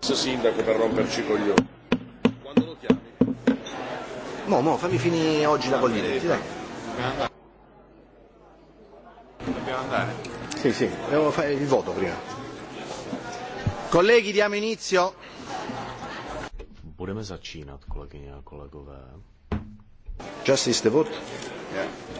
Sindaco per romperci coglioni. Quando lo chiami? Mo, mo, fammi finire oggi la Collinetti, Dobbiamo andare. Dobbiamo andare. Sì, sì, devo fare il voto prima. Colleghi, diamo inizio. Budeme začínat, kolegyně a kolegové. Just is the vote. Yeah.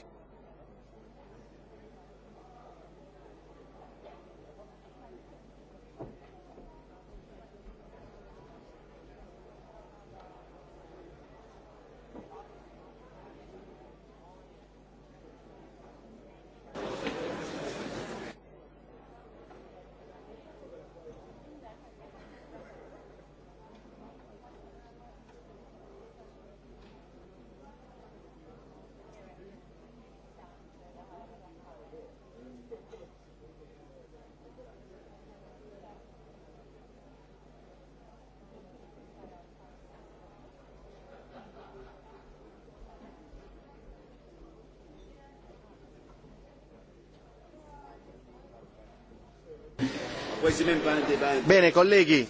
Bene, kolegy.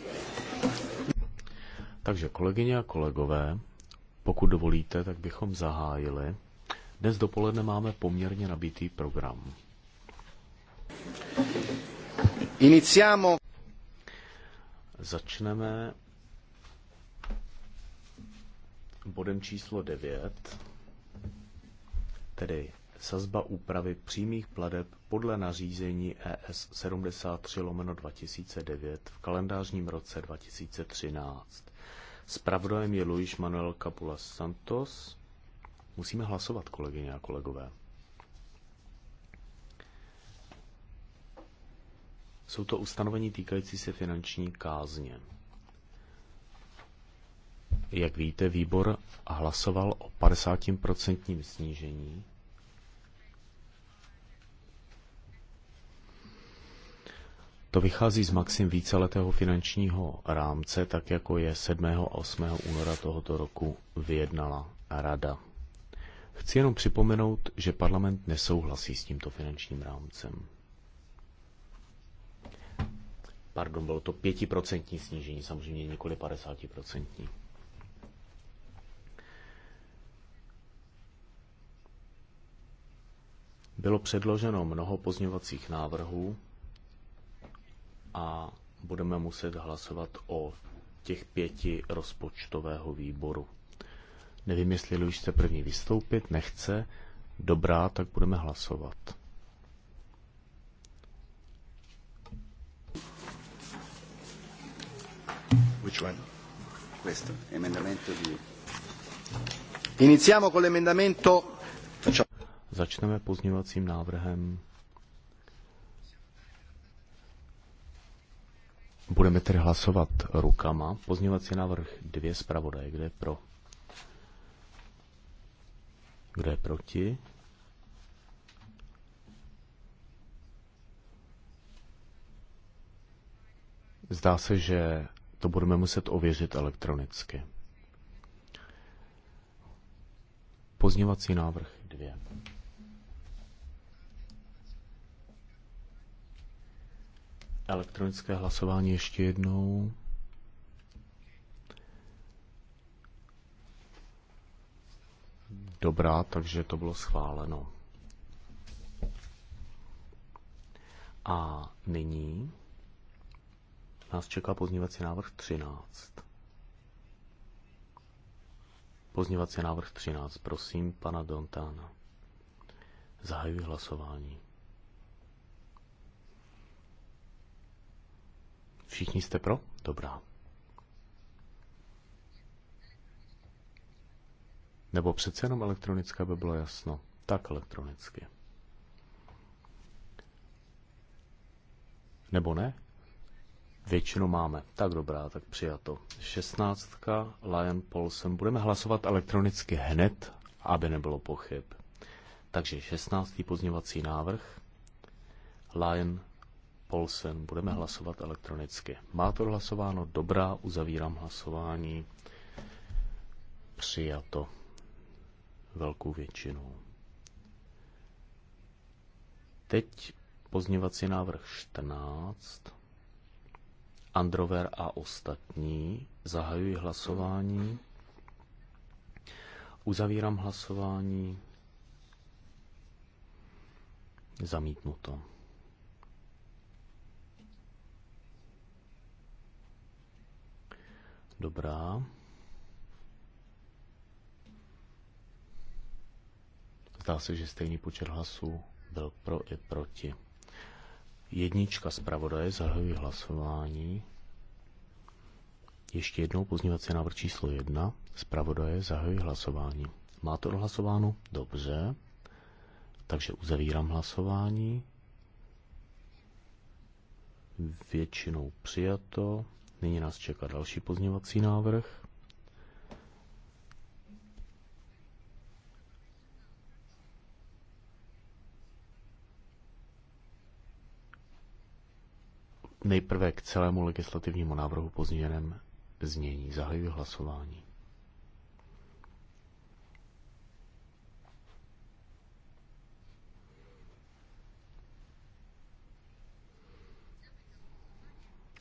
Takže kolegyně a kolegové, pokud dovolíte, tak bychom zahájili. Dnes dopoledne máme poměrně nabitý program. Iniciamo. Začneme bodem číslo 9, tedy sazba úpravy přímých pladeb podle nařízení e ES 73 lomeno 2009 v kalendářním roce 2013. Spravdojem je Luis Manuel Capula Santos. Musíme hlasovat, kolegyně a kolegové. Jsou to ustanovení týkající se finanční kázně. Jak víte, výbor hlasoval o 50% snížení To vychází z maxim víceletého finančního rámce, tak jako je 7. a 8. února tohoto roku vyjednala Rada. Chci jenom připomenout, že parlament nesouhlasí s tímto finančním rámcem. Pardon, bylo to pětiprocentní snížení, samozřejmě nikoli 50%. Bylo předloženo mnoho pozměňovacích návrhů, a budeme muset hlasovat o těch pěti rozpočtového výboru. Nevím, jestli Luis chce první vystoupit, nechce. Dobrá, tak budeme hlasovat. Which one? Questo, emendamento di... Iniziamo con l'emendamento... Začneme pozměňovacím návrhem Budeme tedy hlasovat rukama. Pozměňovací návrh dvě zpravodaje. Kde je pro? Kdo je proti? Zdá se, že to budeme muset ověřit elektronicky. Pozněvací návrh 2. Elektronické hlasování ještě jednou. Dobrá, takže to bylo schváleno. A nyní nás čeká pozměňovací návrh 13. Pozměňovací návrh 13, prosím, pana Dontána. Zahajuji hlasování. Všichni jste pro? Dobrá. Nebo přece jenom elektronické by bylo jasno. Tak elektronicky. Nebo ne? Většinu máme. Tak dobrá, tak přijato. 16. Lion Paulsen. Budeme hlasovat elektronicky hned, aby nebylo pochyb. Takže 16. pozněvací návrh. Lion Polsen. Budeme hlasovat elektronicky. Má to hlasováno? Dobrá, uzavírám hlasování. Přijato velkou většinou. Teď pozněvací návrh 14. Androver a ostatní. Zahajuji hlasování. Uzavírám hlasování. Zamítnuto. Dobrá. Zdá se, že stejný počet hlasů byl pro i proti. Jednička zpravodaje zahajuje hlasování. Ještě jednou pozněvací návrh číslo jedna Zpravodaje zahajuje hlasování. Má to odhlasováno? Dobře. Takže uzavírám hlasování. Většinou přijato. Nyní nás čeká další pozměňovací návrh. Nejprve k celému legislativnímu návrhu pozměněném znění. Zahajuji hlasování.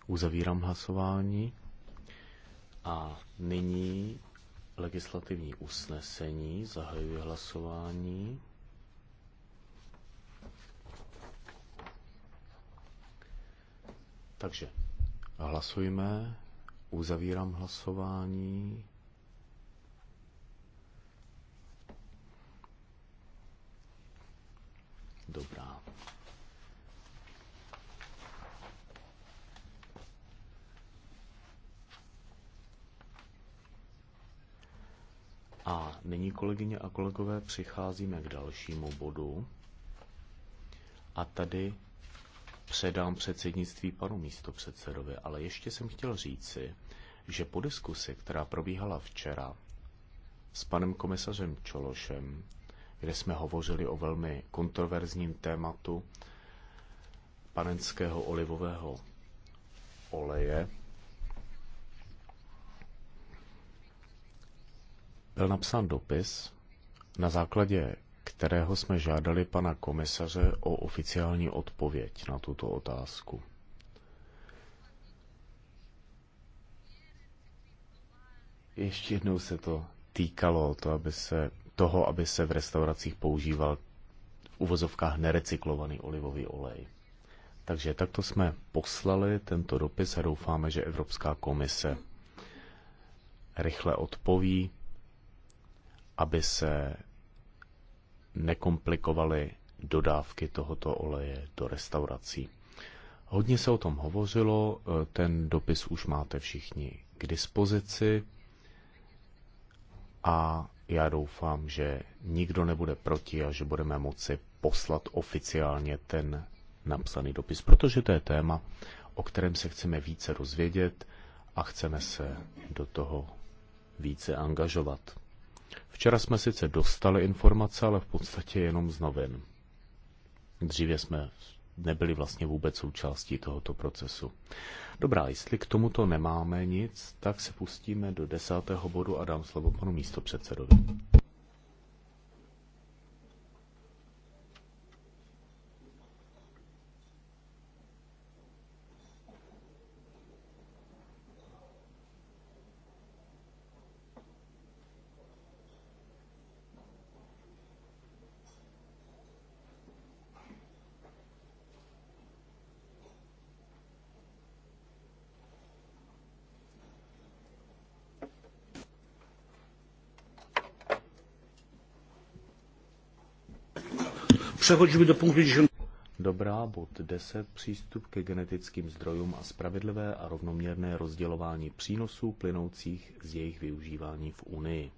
Uzavírám hlasování. A nyní legislativní usnesení. Zahajuji hlasování. Takže hlasujme. Uzavírám hlasování. Dobrá. A nyní, kolegyně a kolegové, přicházíme k dalšímu bodu. A tady předám předsednictví panu místopředsedovi, ale ještě jsem chtěl říci, že po diskusi, která probíhala včera s panem komisařem Čološem, kde jsme hovořili o velmi kontroverzním tématu panenského olivového oleje, byl napsán dopis, na základě kterého jsme žádali pana komisaře o oficiální odpověď na tuto otázku. Ještě jednou se to týkalo to, aby se, toho, aby se v restauracích používal v uvozovkách nerecyklovaný olivový olej. Takže takto jsme poslali tento dopis a doufáme, že Evropská komise rychle odpoví aby se nekomplikovaly dodávky tohoto oleje do restaurací. Hodně se o tom hovořilo, ten dopis už máte všichni k dispozici a já doufám, že nikdo nebude proti a že budeme moci poslat oficiálně ten napsaný dopis, protože to je téma, o kterém se chceme více rozvědět a chceme se do toho více angažovat. Včera jsme sice dostali informace, ale v podstatě jenom z novin. Dříve jsme nebyli vlastně vůbec součástí tohoto procesu. Dobrá, jestli k tomuto nemáme nic, tak se pustíme do desátého bodu a dám slovo panu místopředsedovi. Přechodíme do punktu 10. Dobrá, bod 10. Přístup ke genetickým zdrojům a spravedlivé a rovnoměrné rozdělování přínosů plynoucích z jejich využívání v Unii.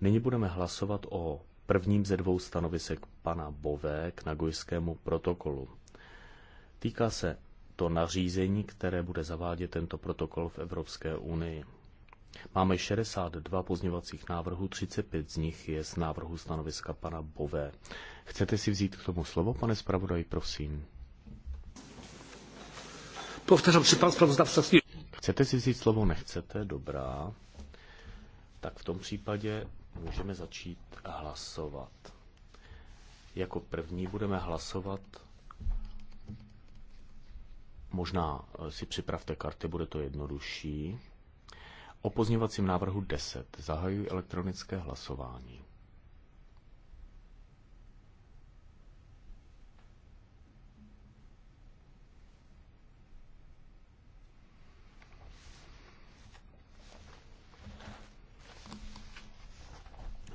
Nyní budeme hlasovat o prvním ze dvou stanovisek pana Bové k Nagojskému protokolu. Týká se to nařízení, které bude zavádět tento protokol v Evropské unii. Máme 62 pozněvacích návrhů, 35 z nich je z návrhu stanoviska pana Bové. Chcete si vzít k tomu slovo, pane zpravodaj, prosím? Povtařám že pan zpravodavca. Chcete si vzít slovo, nechcete? Dobrá. Tak v tom případě můžeme začít hlasovat. Jako první budeme hlasovat Možná eh, si připravte karty, bude to jednodušší. O pozněvacím návrhu 10 zahajuji elektronické hlasování.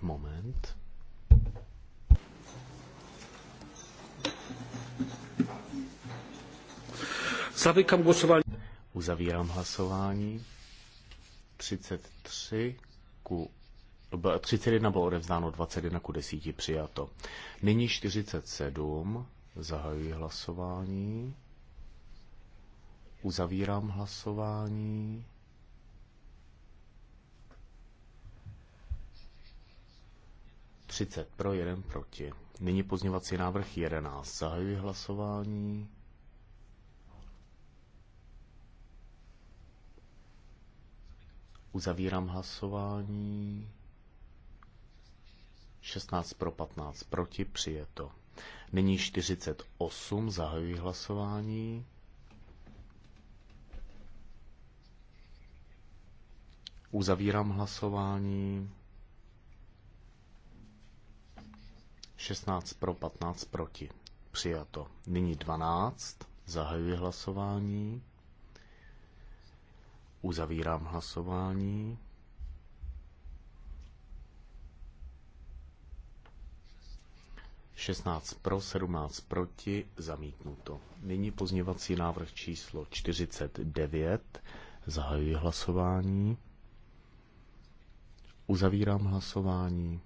Moment. Zavíkám hlasování. Uzavírám hlasování. 33 ku 31 bylo odevzdáno, 21 ku 10 přijato. Nyní 47, zahajuji hlasování, uzavírám hlasování. pro, jeden proti. Nyní pozněvací návrh 11. Zahajuji hlasování. Uzavírám hlasování. 16 pro 15 proti, přijeto. Nyní 48, zahajuji hlasování. Uzavírám hlasování. 16 pro, 15 proti. Přijato. Nyní 12. Zahajuji hlasování. Uzavírám hlasování. Šestnáct pro, sedmnáct proti, zamítnuto. Nyní pozněvací návrh číslo 49. Zahajuji hlasování. Uzavírám hlasování.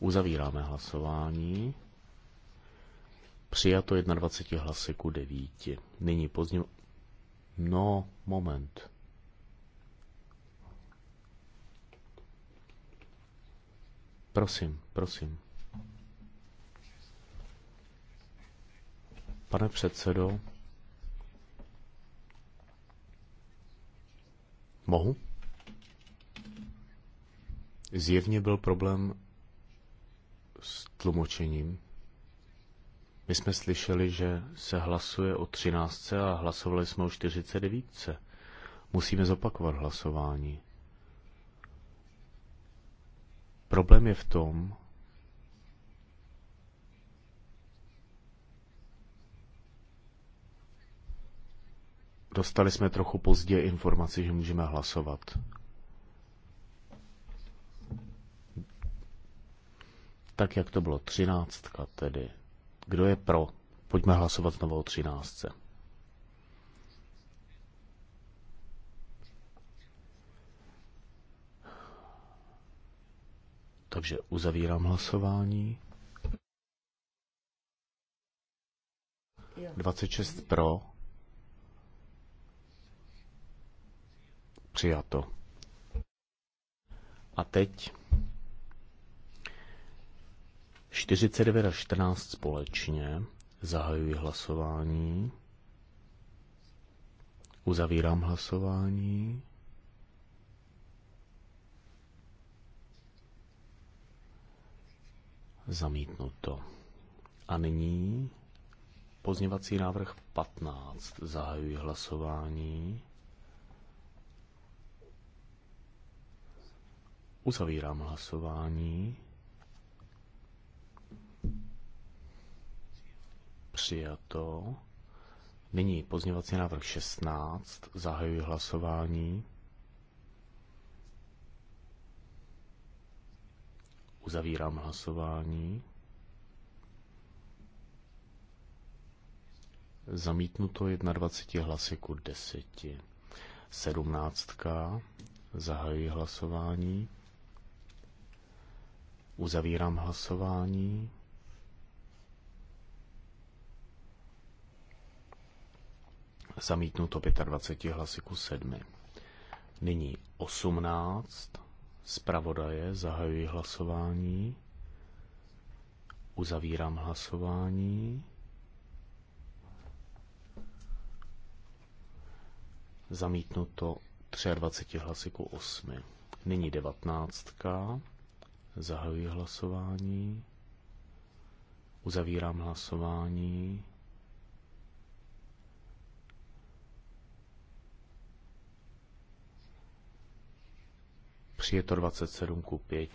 Uzavíráme hlasování. Přijato 21 hlasy ku 9. Nyní pozdě... No, moment. Prosím, prosím. Pane předsedo, mohu? Zjevně byl problém s tlumočením. My jsme slyšeli, že se hlasuje o 13 a hlasovali jsme o 49. Musíme zopakovat hlasování. Problém je v tom, dostali jsme trochu pozdě informaci, že můžeme hlasovat. Tak jak to bylo, třináctka tedy. Kdo je pro? Pojďme hlasovat znovu o třináctce. Takže uzavírám hlasování. 26 pro. Přijato. A teď 49 a 14 společně. Zahajuji hlasování. Uzavírám hlasování. Zamítnuto. A nyní pozněvací návrh 15. Zahajuji hlasování. Uzavírám hlasování. přijato. Nyní pozněvací návrh 16. Zahajuji hlasování. Uzavírám hlasování. Zamítnuto 21 hlasy ku 10. 17. Zahajuji hlasování. Uzavírám hlasování. Zamítnuto 25 hlasy ku 7. Nyní 18. Zpravodaje zahajuji hlasování. Uzavírám hlasování. Zamítnuto 23 hlasy ku 8. Nyní 19. Zahajuji hlasování. Uzavírám hlasování. to 27 ku 5.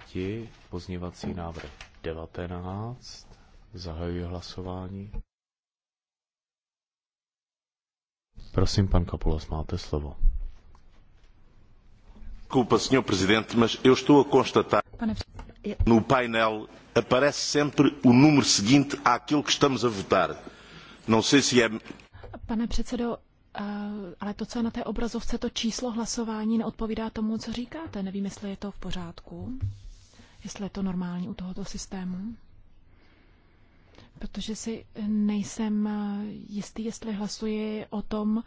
Pozněvací návrh 19. Zahajuji hlasování. Prosím, pan Kapulas, máte slovo. Desculpa, senhor presidente, mas eu estou a constatar no painel aparece sempre o número seguinte àquilo que estamos a votar. Não sei se é Pane předsedo, Eh, ale to, co je na té obrazovce, to číslo hlasování neodpovídá tomu, co říkáte. Nevím, jestli je to v pořádku, jestli je to normální u tohoto systému. Protože si nejsem eh, jistý, jestli hlasuji o tom,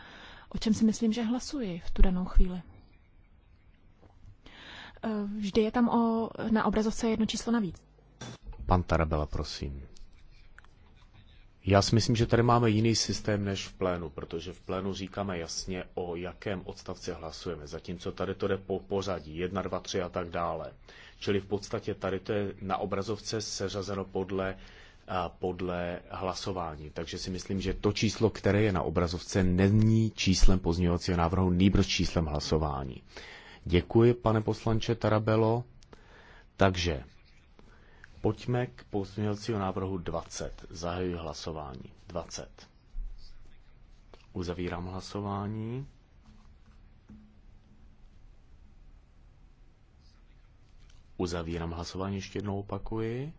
o čem si myslím, že hlasuji v tu danou chvíli. Eh, vždy je tam o, na obrazovce jedno číslo navíc. Pan Tarabela, prosím. Já si myslím, že tady máme jiný systém než v plénu, protože v plénu říkáme jasně, o jakém odstavci hlasujeme, zatímco tady to jde po pořadí, jedna, dva, tři a tak dále. Čili v podstatě tady to je na obrazovce seřazeno podle, podle hlasování. Takže si myslím, že to číslo, které je na obrazovce, není číslem pozměňovacího návrhu, nýbrž číslem hlasování. Děkuji, pane poslanče Tarabelo. Takže Pojďme k pozměňovacího návrhu 20. Zahajuji hlasování. 20. Uzavírám hlasování. Uzavírám hlasování, ještě jednou opakuji.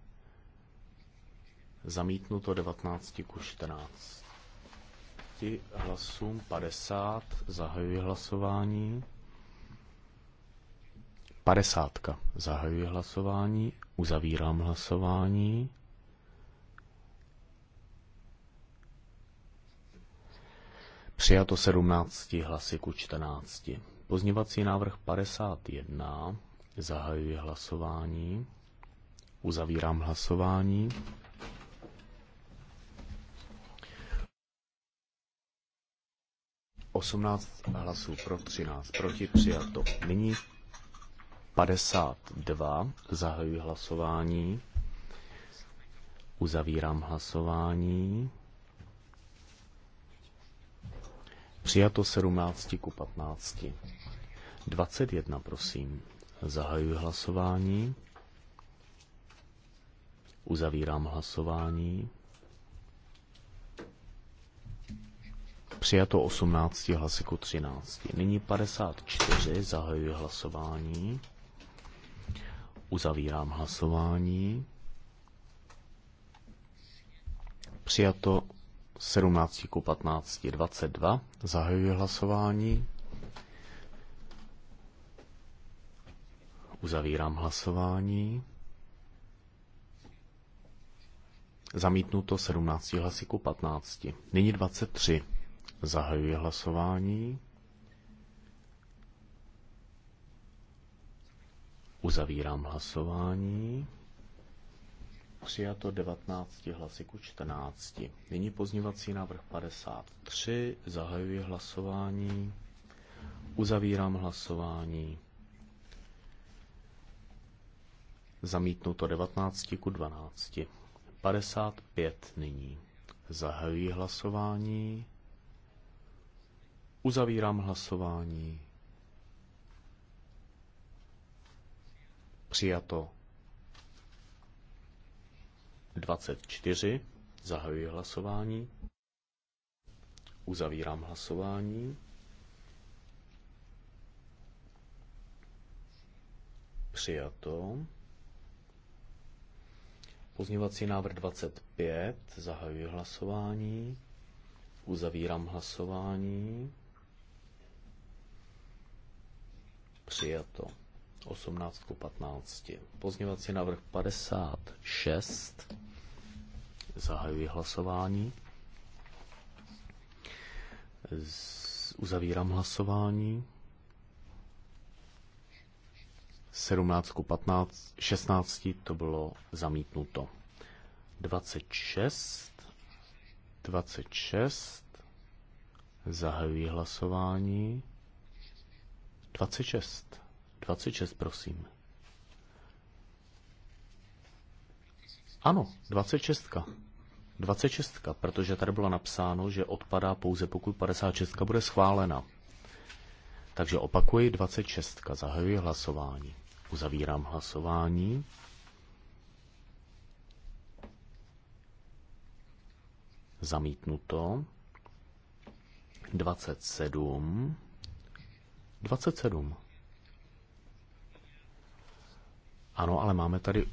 Zamítnuto 19 ku 14. Hlasům 50. Zahajuji hlasování. Padesátka. Zahajuji hlasování, uzavírám hlasování. Přijato 17 hlasy ku 14. Pozněvací návrh 51. Zahajuji hlasování. Uzavírám hlasování. Osmnáct hlasů pro, 13 proti, přijato. Nyní 52. Zahajuji hlasování. Uzavírám hlasování. Přijato 17 ku 15. 21, prosím. Zahajuji hlasování. Uzavírám hlasování. Přijato 18 hlasy ku 13. Nyní 54. Zahajuji hlasování. Uzavírám hlasování. Přijato 17 ku 15, 22. Zahajuji hlasování. Uzavírám hlasování. Zamítnuto 17 hlasy ku 15. Nyní 23. Zahajuji hlasování. Uzavírám hlasování. Přijato 19 hlasy ku 14. Nyní pozněvací návrh 53. Zahajuji hlasování. Uzavírám hlasování. Zamítnuto 19 ku 12. 55 nyní. Zahajuji hlasování. Uzavírám hlasování. Přijato 24. Zahajuji hlasování. Uzavírám hlasování. Přijato. Pozměvací návrh 25. Zahajuji hlasování. Uzavírám hlasování. Přijato. 18 k 15. Pozněvací návrh 56. Zahajuji hlasování. uzavírám hlasování. 17 k 15, 16 to bylo zamítnuto. 26, 26, zahajuji hlasování. 26. 26, prosím. Ano, 26. 26, protože tady bylo napsáno, že odpadá pouze pokud 56 bude schválena. Takže opakuji 26. Zahajuji hlasování. Uzavírám hlasování. Zamítnuto. 27. 27. Ano, ale máme tady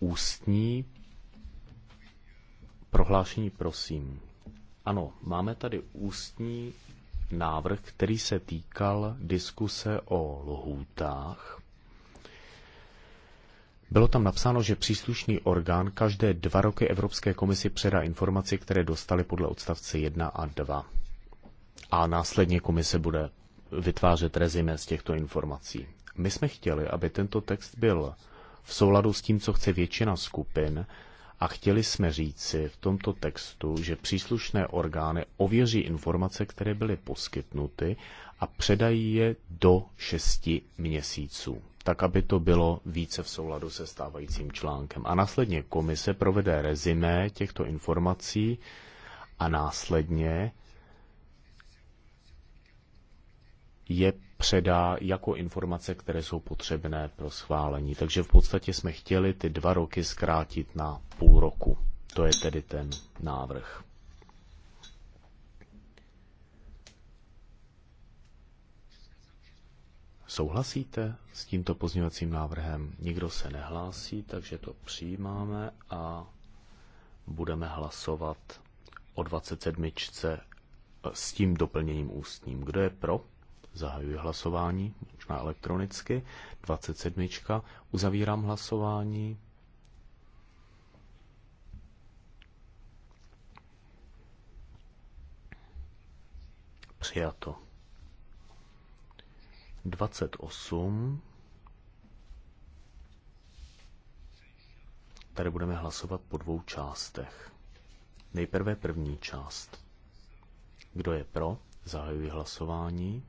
ústní prohlášení, prosím. Ano, máme tady ústní návrh, který se týkal diskuse o lhůtách. Bylo tam napsáno, že příslušný orgán každé dva roky Evropské komisi předá informaci, které dostali podle odstavce 1 a 2. A následně komise bude vytvářet rezime z těchto informací. My jsme chtěli, aby tento text byl v souladu s tím, co chce většina skupin, a chtěli jsme říci v tomto textu, že příslušné orgány ověří informace, které byly poskytnuty a předají je do šesti měsíců, tak aby to bylo více v souladu se stávajícím článkem. A následně komise provede rezimé těchto informací a následně je předá jako informace, které jsou potřebné pro schválení. Takže v podstatě jsme chtěli ty dva roky zkrátit na půl roku. To je tedy ten návrh. Souhlasíte s tímto pozměňovacím návrhem? Nikdo se nehlásí, takže to přijímáme a budeme hlasovat o 27. s tím doplněním ústním. Kdo je pro? Zahajuji hlasování, možná elektronicky. 27. Uzavírám hlasování. Přijato. 28. Tady budeme hlasovat po dvou částech. Nejprve první část. Kdo je pro? Zahajuji hlasování.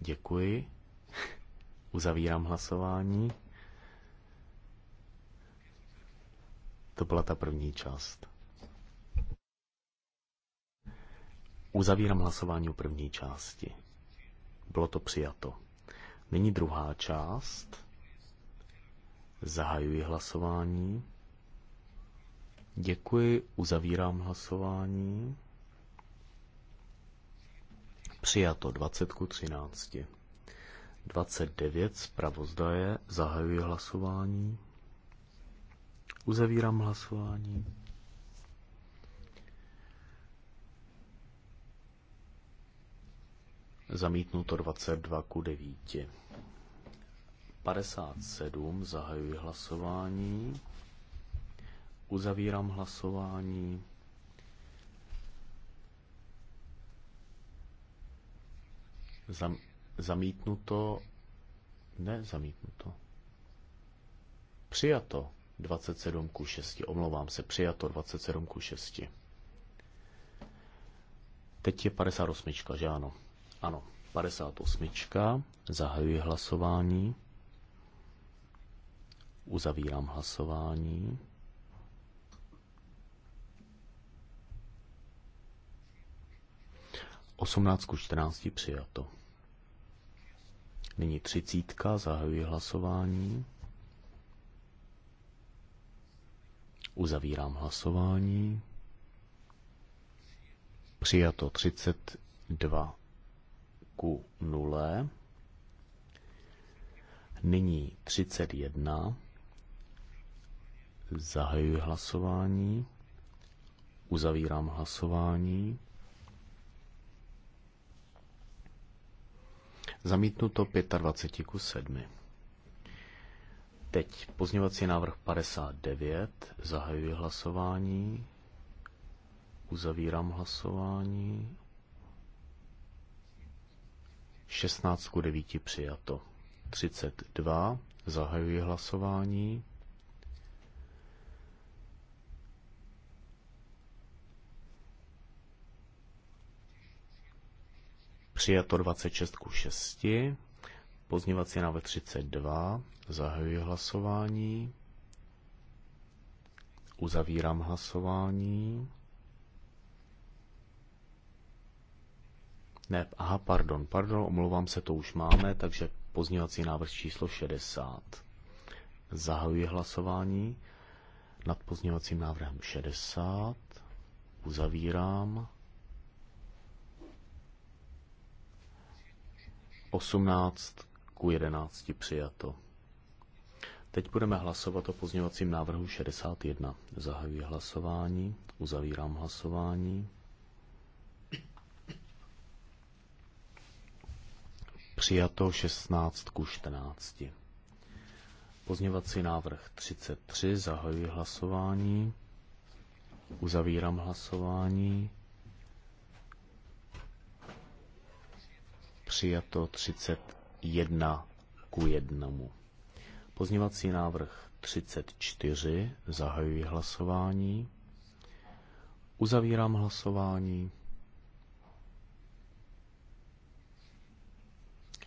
Děkuji. Uzavírám hlasování. To byla ta první část. Uzavírám hlasování o první části. Bylo to přijato. Nyní druhá část. Zahajuji hlasování. Děkuji, uzavírám hlasování. Přijato 20 ku 13. 29 zpravodaje zahajuji hlasování. Uzavírám hlasování. Zamítnuto 22 ku 9. 57 zahajuji hlasování. Uzavírám hlasování. Zam, zamítnuto, ne zamítnuto. Přijato 27 ku 6, omlouvám se, přijato 27 ku 6. Teď je 58, že ano? Ano, 58. Zahajuji hlasování. Uzavírám hlasování. Osmnáct ku čtrnácti přijato. Nyní třicítka, zahajuji hlasování. Uzavírám hlasování. Přijato 32 ku 0. Nyní 31. Zahajuji hlasování. Uzavírám hlasování. Zamítnuto 25 ku 7. Teď pozněvací návrh 59. Zahajuji hlasování. Uzavírám hlasování. 16 ku 9 přijato. 32. Zahajuji hlasování. Přijato 26 ku 6. Pozněvací návrh 32. Zahajuji hlasování. Uzavírám hlasování. Ne, aha, pardon, pardon, omlouvám se, to už máme, takže pozněvací návrh číslo 60. Zahajuji hlasování nad pozněvacím návrhem 60. Uzavírám. 18 ku 11 přijato. Teď budeme hlasovat o pozněvacím návrhu 61. Zahajuji hlasování, uzavírám hlasování. Přijato 16 ku 14. Pozněvací návrh 33. Zahajuji hlasování. Uzavírám hlasování. přijato 31 ku 1. Pozněvací návrh 34, zahajuji hlasování. Uzavírám hlasování.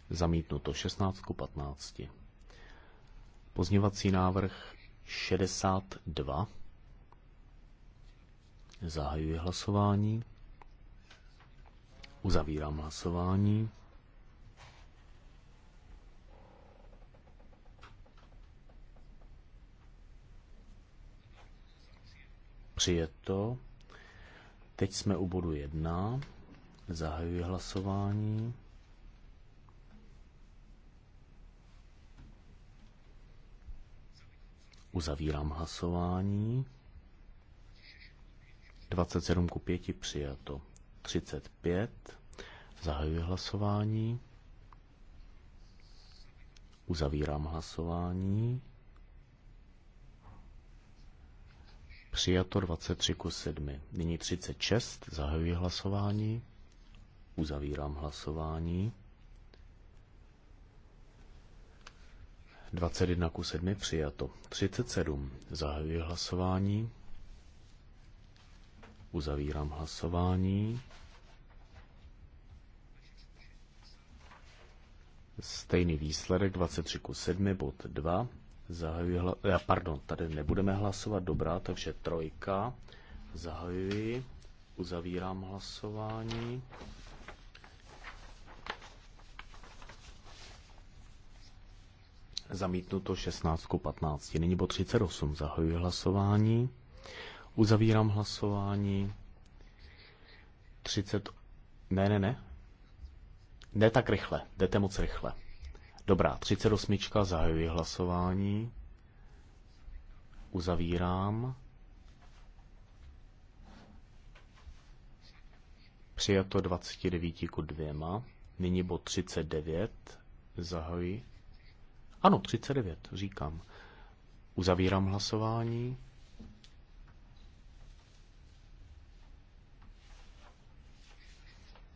Zamítnuto 16 ku 15. Pozněvací návrh 62. Zahajuji hlasování. Uzavírám hlasování. Přijeto. Teď jsme u bodu 1. Zahajuji hlasování. Uzavírám hlasování. 27 ku 5 přijato. 35. Zahajuji hlasování. Uzavírám hlasování. Přijato 23 ku 7. Nyní 36. Zahajuji hlasování. Uzavírám hlasování. 21 ku 7 přijato. 37. Zahajuji hlasování. Uzavírám hlasování. Stejný výsledek 23 ku 7 bod 2. Zahajuji hla... Pardon, tady nebudeme hlasovat, dobrá, takže trojka. Zahajuji, uzavírám hlasování. Zamítnuto 16 k 15. Nyní bod 38. Zahajuji hlasování. Uzavírám hlasování. 30... Ne, ne, ne. Ne tak rychle. Jdete moc rychle. Dobrá, 38. zahajuji hlasování. Uzavírám. Přijato 29 ku 2. Nyní bod 39. Zahajuji. Ano, 39, říkám. Uzavírám hlasování.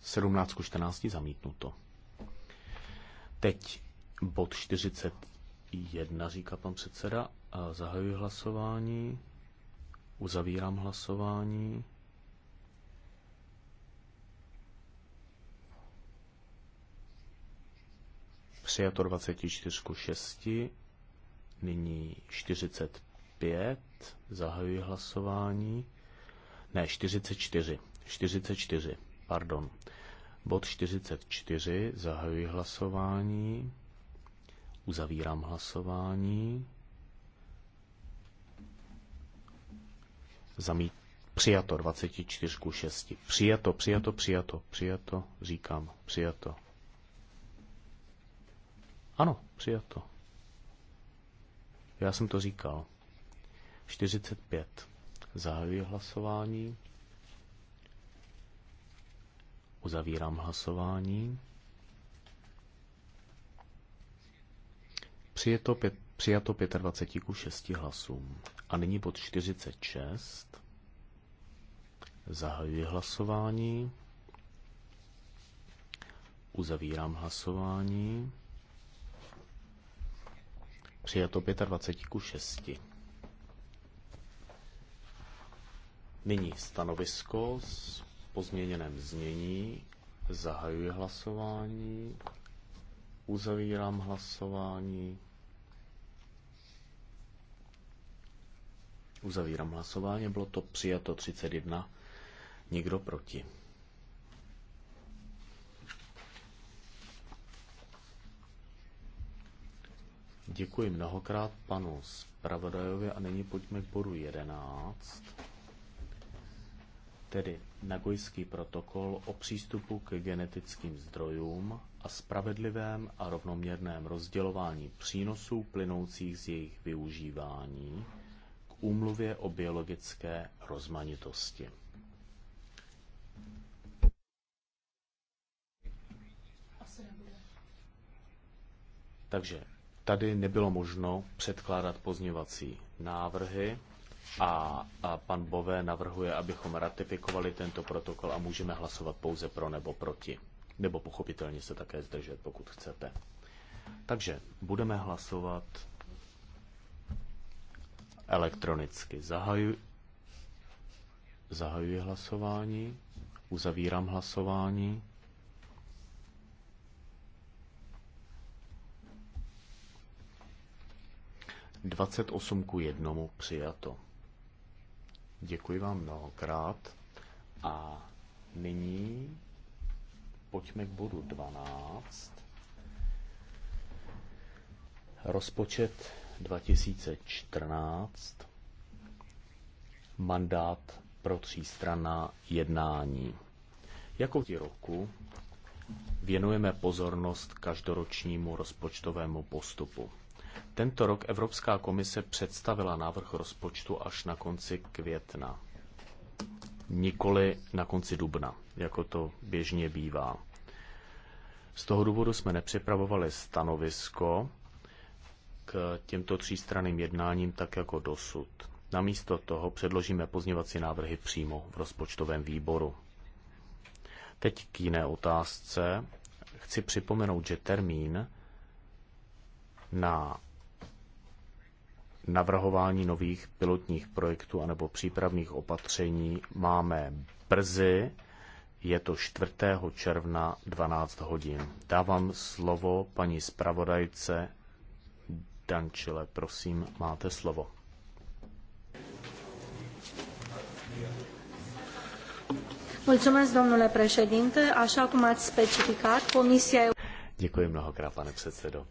Sedmnáctku 14 zamítnuto. Teď Bod 41, říká pan předseda. Zahajuji hlasování. Uzavírám hlasování. Přijato 24 ku 6. Nyní 45. Zahajuji hlasování. Ne, 44. 44, pardon. Bod 44. Zahajuji hlasování. Uzavírám hlasování. Zamít. Přijato 24 ku 6. Přijato, přijato, přijato, přijato, říkám, přijato. Ano, přijato. Já jsem to říkal. 45. Zahajuji hlasování. Uzavírám hlasování. Přijeto, pět, přijato 25 ku 6 hlasům. A nyní bod 46. Zahajuji hlasování. Uzavírám hlasování. Přijato 25 ku 6. Nyní stanovisko s pozměněném znění. Zahajuji hlasování. Uzavírám hlasování. Uzavírám hlasování, bylo to přijato 31, nikdo proti. Děkuji mnohokrát panu zpravodajovi a nyní pojďme k bodu 11, tedy Nagojský protokol o přístupu k genetickým zdrojům a spravedlivém a rovnoměrném rozdělování přínosů plynoucích z jejich využívání úmluvě o biologické rozmanitosti. Takže tady nebylo možno předkládat pozměvací návrhy a, a pan Bové navrhuje, abychom ratifikovali tento protokol a můžeme hlasovat pouze pro nebo proti. Nebo pochopitelně se také zdržet, pokud chcete. Takže budeme hlasovat Elektronicky zahajuji, zahajuji hlasování, uzavírám hlasování. Dvacet osm ku jednomu přijato. Děkuji vám mnohokrát a nyní pojďme k bodu 12. Rozpočet 2014 mandát pro třístranná jednání. Jako ti roku věnujeme pozornost každoročnímu rozpočtovému postupu. Tento rok Evropská komise představila návrh rozpočtu až na konci května, nikoli na konci dubna, jako to běžně bývá. Z toho důvodu jsme nepřipravovali stanovisko, k těmto třístranným jednáním tak jako dosud. Namísto toho předložíme pozněvací návrhy přímo v rozpočtovém výboru. Teď k jiné otázce. Chci připomenout, že termín na navrhování nových pilotních projektů anebo přípravných opatření máme brzy. Je to 4. června 12 hodin. Dávám slovo paní zpravodajce Dančile. Prosím, máte slovo. Mulțumesc, domnule președinte. Așa cum ați specificat, Comisia... Děkuji mnohokrát, pane předsedo.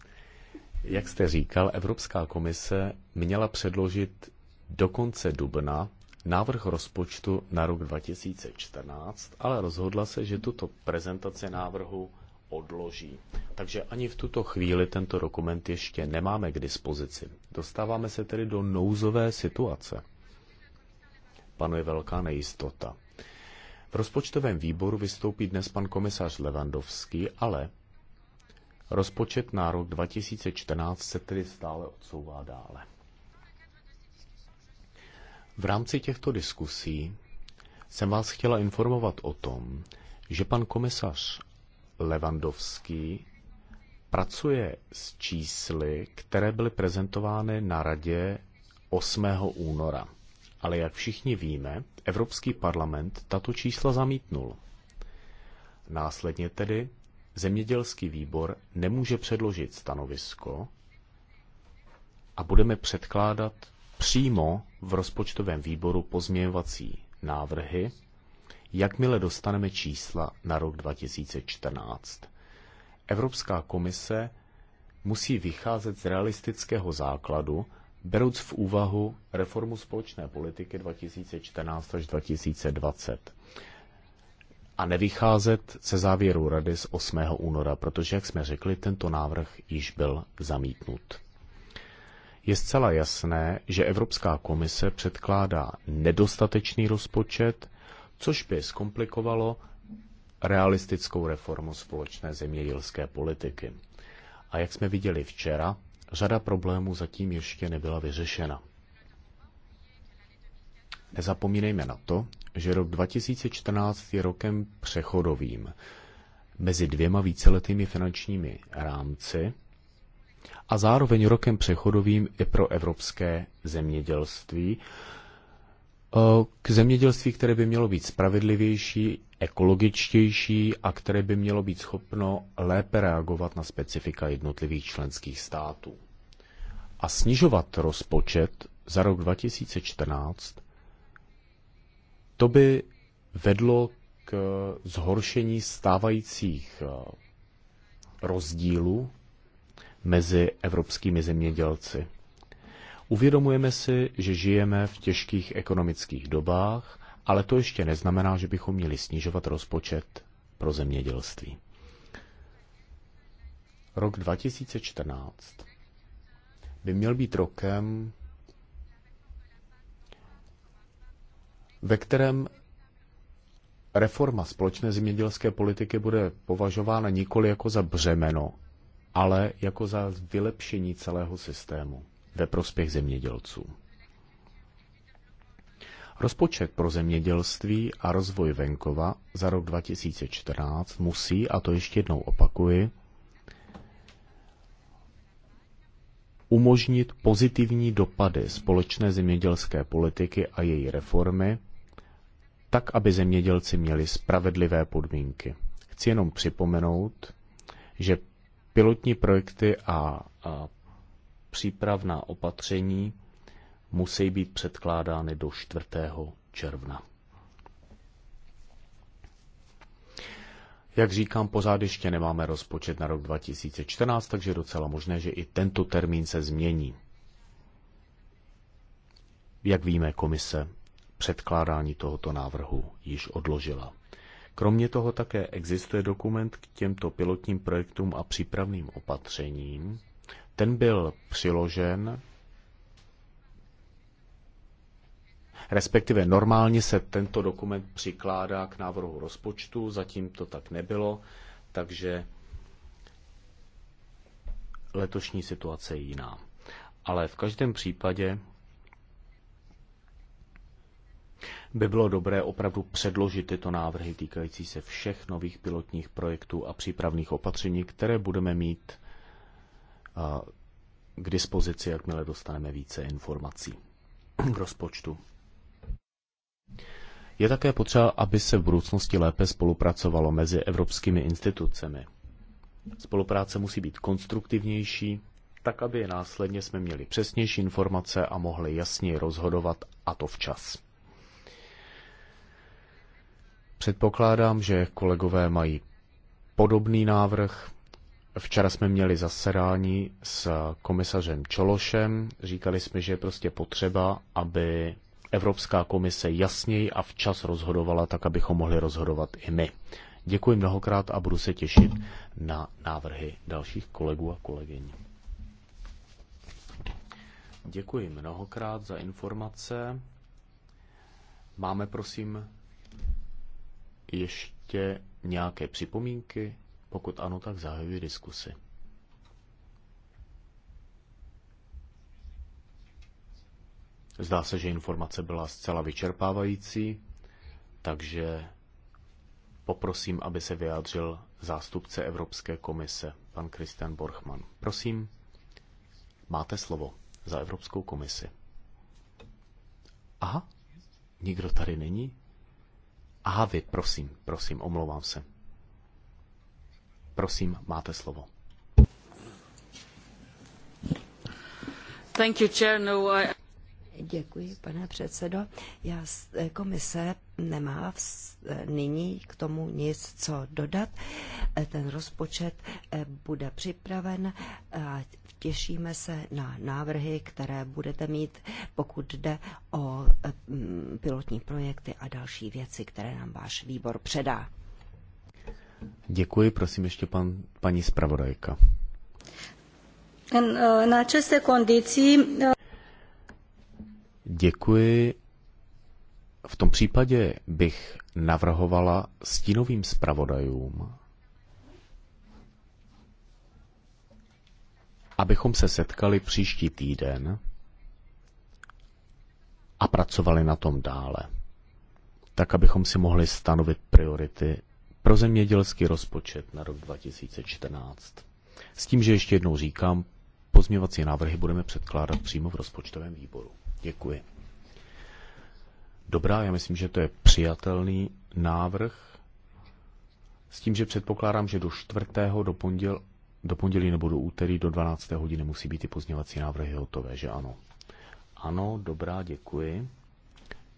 Jak jste říkal, Evropská komise měla předložit do konce dubna návrh rozpočtu na rok 2014, ale rozhodla se, že tuto prezentaci návrhu odloží. Takže ani v tuto chvíli tento dokument ještě nemáme k dispozici. Dostáváme se tedy do nouzové situace. Panuje velká nejistota. V rozpočtovém výboru vystoupí dnes pan komisař Levandovský, ale rozpočet na rok 2014 se tedy stále odsouvá dále. V rámci těchto diskusí jsem vás chtěla informovat o tom, že pan komisař Levandovský pracuje s čísly, které byly prezentovány na radě 8. února. Ale jak všichni víme, Evropský parlament tato čísla zamítnul. Následně tedy zemědělský výbor nemůže předložit stanovisko a budeme předkládat přímo v rozpočtovém výboru pozměňovací návrhy, jakmile dostaneme čísla na rok 2014. Evropská komise musí vycházet z realistického základu, berouc v úvahu reformu společné politiky 2014 až 2020 a nevycházet se závěru Rady z 8. února, protože, jak jsme řekli, tento návrh již byl zamítnut. Je zcela jasné, že Evropská komise předkládá nedostatečný rozpočet, což by zkomplikovalo realistickou reformu společné zemědělské politiky. A jak jsme viděli včera, řada problémů zatím ještě nebyla vyřešena. Nezapomínejme na to, že rok 2014 je rokem přechodovým mezi dvěma víceletými finančními rámci a zároveň rokem přechodovým i pro evropské zemědělství, Eh, k zemědělství, které by mělo být spravedlivější, ekologičtější a které by mělo být schopno lépe reagovat na specifika jednotlivých členských států. A snižovat rozpočet za rok 2014, to by vedlo k zhoršení stávajících eh, rozdílů mezi evropskými zemědělci. Uvědomujeme si, že žijeme v těžkých ekonomických dobách, ale to ještě neznamená, že bychom měli snižovat rozpočet pro zemědělství. Rok 2014 by měl být rokem, ve kterém reforma společné zemědělské politiky bude považována nikoli jako za břemeno, ale jako za vylepšení celého systému ve prospěch zemědělců. Rozpočet pro zemědělství a rozvoj venkova za rok 2014 musí, a to ještě jednou opakuji, umožnit pozitivní dopady společné zemědělské politiky a její reformy, tak aby zemědělci měli spravedlivé podmínky. Chci jenom připomenout, že pilotní projekty a, a přípravná opatření musí být předkládány do 4. června. Jak říkám, pořád ještě nemáme rozpočet na rok 2014, takže je docela možné, že i tento termín se změní. Jak víme, komise předkládání tohoto návrhu již odložila. Kromě toho také existuje dokument k těmto pilotním projektům a přípravným opatřením, ten byl přiložen, respektive normálně se tento dokument přikládá k návrhu rozpočtu, zatím to tak nebylo, takže letošní situace je jiná. Ale v každém případě by bylo dobré opravdu předložit tyto návrhy týkající se všech nových pilotních projektů a přípravných opatření, které budeme mít k dispozici, jakmile dostaneme více informací k rozpočtu. Je také potřeba, aby se v budoucnosti lépe spolupracovalo mezi evropskými institucemi. Spolupráce musí být konstruktivnější, tak aby následně jsme měli přesnější informace a mohli jasněji rozhodovat, a to včas. Předpokládám, že kolegové mají podobný návrh. Včera jsme měli zasedání s komisařem Čološem. Říkali jsme, že je prostě potřeba, aby Evropská komise jasněji a včas rozhodovala, tak abychom mohli rozhodovat i my. Děkuji mnohokrát a budu se těšit na návrhy dalších kolegů a kolegyň. Děkuji mnohokrát za informace. Máme, prosím, ještě nějaké připomínky? Pokud ano, tak zahajuji diskusi. Zdá se, že informace byla zcela vyčerpávající, takže poprosím, aby se vyjádřil zástupce Evropské komise, pan Christian Borchmann. Prosím, máte slovo za Evropskou komisi. Aha, nikdo tady není? Aha, vy, prosím, prosím, omlouvám se. Prosím, máte slovo. Thank you, chair. No, I... Děkuji, pane předsedo. Já, komise nemá v, nyní k tomu nic, co dodat. Ten rozpočet eh, bude připraven a těšíme se na návrhy, které budete mít, pokud jde o eh, pilotní projekty a další věci, které nám váš výbor předá. Děkuji, prosím ještě pan, paní zpravodajka. Na aceste kondici... Děkuji. V tom případě bych navrhovala stínovým zpravodajům, abychom se setkali příští týden a pracovali na tom dále, tak abychom si mohli stanovit priority pro zemědělský rozpočet na rok 2014. S tím, že ještě jednou říkám, pozměvací návrhy budeme předkládat přímo v rozpočtovém výboru. Děkuji. Dobrá, já myslím, že to je přijatelný návrh. S tím, že předpokládám, že do čtvrtého, do, ponděl, do pondělí nebo do úterý do 12. hodiny musí být ty pozměvací návrhy hotové, že ano? Ano, dobrá, děkuji.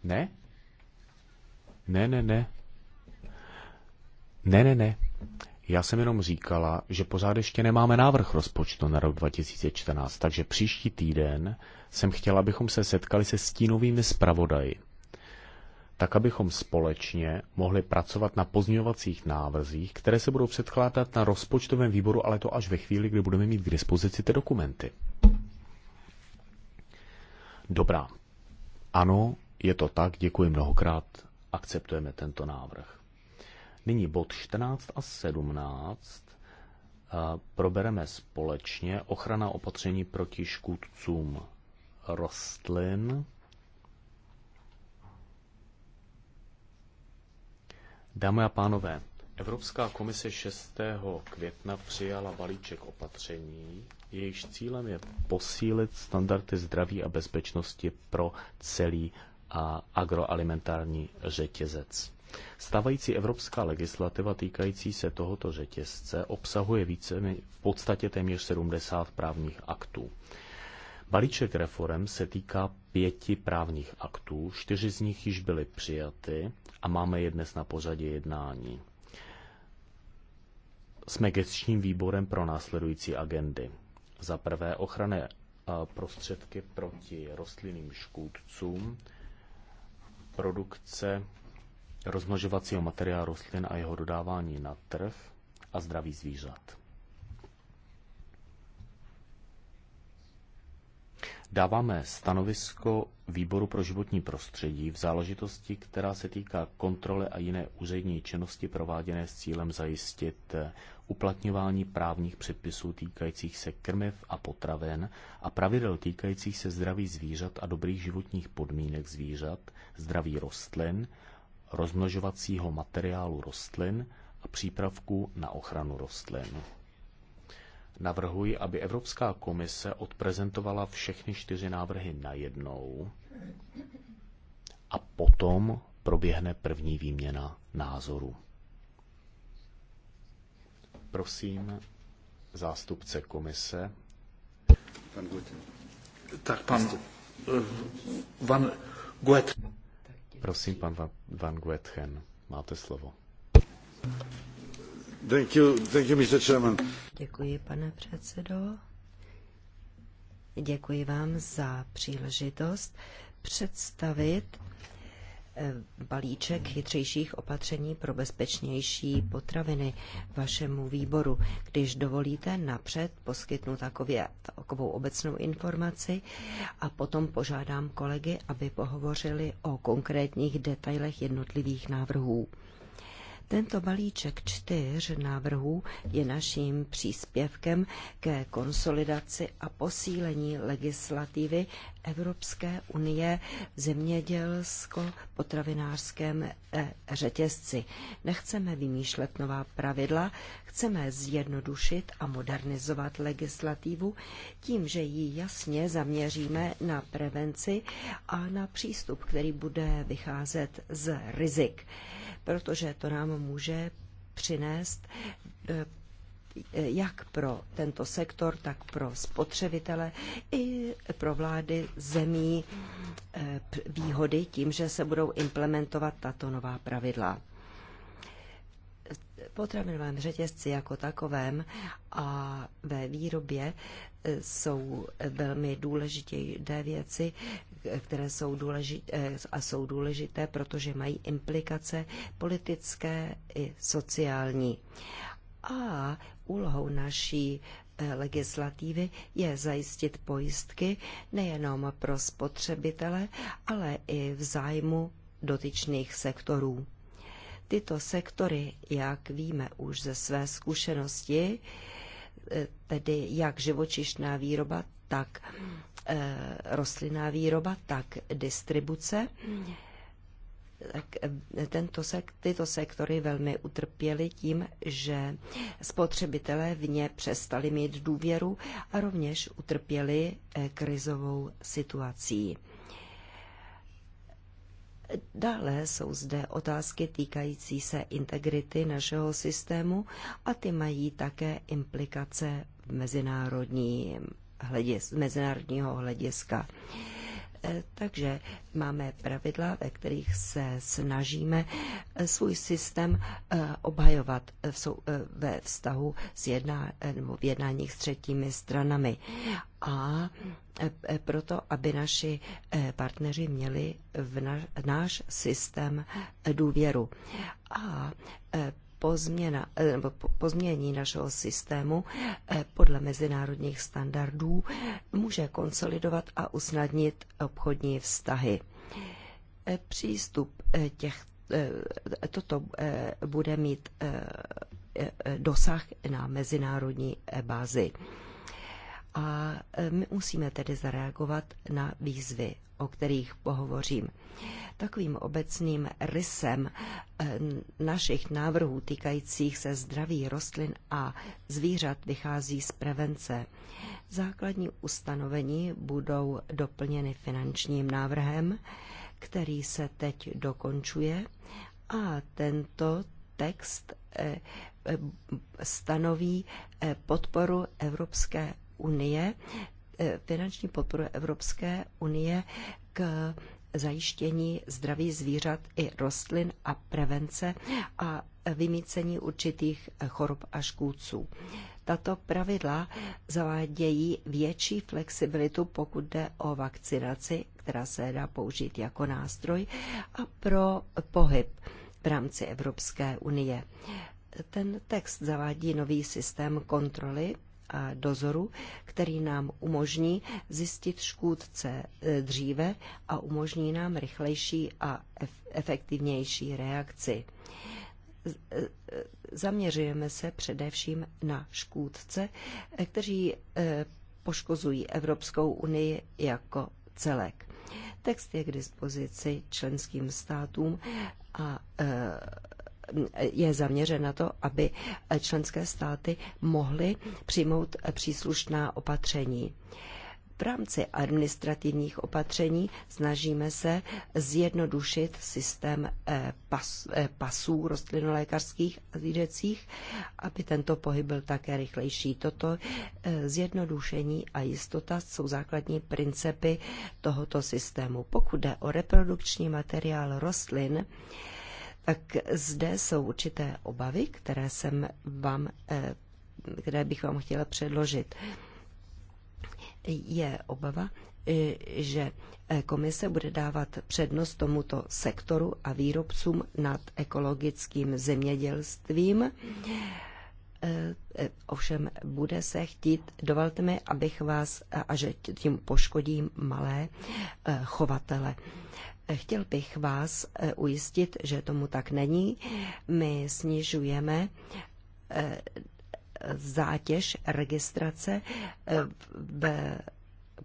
Ne? Ne, ne, ne, ne, ne, ne. Já jsem jenom říkala, že pořád ještě nemáme návrh rozpočtu na rok 2014, takže příští týden jsem chtěla, abychom se setkali se stínovými zpravodaji, tak abychom společně mohli pracovat na pozměňovacích návrzích, které se budou předkládat na rozpočtovém výboru, ale to až ve chvíli, kdy budeme mít k dispozici ty dokumenty. Dobrá. Ano, je to tak, děkuji mnohokrát, akceptujeme tento návrh. Nyní bod 14 a 17 probereme společně ochrana opatření proti škůdcům rostlin. Dámy a pánové, Evropská komise 6. května přijala balíček opatření, jejíž cílem je posílit standardy zdraví a bezpečnosti pro celý agroalimentární řetězec. Stavající evropská legislativa týkající se tohoto řetězce obsahuje více, v podstatě téměř 70 právních aktů. Balíček reform se týká pěti právních aktů, čtyři z nich již byly přijaty a máme je dnes na pořadě jednání. Jsme gestčním výborem pro následující agendy. Za prvé ochrany prostředky proti rostlinným škůdcům, produkce rozmnožovacího materiálu rostlin a jeho dodávání na trh a zdraví zvířat. Dáváme stanovisko Výboru pro životní prostředí v záležitosti, která se týká kontrole a jiné úřední činnosti prováděné s cílem zajistit uplatňování právních předpisů týkajících se krmiv a potraven a pravidel týkajících se zdraví zvířat a dobrých životních podmínek zvířat, zdraví rostlin rozmnožovacího materiálu rostlin a přípravků na ochranu rostlin. Navrhuji, aby Evropská komise odprezentovala všechny čtyři návrhy najednou a potom proběhne první výměna názorů. Prosím zástupce komise. Pan Guet. Tak pan eh, Van Guet. Prosím, pan Van Guethen, máte slovo. Thank you, thank you, Mr. Chairman. Děkuji, pane předsedo. Děkuji vám za příležitost představit balíček chytřejších opatření pro bezpečnější potraviny vašemu výboru. Když dovolíte, napřed poskytnu takově, takovou obecnou informaci a potom požádám kolegy, aby pohovořili o konkrétních detailech jednotlivých návrhů. Tento balíček čtyř návrhů je naším příspěvkem ke konsolidaci a posílení legislativy Evropské unie v zemědělsko-potravinářském eh, řetězci. Nechceme vymýšlet nová pravidla, chceme zjednodušit a modernizovat legislativu tím, že ji jasně zaměříme na prevenci a na přístup, který bude vycházet z rizik protože to nám může přinést eh, eh, jak pro tento sektor, tak pro spotřebitele i pro vlády zemí eh, výhody tím, že se budou implementovat tato nová pravidla potravinovém řetězci jako takovém a ve výrobě jsou velmi důležité věci, které jsou důležité, eh, a jsou důležité, protože mají implikace politické i sociální. A úlohou naší eh, legislativy je zajistit pojistky nejenom pro spotřebitele, ale i v zájmu dotyčných sektorů. Tyto sektory, jak víme už ze své zkušenosti, eh, tedy jak živočišná výroba, tak Eh, rostlinná výroba, tak distribuce, tak eh, tento sek, tyto sektory velmi utrpěly tím, že spotřebitelé v ně přestali mít důvěru a rovněž utrpěli eh, krizovou situací. Dále jsou zde otázky týkající se integrity našeho systému a ty mají také implikace v mezinárodním hledis, mezinárodního hlediska. E, takže máme pravidla, ve kterých se snažíme e, svůj systém e, obhajovat ve vztahu s jedna, nebo v jednáních s třetími stranami. A proto, aby naši partneři měli v náš systém důvěru. A pozměna, eh, nebo pozměnění našeho systému eh, podle mezinárodních standardů může konsolidovat a usnadnit obchodní vztahy. Eh, přístup těch, toto bude mít dosah na mezinárodní bázi. A e, my musíme tedy zareagovat na výzvy, o kterých pohovořím. Takovým obecným rysem e, našich návrhů týkajících se zdraví rostlin a zvířat vychází z prevence. Základní ustanovení budou doplněny finančním návrhem, který se teď dokončuje a tento text e, stanoví podporu Evropské unie, eh, finanční podporu Evropské unie k zajištění zdraví zvířat i rostlin a prevence a vymícení určitých chorob a škůdců. Tato pravidla zavádějí větší flexibilitu, pokud jde o vakcinaci, která se dá použít jako nástroj, a pro pohyb v rámci Evropské unie. Ten text zavádí nový systém kontroly a dozoru, který nám umožní zjistit škůdce e, dříve a umožní nám rychlejší a efektivnější reakci. E, zaměřujeme se především na škůdce, e, kteří poškozují Evropskou unii jako celek. Text je k dispozici členským státům a je zaměřen na to, aby členské státy mohly přijmout příslušná opatření. V rámci administrativních opatření snažíme se zjednodušit systém eh, pas, eh, pasů rostlinolékařských a zvířecích, aby tento pohyb byl také rychlejší. Toto eh, zjednodušení a jistota jsou základní principy tohoto systému. Pokud jde o reprodukční materiál rostlin, tak zde jsou určité obavy, které jsem vám, eh, které bych vám chtěla předložit. Je obava, eh, že eh, komise bude dávat přednost tomuto sektoru a výrobcům nad ekologickým zemědělstvím. Ovšem bude se chtít, dovolte mi, abych vás, a že tím poškodím malé chovatele. Chtěl bych vás eh, ujistit, že tomu tak není. My snižujeme eh, zátěž registrace eh,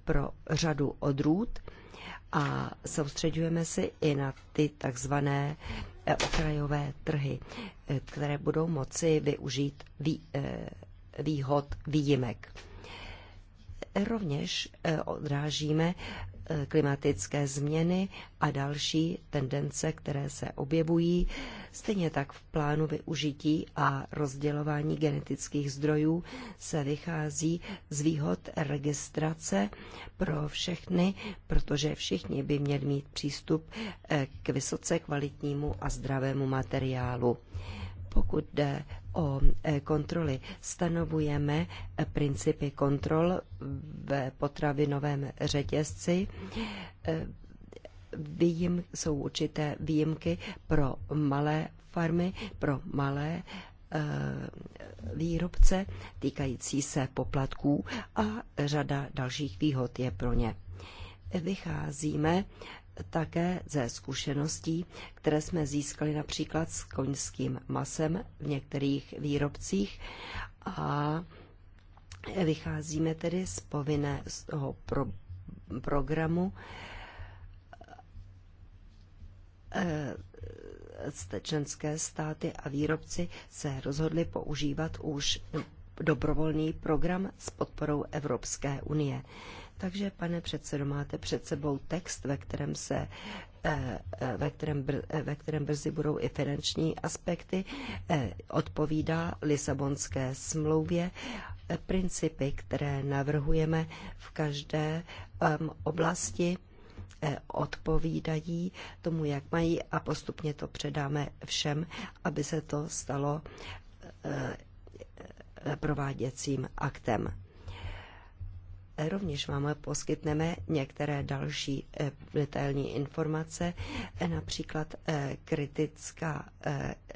pro řadu odrůd a soustředujeme si i na ty takzvané okrajové trhy, které budou moci využít výhod výjimek. Rovněž odrážíme klimatické změny a další tendence, které se objevují, stejně tak v plánu využití a rozdělování genetických zdrojů se vychází z výhod registrace pro všechny, protože všichni by měli mít přístup eh, k vysoce kvalitnímu a zdravému materiálu. Pokud jde o e, kontroly. Stanovujeme e, principy kontrol v potravinovém řetězci. E, výjim, jsou určité výjimky pro malé farmy, pro malé výrobce týkající se poplatků a řada dalších výhod je pro ně. Vycházíme také ze zkušeností, které jsme získali například s koňským masem v některých výrobcích a vycházíme tedy z povinné z toho pro, programu e, členské státy a výrobci se rozhodli používat už no, dobrovolný program s podporou Evropské unie. Takže, pane předsedo, máte před sebou text, ve kterém se eh, eh, ve kterém, br, eh, ve kterém brzy budou i finanční aspekty, odpovídá Lisabonské smlouvě principy, které navrhujeme v každé oblasti odpovídají tomu, jak mají a postupně to předáme všem, aby se to stalo prováděcím aktem. Rovněž vám poskytneme některé další eh, detailní informace, eh, například eh, kritická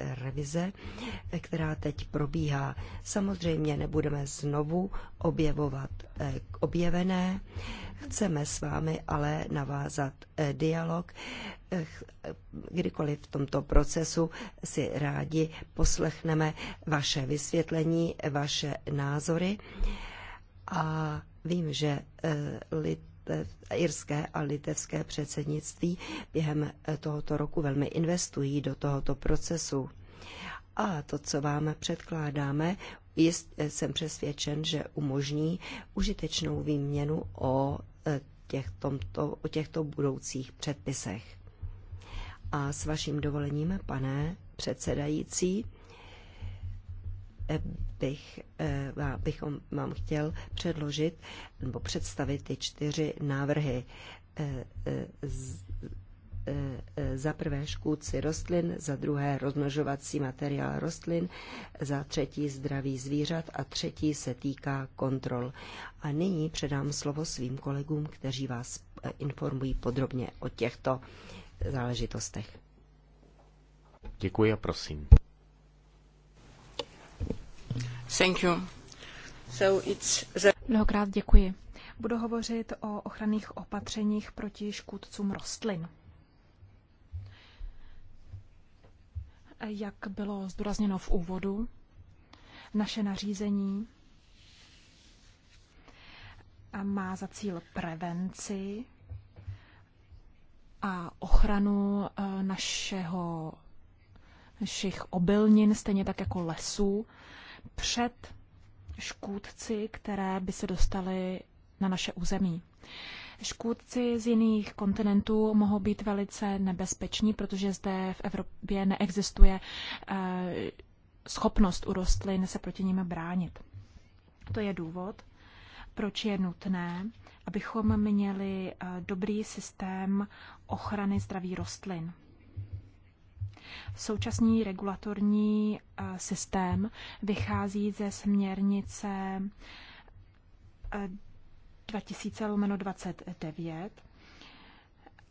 revize, která teď probíhá. Samozřejmě nebudeme znovu objevovat objevené. Chceme s vámi ale navázat dialog. Kdykoliv v tomto procesu si rádi poslechneme vaše vysvětlení, vaše názory a vím, že e, irské a litevské předsednictví během e, tohoto roku velmi investují do tohoto procesu. A to, co vám předkládáme, jsem přesvědčen, že umožní užitečnou výměnu o, e, těch, tomto, o těchto budoucích předpisech. A s vaším dovolením, pane předsedající, bych, eh, bychom vám chtěl předložit nebo představit ty čtyři návrhy. Eh, eh, za prvé škůdci rostlin, za druhé rozmnožovací materiál rostlin, za třetí zdraví zvířat a třetí se týká kontrol. A nyní předám slovo svým kolegům, kteří vás informují podrobně o těchto záležitostech. Děkuji a prosím. Thank you. So it's the... Mnohokrát děkuji. Budu hovořit o ochranných opatřeních proti škůdcům rostlin. Jak bylo zdůrazněno v úvodu, naše nařízení má za cíl prevenci a ochranu eh, našeho, našich obilnin, stejně tak jako lesů před škůdci, které by se dostaly na naše území. Škůdci z jiných kontinentů mohou být velice nebezpeční, protože zde v Evropě neexistuje eh, schopnost u rostlin se proti nimi bránit. To je důvod, proč je nutné, abychom měli eh, dobrý systém ochrany zdraví rostlin. Současný regulatorní eh, systém vychází ze směrnice 2000-29.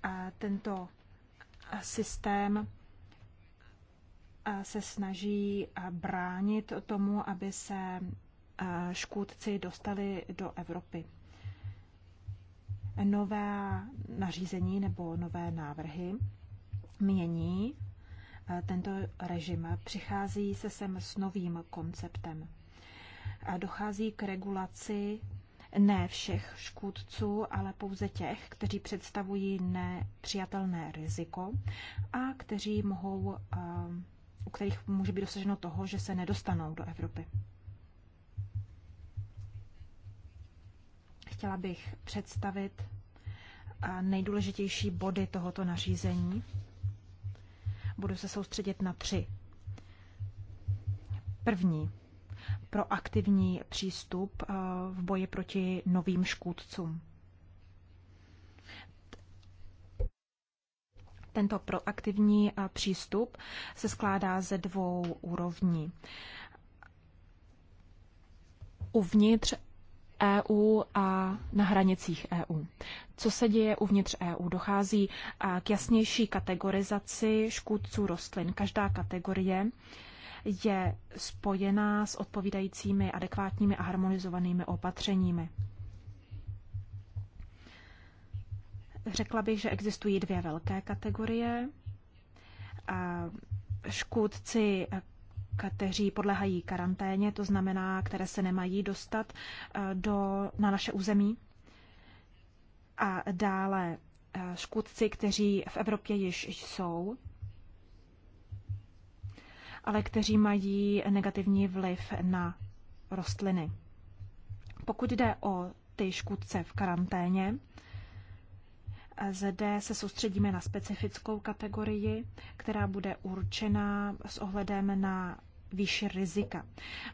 Eh, tento eh, systém se snaží bránit tomu, aby se škůdci dostali do Evropy. Nové nařízení nebo nové návrhy mění tento režim přichází se sem s novým konceptem. A dochází k regulaci ne všech škůdců, ale pouze těch, kteří představují nepřijatelné riziko a kteří mohou, u kterých může být dosaženo toho, že se nedostanou do Evropy. Chtěla bych představit nejdůležitější body tohoto nařízení Budu se soustředit na tři. První. Proaktivní přístup eh, v boji proti novým škůdcům. Tento proaktivní eh, přístup se skládá ze dvou úrovní. Uvnitř EU a na hranicích EU. Co se děje uvnitř EU? Dochází k jasnější kategorizaci škůdců rostlin. Každá kategorie je spojená s odpovídajícími adekvátními a harmonizovanými opatřeními. Řekla bych, že existují dvě velké kategorie. Škůdci kteří podlehají karanténě, to znamená, které se nemají dostat eh, do, na naše území. A dále eh, škůdci, kteří v Evropě již jsou, ale kteří mají negativní vliv na rostliny. Pokud jde o ty škůdce v karanténě, zde se soustředíme na specifickou kategorii, která bude určena s ohledem na výši rizika.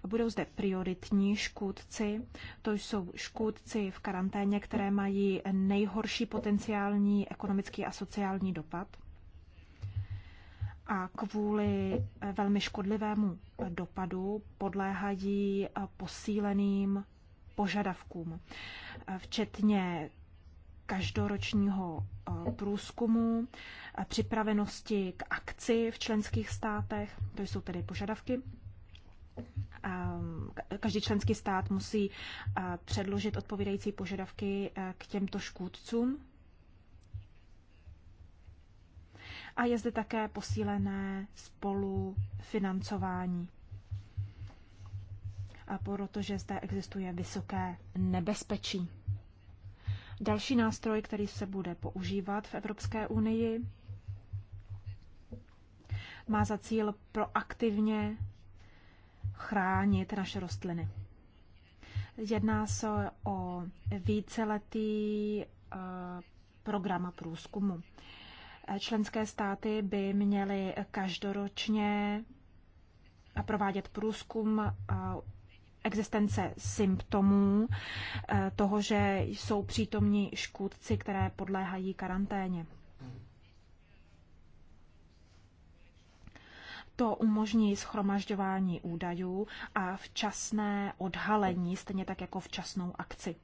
Budou zde prioritní škůdci, to jsou škůdci v karanténě, které mají nejhorší potenciální ekonomický a sociální dopad. A kvůli velmi škodlivému dopadu podléhají posíleným požadavkům, včetně každoročního eh, průzkumu eh, připravenosti k akci v členských státech. To jsou tedy požadavky. Ehm, každý členský stát musí eh, předložit odpovídající požadavky k těmto škůdcům. A je zde také posílené spolufinancování a protože zde existuje vysoké nebezpečí. Další nástroj, který se bude používat v Evropské unii, má za cíl proaktivně chránit naše rostliny. Jedná se o víceletý eh, program průzkumu. Eh, členské státy by měly každoročně provádět průzkum eh, existence symptomů eh, toho, že jsou přítomní škůdci, které podléhají karanténě. To umožní schromažďování údajů a včasné odhalení, stejně tak jako včasnou akci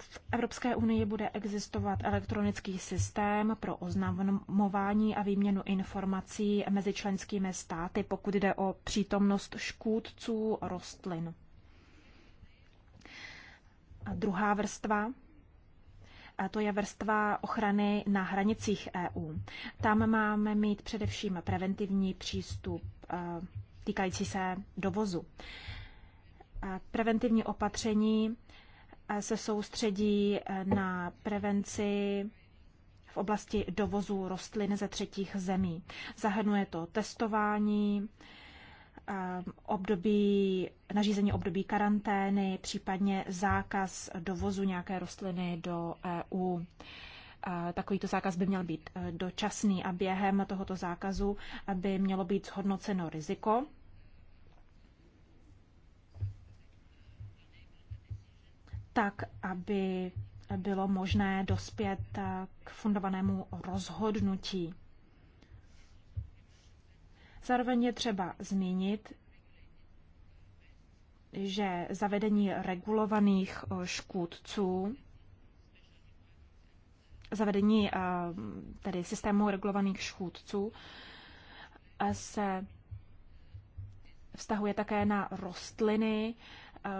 v Evropské unii bude existovat elektronický systém pro oznamování a výměnu informací mezi členskými státy, pokud jde o přítomnost škůdců rostlin. A druhá vrstva a to je vrstva ochrany na hranicích EU. Tam máme mít především preventivní přístup eh, týkající se dovozu. Preventivní opatření Eh, se soustředí eh, na prevenci v oblasti dovozu rostlin ze třetích zemí. Zahrnuje to testování, eh, období, nařízení období karantény, případně zákaz dovozu nějaké rostliny do EU. Takovýto zákaz by měl být dočasný a během tohoto zákazu by mělo být zhodnoceno riziko tak aby bylo možné dospět eh, k fundovanému rozhodnutí. Zároveň je třeba zmínit, že zavedení regulovaných eh, škůdců, zavedení eh, tedy systému regulovaných škůdců se vztahuje také na rostliny,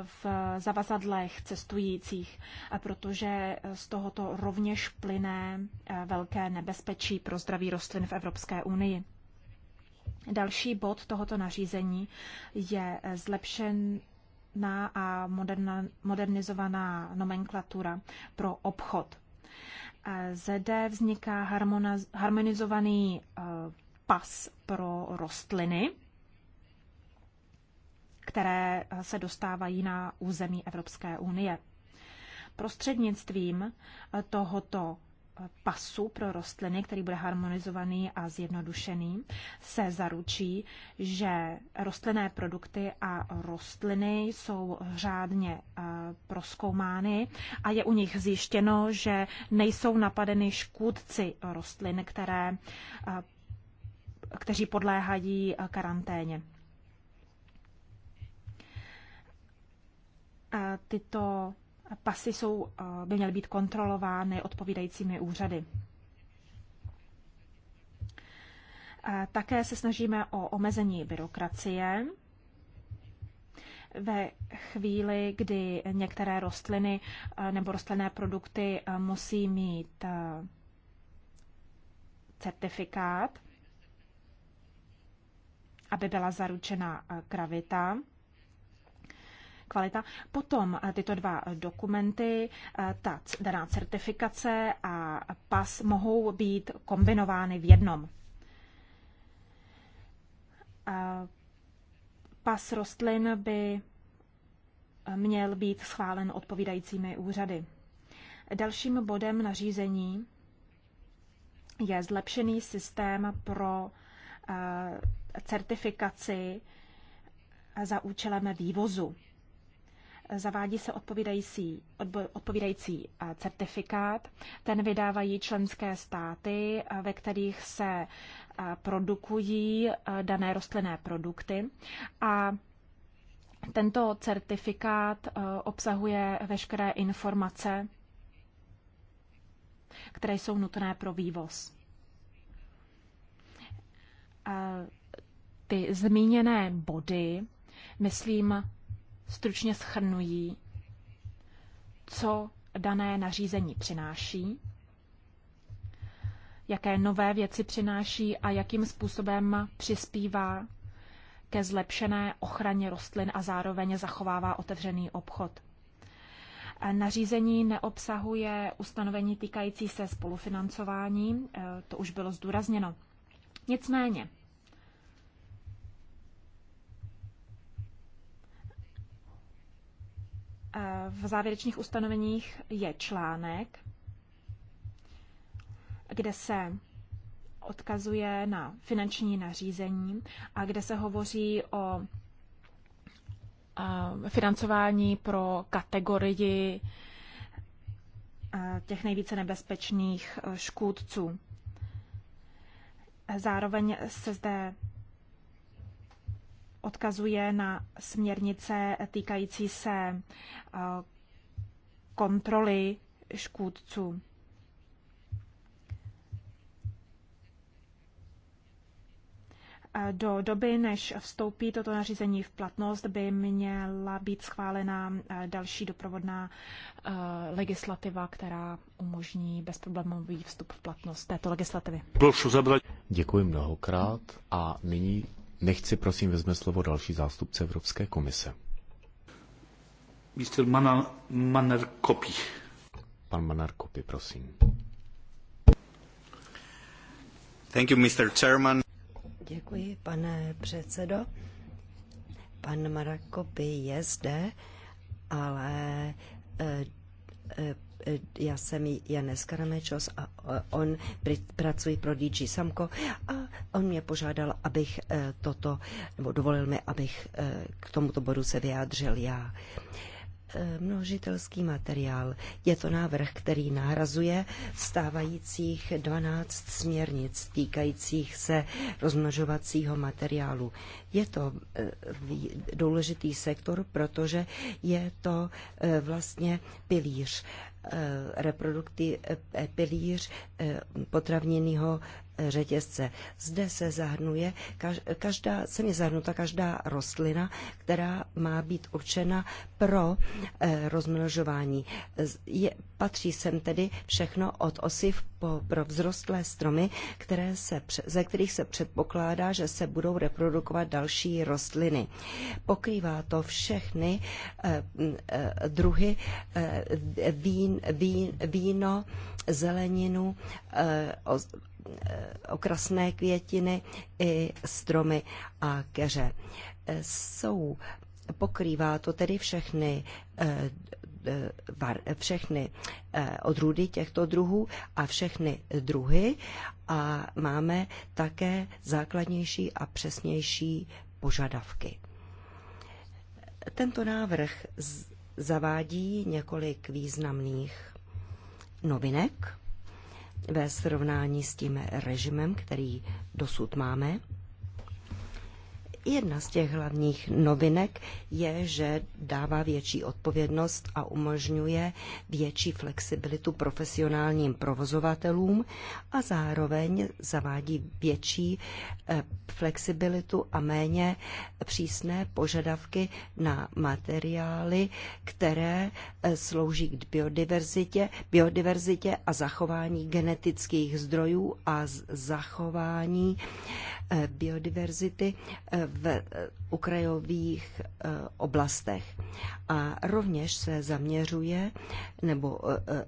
v zavazadlech cestujících, protože z tohoto rovněž plyné eh, velké nebezpečí pro zdraví rostlin v Evropské unii. Další bod tohoto nařízení je eh, zlepšen a modernizovaná nomenklatura pro obchod. Eh, zde vzniká harmonizovaný pas pro rostliny, které se dostávají na území Evropské unie. Prostřednictvím tohoto pasu pro rostliny, který bude harmonizovaný a zjednodušený, se zaručí, že rostlinné produkty a rostliny jsou řádně eh, proskoumány a je u nich zjištěno, že nejsou napadeny škůdci rostlin, které, eh, kteří podléhají karanténě. tyto pasy jsou, eh, by měly být kontrolovány odpovídajícími úřady. Také se snažíme o omezení byrokracie. Ve chvíli, kdy některé rostliny eh, nebo rostlinné produkty eh, musí mít certifikát, aby byla zaručena kravita, kvalita. Potom eh, tyto dva dokumenty, eh, ta daná certifikace a pas mohou být kombinovány v jednom. Eh, pas rostlin by měl být schválen odpovídajícími úřady. Dalším bodem nařízení je zlepšený systém pro certifikaci za účelem vývozu. Zavádí se odpovídající, odpovídající eh, certifikát. Ten vydávají členské státy, eh, ve kterých se eh, produkují dané rostlinné produkty. A tento certifikát obsahuje veškeré informace, které jsou nutné pro vývoz. Ty zmíněné body, myslím, stručně schrnují, co dané nařízení přináší, jaké nové věci přináší a jakým způsobem přispívá ke zlepšené ochraně rostlin a zároveň zachovává otevřený obchod. Nařízení neobsahuje ustanovení týkající se spolufinancování, eh, to už bylo zdůrazněno. Nicméně, v závěrečných ustanoveních je článek, kde se odkazuje na finanční nařízení a kde se hovoří o financování pro kategorii těch nejvíce nebezpečných e, škůdců. Zároveň se zde odkazuje na směrnice týkající se eh, kontroly škůdců. Eh, do doby, než vstoupí toto nařízení v platnost, by měla být schválena eh, další doprovodná legislativa, která umožní bezproblémový vstup v platnost této legislativy. Děkuji mnohokrát a nyní Nechci, prosím, vezme slovo další zástupce Evropské komise. Mr. Manar, Manar Kopi. Pan Manar Kopi, prosím. Thank you, Mr. Chairman. Děkuji, pane předsedo. Pan Marakopi je zde, ale eh, eh, já jsem Janes Karamečos a e, on pracuje pro DG Samko a on mě požádal, abych e, toto, nebo dovolil mi, abych e, k tomuto bodu se vyjádřil já množitelský materiál. Je to návrh, který nahrazuje stávajících 12 směrnic týkajících se rozmnožovacího materiálu. Je to důležitý sektor, protože je to vlastně pilíř Eh, reproduktiv eh, pilíř eh, potravněného řetězce. Zde se zahrnuje, každá, se mě zahrnuta každá rostlina, která má být určena pro eh, rozmnožování. Je, patří sem tedy všechno od osiv po, pro vzrostlé stromy, které se, ze kterých se předpokládá, že se budou reprodukovat další rostliny. Pokrývá to všechny eh, eh druhy eh, vín, vín, víno, zeleninu, eh, Eh, okrasné květiny i stromy a keře. Eh, jsou, pokrývá to tedy všechny eh, všechny odrůdy těchto druhů a všechny druhy a máme také základnější a přesnější požadavky. Tento návrh zavádí několik významných novinek ve srovnání s tím režimem, který dosud máme. Jedna z těch hlavních novinek je, že dává větší odpovědnost a umožňuje větší flexibilitu profesionálním provozovatelům a zároveň zavádí větší eh, flexibilitu a méně přísné požadavky na materiály, které eh, slouží k biodiverzitě, biodiverzitě a zachování genetických zdrojů a zachování Eh, biodiverzity eh, v eh, ukrajových oblastech. A rovněž se zaměřuje, nebo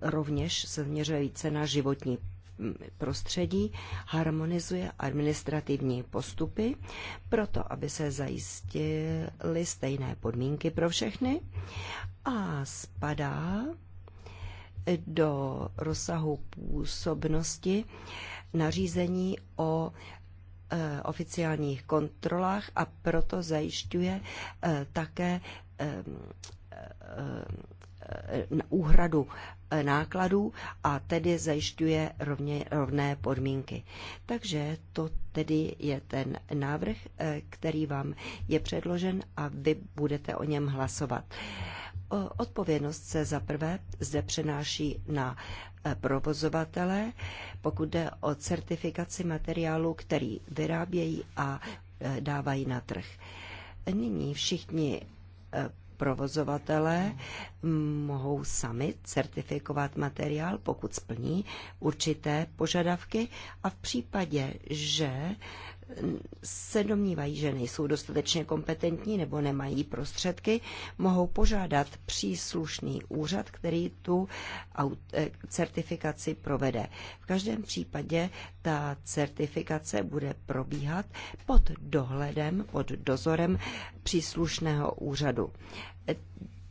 rovněž se zaměřuje více na životní mm, prostředí, harmonizuje administrativní postupy, proto aby se zajistily stejné podmínky pro všechny a spadá do rozsahu působnosti nařízení o Eh, oficiálních kontrolách a proto zajišťuje eh, také eh, úhradu nákladů a tedy zajišťuje rovně, rovné podmínky. Takže to tedy je ten návrh, který vám je předložen a vy budete o něm hlasovat. Odpovědnost se za prvé zde přenáší na provozovatele, pokud jde o certifikaci materiálu, který vyrábějí a e, dávají na trh. Nyní všichni e, provozovatelé mohou sami certifikovat materiál, pokud splní určité požadavky a v případě, že se domnívají, že nejsou dostatečně kompetentní nebo nemají prostředky, mohou požádat příslušný úřad, který tu eh, certifikaci provede. V každém případě ta certifikace bude probíhat pod dohledem, pod dozorem příslušného úřadu.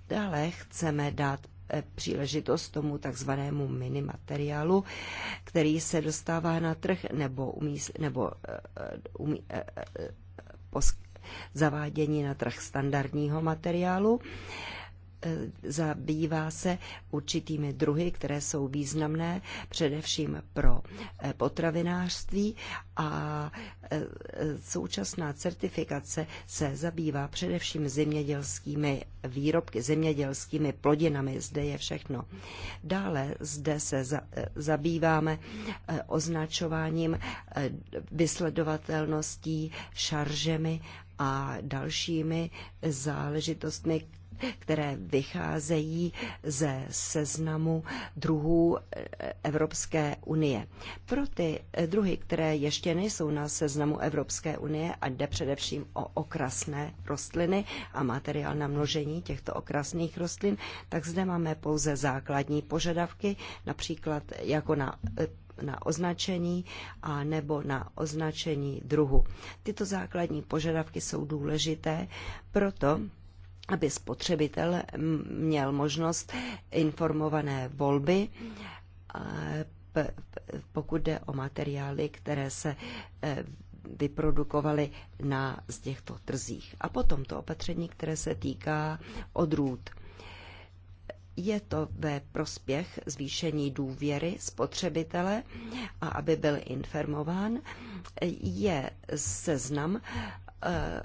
Dále chceme dát Eh, příležitost tomu takzvanému materiálu, který se dostává na trh nebo, umí, nebo eh, umí, eh, zavádění na trh standardního materiálu. E, zabývá se určitými druhy, které jsou významné především pro e, potravinářství a e, současná certifikace se zabývá především zemědělskými výrobky, zemědělskými plodinami. Zde je všechno. Dále zde se zabýváme označováním vysledovatelností, šaržemi a dalšími záležitostmi, které vycházejí ze seznamu druhů eh, Evropské unie. Pro ty eh, druhy, které ještě nejsou na seznamu Evropské unie a jde především o okrasné rostliny a materiál na množení těchto okrasných rostlin, tak zde máme pouze základní požadavky, například jako na eh, na označení a nebo na označení druhu. Tyto základní požadavky jsou důležité, proto aby spotřebitel měl možnost informované volby, pokud jde o materiály, které se e, vyprodukovaly na z těchto trzích. A potom to opatření, které se týká odrůd. Je to ve prospěch zvýšení důvěry spotřebitele a aby byl informován, je seznam e,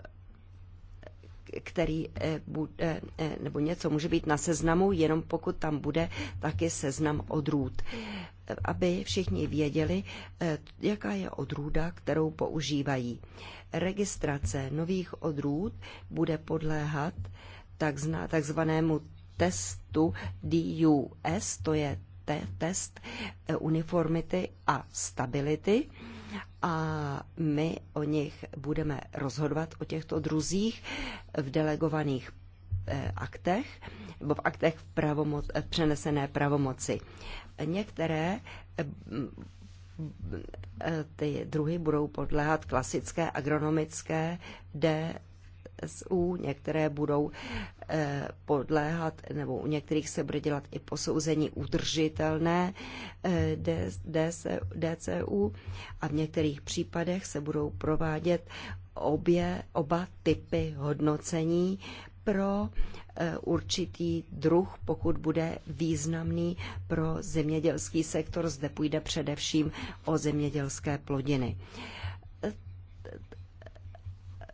který eh, bude, eh, eh, nebo něco může být na seznamu, jenom pokud tam bude taky seznam odrůd. Aby všichni věděli, jaká je odrůda, kterou používají. Registrace nových odrůd bude podléhat takzvanému testu DUS, to je test uniformity a stability a my o nich budeme rozhodovat, o těchto druzích v delegovaných eh, aktech nebo v aktech v v eh, přenesené pravomoci. Některé eh, ty druhy budou podléhat klasické agronomické de SU, některé budou eh, podléhat, nebo u některých se bude dělat i posouzení udržitelné eh, DCU a v některých případech se budou provádět obě, oba typy hodnocení pro eh, určitý druh, pokud bude významný pro zemědělský sektor. Zde půjde především o zemědělské plodiny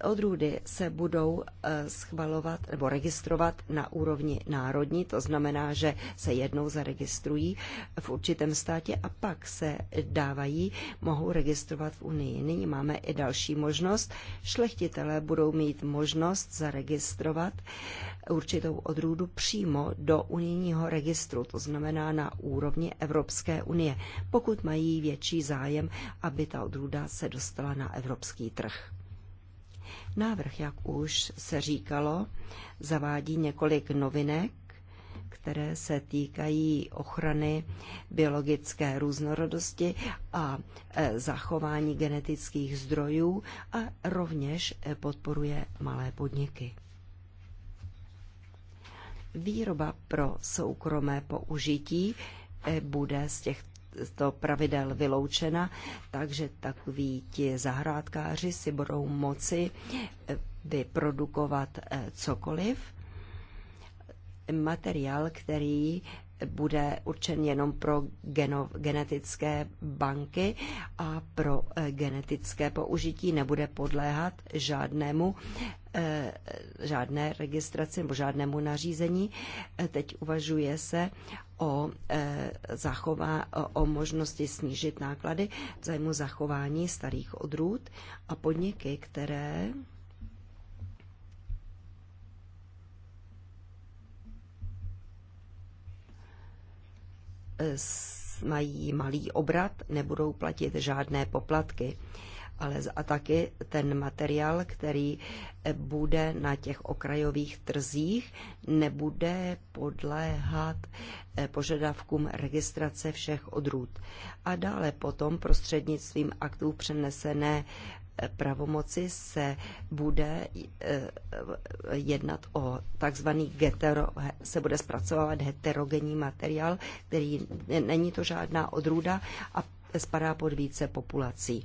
odrůdy se budou eh, schvalovat nebo registrovat na úrovni národní, to znamená, že se jednou zaregistrují v určitém státě a pak se dávají, mohou registrovat v Unii. Nyní máme i další možnost. Šlechtitelé budou mít možnost zaregistrovat určitou odrůdu přímo do unijního registru, to znamená na úrovni Evropské unie, pokud mají větší zájem, aby ta odrůda se dostala na evropský trh. Návrh, jak už se říkalo, zavádí několik novinek, které se týkají ochrany biologické různorodosti a e, zachování genetických zdrojů a rovněž e, podporuje malé podniky. Výroba pro soukromé použití e, bude z těch, to pravidel vyloučena, takže takoví ti zahrádkáři si budou moci eh, vyprodukovat eh, cokoliv. Materiál, který bude určen jenom pro geno, genetické banky a pro eh, genetické použití nebude podléhat žádnému eh, žádné registraci nebo žádnému nařízení. Eh, teď uvažuje se o, zachová, o možnosti snížit náklady v zájmu zachování starých odrůd a podniky, které mají malý obrat, nebudou platit žádné poplatky. Ale a taky ten materiál, který eh, bude na těch okrajových trzích, nebude podléhat eh, požadavkům registrace všech odrůd. A dále potom prostřednictvím aktů přenesené pravomoci se bude e, jednat o takzvaný getero, se bude zpracovávat heterogenní materiál, který není to žádná odrůda a spadá pod více populací.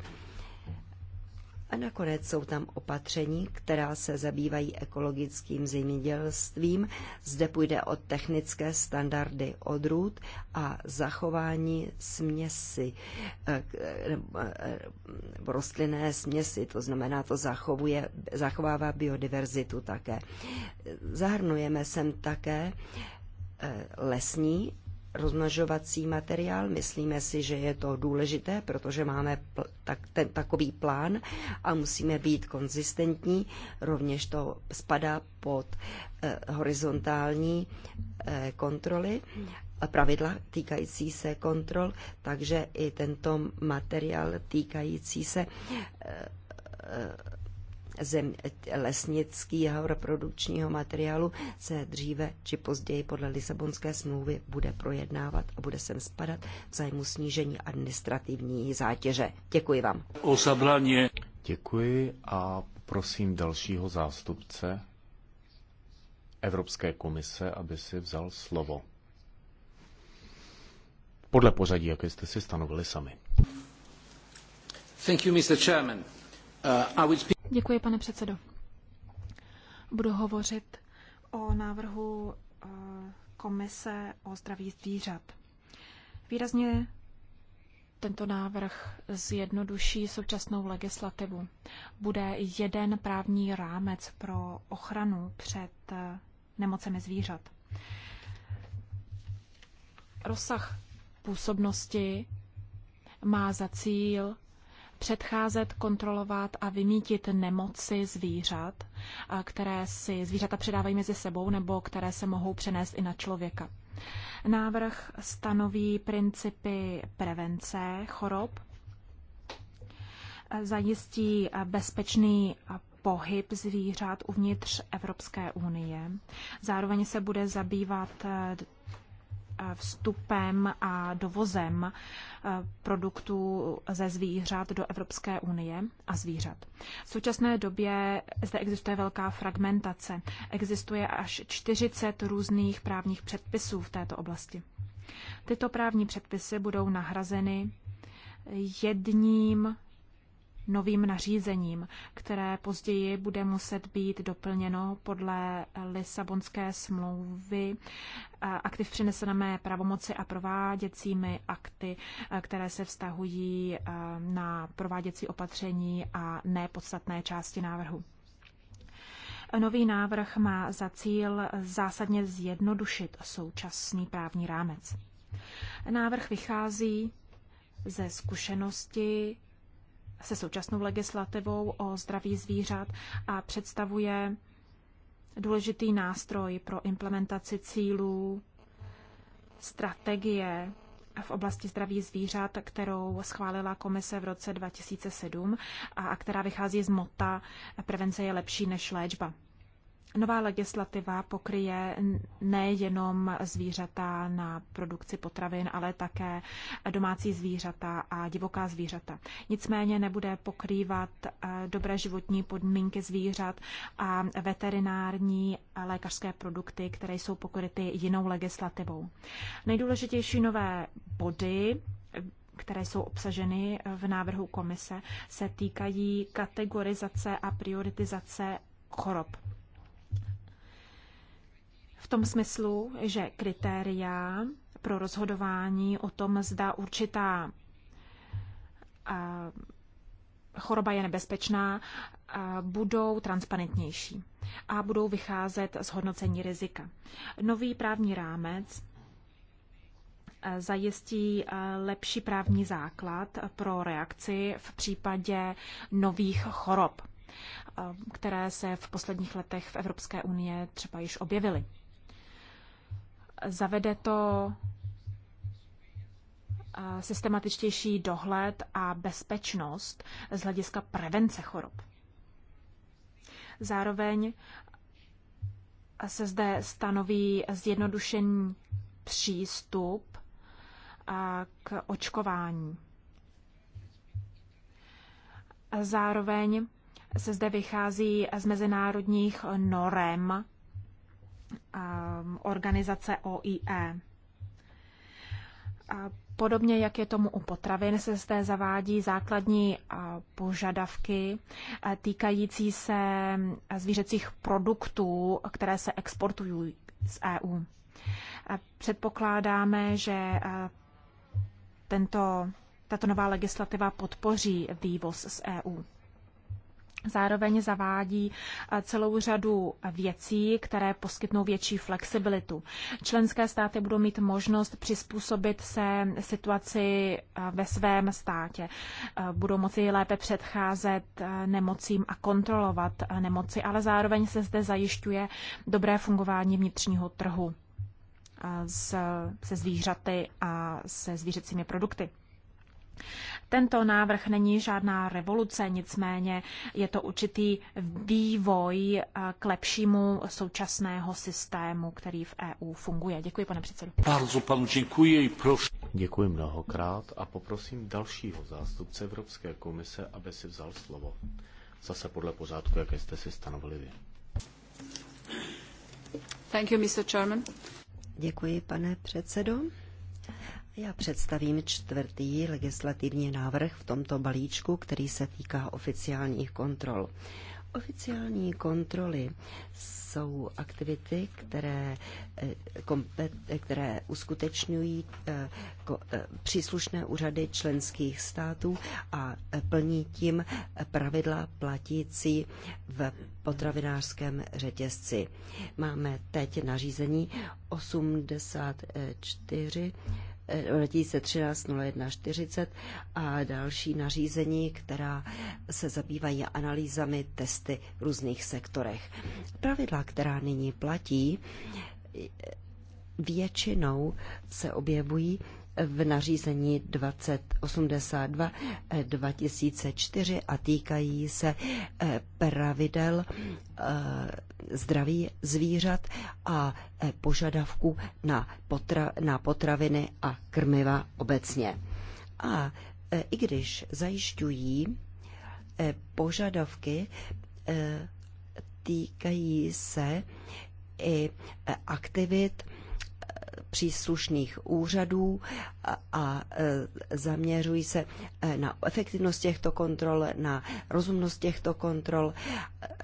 A nakonec jsou tam opatření, která se zabývají ekologickým zemědělstvím. Zde půjde o technické standardy odrůd a zachování směsi, eh, eh, eh, rostlinné směsi, to znamená, to zachovuje, zachovává biodiverzitu také. Zahrnujeme sem také lesní rozmnožovací materiál. Myslíme si, že je to důležité, protože máme tak, ten, takový plán a musíme být konzistentní. Rovněž to spadá pod eh, horizontální eh, kontroly a pravidla týkající se kontrol, takže i tento materiál týkající se eh, eh zem, lesnického reprodukčního materiálu se dříve či později podle Lisabonské smlouvy bude projednávat a bude sem spadat v zájmu snížení administrativní zátěže. Děkuji vám. O zabraně. Děkuji a prosím dalšího zástupce Evropské komise, aby si vzal slovo. Podle pořadí, jaké jste si stanovili sami. Thank you, Mr. Chairman. Uh, Děkuji, pane předsedo. Budu hovořit o návrhu uh, Komise o zdraví zvířat. Výrazně tento návrh zjednoduší současnou legislativu. Bude jeden právní rámec pro ochranu před uh, nemocemi zvířat. Rozsah působnosti má za cíl předcházet, kontrolovat a vymítit nemoci zvířat, které si zvířata předávají mezi sebou nebo které se mohou přenést i na člověka. Návrh stanoví principy prevence chorob, zajistí bezpečný pohyb zvířat uvnitř Evropské unie. Zároveň se bude zabývat Eh, vstupem a dovozem eh, produktů ze zvířat do Evropské unie a zvířat. V současné době zde existuje velká fragmentace. Existuje až 40 různých právních předpisů v této oblasti. Tyto právní předpisy budou nahrazeny jedním novým nařízením, které později bude muset být doplněno podle Lisabonské smlouvy aktiv přenesené pravomoci a prováděcími akty, které se vztahují na prováděcí opatření a nepodstatné části návrhu. Nový návrh má za cíl zásadně zjednodušit současný právní rámec. Návrh vychází ze zkušenosti se současnou legislativou o zdraví zvířat a představuje důležitý nástroj pro implementaci cílů, strategie v oblasti zdraví zvířat, kterou schválila komise v roce 2007 a, a která vychází z mota prevence je lepší než léčba. Nová legislativa pokryje nejenom zvířata na produkci potravin, ale také domácí zvířata a divoká zvířata. Nicméně nebude pokrývat eh, dobré životní podmínky zvířat a veterinární a lékařské produkty, které jsou pokryty jinou legislativou. Nejdůležitější nové body které jsou obsaženy v návrhu komise, se týkají kategorizace a prioritizace chorob v tom smyslu, že kritéria pro rozhodování o tom, zda určitá choroba je nebezpečná, budou transparentnější a budou vycházet z hodnocení rizika. Nový právní rámec zajistí lepší právní základ pro reakci v případě nových chorob, které se v posledních letech v Evropské unie třeba již objevily zavede to systematičtější dohled a bezpečnost z hlediska prevence chorob. Zároveň se zde stanoví zjednodušený přístup k očkování. Zároveň se zde vychází z mezinárodních norem Um, organizace OIE. Podobně, jak je tomu u potravin, se zde zavádí základní požadavky týkající se zvířecích produktů, které se exportují z EU. Předpokládáme, že tento, tato nová legislativa podpoří vývoz z EU. Zároveň zavádí eh, celou řadu věcí, které poskytnou větší flexibilitu. Členské státy budou mít možnost přizpůsobit se situaci eh, ve svém státě. Eh, budou moci lépe předcházet nemocím a kontrolovat nemoci, ale zároveň se zde zajišťuje dobré fungování vnitřního trhu se zvířaty a se zvířecími produkty. Tento návrh není žádná revoluce, nicméně je to určitý vývoj eh, k lepšímu současného systému, který v EU funguje. Děkuji, pane předsedo. Bardzo panu děkuji, Děkuji mnohokrát a poprosím dalšího zástupce Evropské komise, aby si vzal slovo. Zase podle pořádku, jaké jste si stanovili vy. Thank you, Mr. Chairman. Děkuji, pane předsedo. Já představím čtvrtý legislativní návrh v tomto balíčku, který se týká oficiálních kontrol. Oficiální kontroly jsou aktivity, které, eh, které uskutečňují eh, eh, příslušné úřady členských států a plní tím pravidla platící v potravinářském řetězci. Máme teď nařízení 84 2013 0140 a další nařízení, která se zabývají analýzami testy v různých sektorech. Pravidla, která nyní platí, většinou se objevují v nařízení 2082 2004 eh, a týkají se eh, pravidel eh, zdraví zvířat a požadavků na, potra, na potraviny a krmiva obecně. A i když zajišťují požadavky, týkají se i aktivit, příslušných úřadů a e, zaměřují se e, na efektivnost těchto kontrol, na rozumnost těchto kontrol,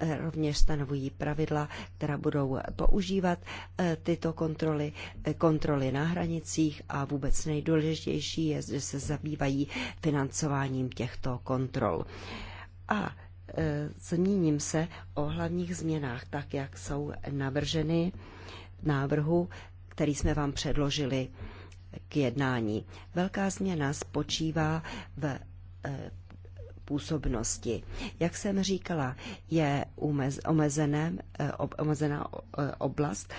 e, rovněž stanovují pravidla, která budou používat tyto kontroly, kontroly na hranicích a vůbec nejdůležitější je, že se zabývají financováním těchto kontrol. A zmíním se o hlavních změnách, tak jak jsou navrženy návrhu který jsme vám předložili k jednání. Velká změna spočívá v eh, působnosti. Jak jsem říkala, je omezené, eh, omezená eh, oblast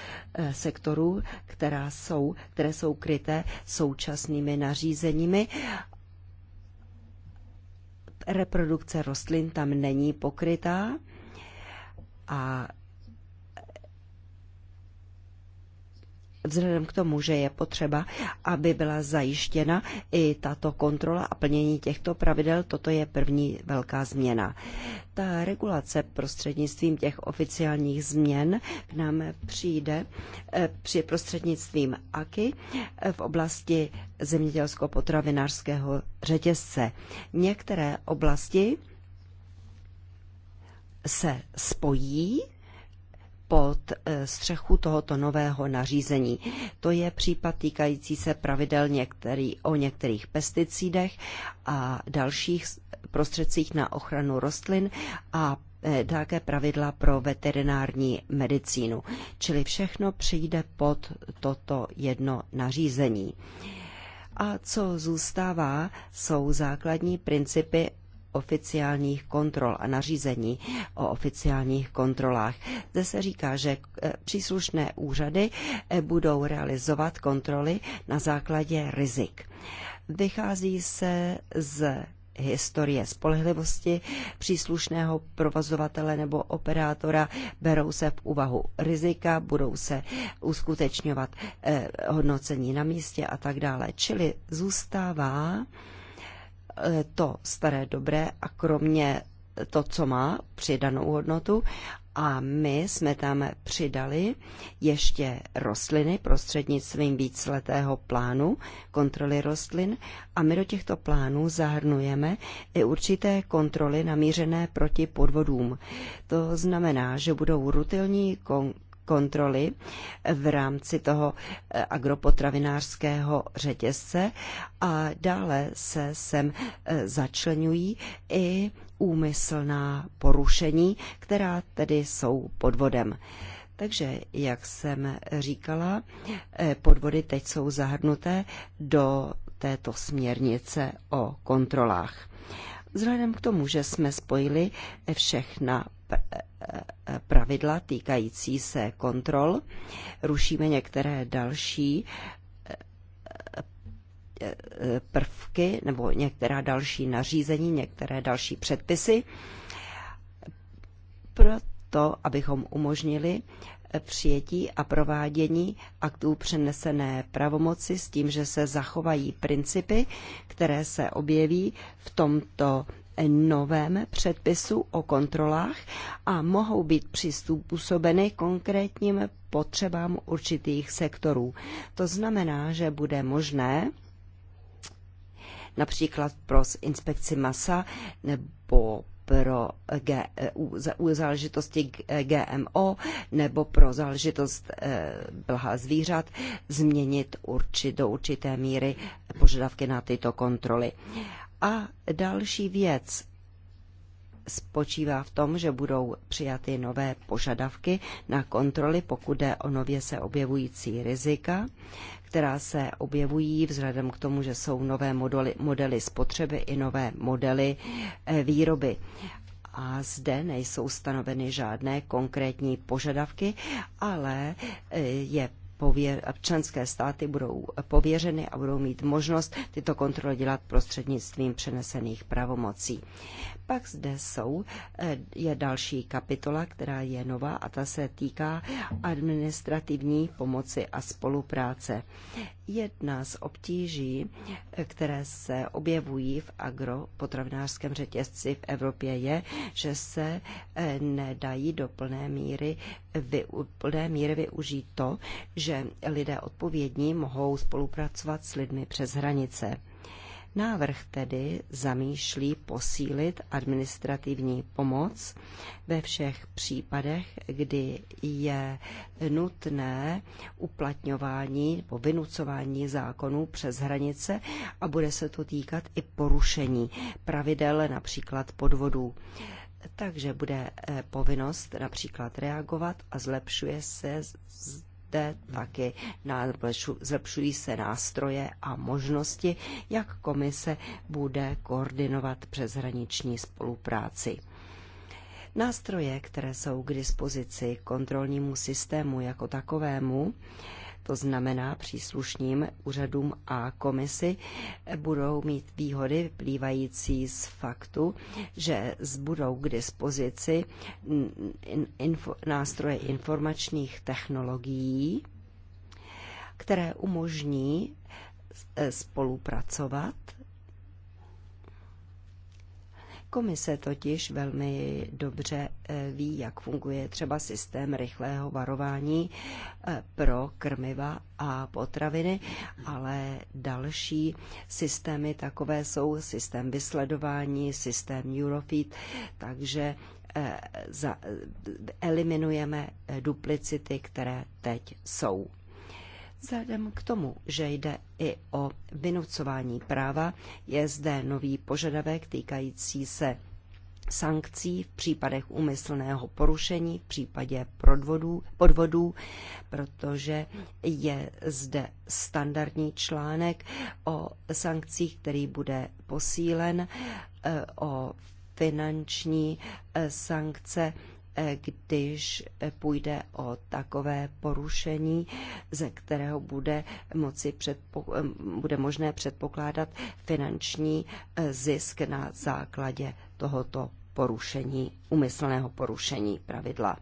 sektorů, která jsou, které jsou kryté současnými nařízeními. Reprodukce rostlin tam není pokrytá a vzhledem k tomu, že je potřeba, aby byla zajištěna i tato kontrola a plnění těchto pravidel, toto je první velká změna. Ta regulace prostřednictvím těch oficiálních změn k nám přijde eh, při prostřednictvím AKY eh, v oblasti zemědělsko-potravinářského řetězce. Některé oblasti se spojí pod eh, střechu tohoto nového nařízení. To je případ týkající se pravidel některý, o některých pesticidech a dalších prostředcích na ochranu rostlin a eh, také pravidla pro veterinární medicínu. Čili všechno přijde pod toto jedno nařízení. A co zůstává, jsou základní principy oficiálních kontrol a nařízení o oficiálních kontrolách. Zde se říká, že eh, příslušné úřady eh, budou realizovat kontroly na základě rizik. Vychází se z historie spolehlivosti příslušného provozovatele nebo operátora, berou se v úvahu rizika, budou se uskutečňovat eh, hodnocení na místě a tak dále. Čili zůstává eh, to staré dobré a kromě to, co má přidanou hodnotu. A my jsme tam přidali ještě rostliny prostřednictvím víceletého plánu kontroly rostlin a my do těchto plánů zahrnujeme i určité kontroly namířené proti podvodům. To znamená, že budou rutilní kon kontroly v rámci toho eh, agropotravinářského řetězce a dále se sem eh, začlenují i úmyslná porušení, která tedy jsou podvodem. Takže, jak jsem říkala, eh, podvody teď jsou zahrnuté do této směrnice o kontrolách. Vzhledem k tomu, že jsme spojili všechna E, e, pravidla týkající se kontrol. Rušíme některé další e, prvky nebo některá další nařízení, některé další předpisy, proto abychom umožnili přijetí a provádění aktů přenesené pravomoci s tím, že se zachovají principy, které se objeví v tomto novém předpisu o kontrolách a mohou být přizpůsobeny konkrétním potřebám určitých sektorů. To znamená, že bude možné například pro inspekci masa nebo pro G, u, u záležitosti GMO nebo pro záležitost e, eh, blha zvířat změnit urči, do určité míry požadavky na tyto kontroly. A další věc spočívá v tom, že budou přijaty nové požadavky na kontroly, pokud jde o nově se objevující rizika, která se objevují vzhledem k tomu, že jsou nové modely, modely spotřeby i nové modely eh, výroby. A zde nejsou stanoveny žádné konkrétní požadavky, ale eh, je pověř, členské státy budou pověřeny a budou mít možnost tyto kontroly dělat prostřednictvím přenesených pravomocí. Pak zde jsou, eh, je další kapitola, která je nová a ta se týká administrativní pomoci a spolupráce. Jedna z obtíží, které se objevují v agropotravinářském řetězci v Evropě, je, že se eh, nedají do plné míry, vy, plné míry využít to, že lidé odpovědní mohou spolupracovat s lidmi přes hranice. Návrh tedy zamýšlí posílit administrativní pomoc ve všech případech, kdy je nutné uplatňování nebo vynucování zákonů přes hranice a bude se to týkat i porušení pravidel, například podvodů. Takže bude eh, povinnost například reagovat a zlepšuje se vidíte taky, zlepšují se nástroje a možnosti, jak komise bude koordinovat přeshraniční spolupráci. Nástroje, které jsou k dispozici kontrolnímu systému jako takovému, to znamená příslušným úřadům a komisi, budou mít výhody vyplývající z faktu, že budou k dispozici info, nástroje informačních technologií, které umožní e, spolupracovat Komise totiž velmi dobře eh, ví, jak funguje třeba systém rychlého varování eh, pro krmiva a potraviny, ale další systémy takové jsou systém vysledování, systém Eurofeed, takže eh, eliminujeme duplicity, které teď jsou. Vzhledem k tomu, že jde i o vynucování práva, je zde nový požadavek týkající se sankcí v případech úmyslného porušení, v případě podvodů, podvodů, protože je zde standardní článek o sankcích, který bude posílen, eh, o finanční eh, sankce když půjde o takové porušení, ze kterého bude, moci předpo- bude možné předpokládat finanční eh, zisk na základě tohoto porušení, umyslného porušení pravidla.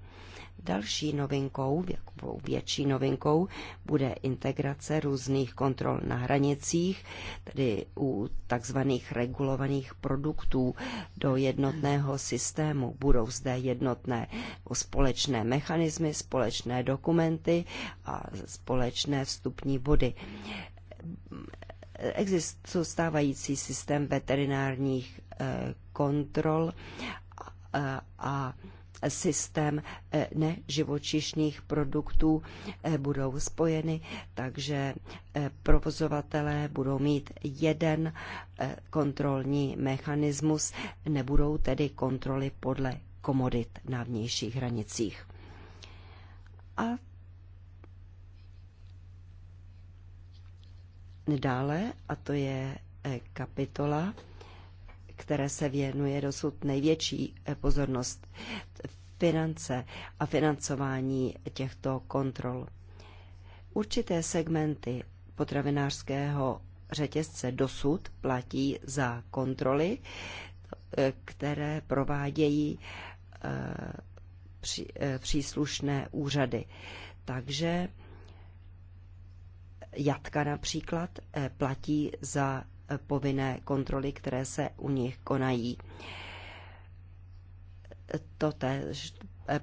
Další novinkou, jakou větší novinkou, bude integrace různých kontrol na hranicích, tedy u takzvaných regulovaných produktů do jednotného systému. Budou zde jednotné společné mechanismy, společné dokumenty a společné vstupní body existuje stávající systém veterinárních eh, kontrol a, a systém eh, neživočišných produktů eh, budou spojeny, takže eh, provozovatelé budou mít jeden kontrolní mechanismus, nebudou tedy kontroly podle komodit na vnějších hranicích. A dále, a to je kapitola, které se věnuje dosud největší eh, pozornost finance a financování těchto kontrol. Určité segmenty potravinářského řetězce dosud platí za kontroly, eh, které provádějí eh, příslušné úřady. Takže jatka například platí za povinné kontroly, které se u nich konají. To tež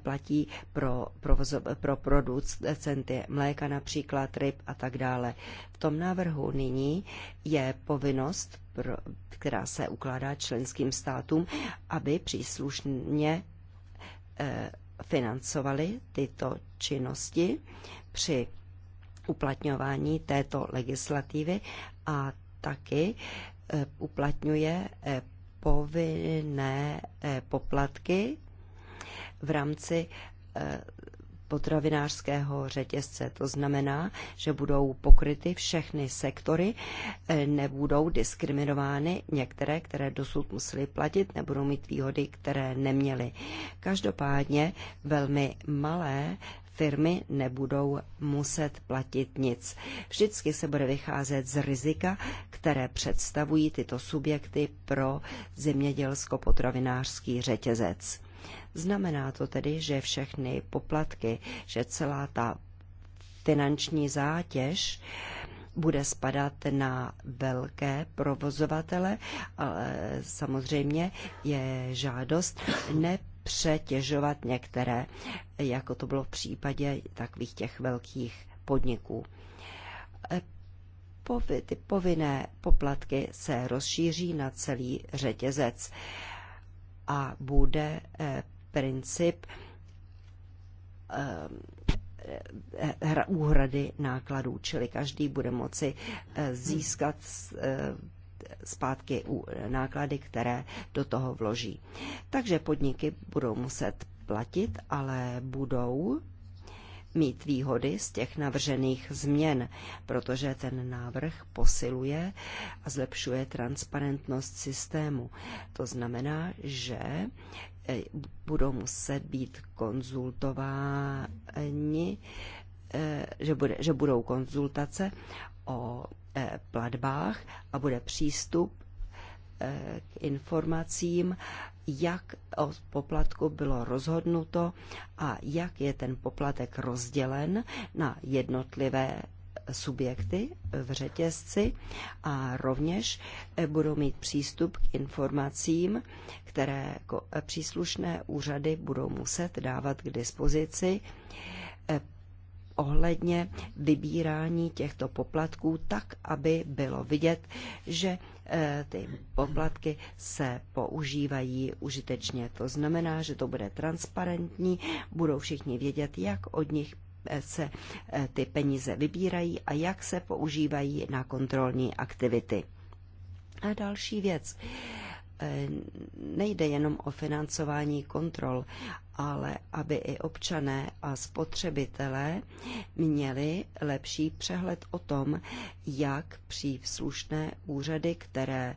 platí pro, provoz, pro producenty mléka, například ryb a tak dále. V tom návrhu nyní je povinnost, pro, která se ukládá členským státům, aby příslušně eh, financovali tyto činnosti při uplatňování této legislativy a taky eh, uplatňuje eh, povinné eh, poplatky v rámci potravinářského řetězce. To znamená, že budou pokryty všechny sektory, nebudou diskriminovány některé, které dosud museli platit, nebudou mít výhody, které neměly. Každopádně velmi malé firmy nebudou muset platit nic. Vždycky se bude vycházet z rizika, které představují tyto subjekty pro zemědělsko-potravinářský řetězec. Znamená to tedy, že všechny poplatky, že celá ta finanční zátěž bude spadat na velké provozovatele, ale samozřejmě je žádost ne přetěžovat některé, jako to bylo v případě takových těch velkých podniků. E, ty povinné poplatky se rozšíří na celý řetězec a bude e, princip e, úhrady nákladů, čili každý bude moci získat zpátky náklady, které do toho vloží. Takže podniky budou muset platit, ale budou mít výhody z těch navržených změn, protože ten návrh posiluje a zlepšuje transparentnost systému. To znamená, že eh, budou muset být konzultováni, eh, že, bude, že budou konzultace o Eh, platbách a bude přístup eh, k informacím, jak o poplatku bylo rozhodnuto a jak je ten poplatek rozdělen na jednotlivé subjekty v řetězci a rovněž eh, budou mít přístup k informacím, které příslušné úřady budou muset dávat k dispozici ohledně vybírání těchto poplatků tak, aby bylo vidět, že eh, ty poplatky se používají užitečně. To znamená, že to bude transparentní, budou všichni vědět, jak od nich eh, se eh, ty peníze vybírají a jak se používají na kontrolní aktivity. A další věc. E, nejde jenom o financování kontrol, ale aby i občané a spotřebitelé měli lepší přehled o tom, jak příslušné úřady, které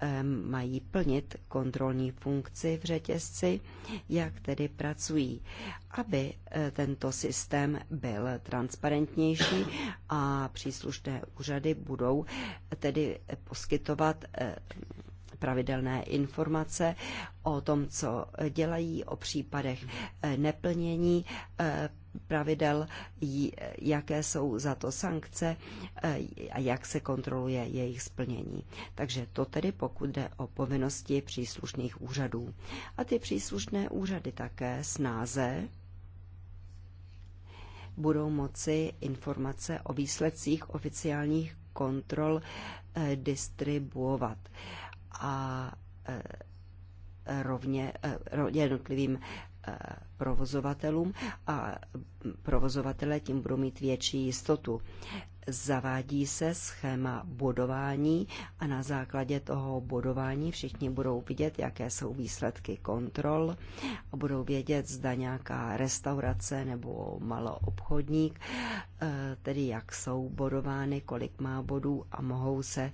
e, mají plnit kontrolní funkci v řetězci, jak tedy pracují, aby e, tento systém byl transparentnější a příslušné úřady budou tedy poskytovat pravidelné informace o tom, co dělají, o případech eh, neplnění eh, pravidel, jaké jsou za to sankce eh, a jak se kontroluje jejich splnění. Takže to tedy pokud jde o povinnosti příslušných úřadů. A ty příslušné úřady také snáze budou moci informace o výsledcích oficiálních kontrol distribuovat a e, e, rovně jednotlivým e, provozovatelům a provozovatele tím budou mít větší jistotu. Zavádí se schéma bodování a na základě toho bodování všichni budou vidět, jaké jsou výsledky kontrol a budou vědět, zda nějaká restaurace nebo maloobchodník, tedy jak jsou bodovány, kolik má bodů a mohou se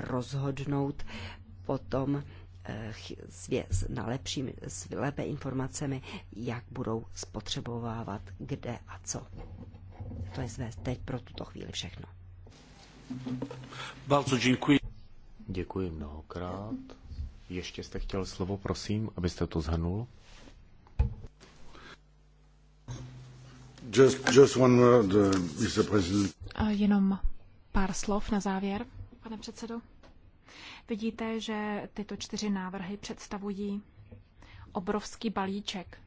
rozhodnout, potom eh, na lepšími, s lépe informacemi, jak budou spotřebovávat, kde a co. To je zvé teď pro tuto chvíli všechno. Bardzo děkuji. Děkuji mnohokrát. Ještě jste chtěl slovo, prosím, abyste to zhrnul. Just, just one word, uh, Mr. President. Jenom pár slov na závěr, pane předsedo. Vidíte, že tyto čtyři návrhy představují obrovský balíček,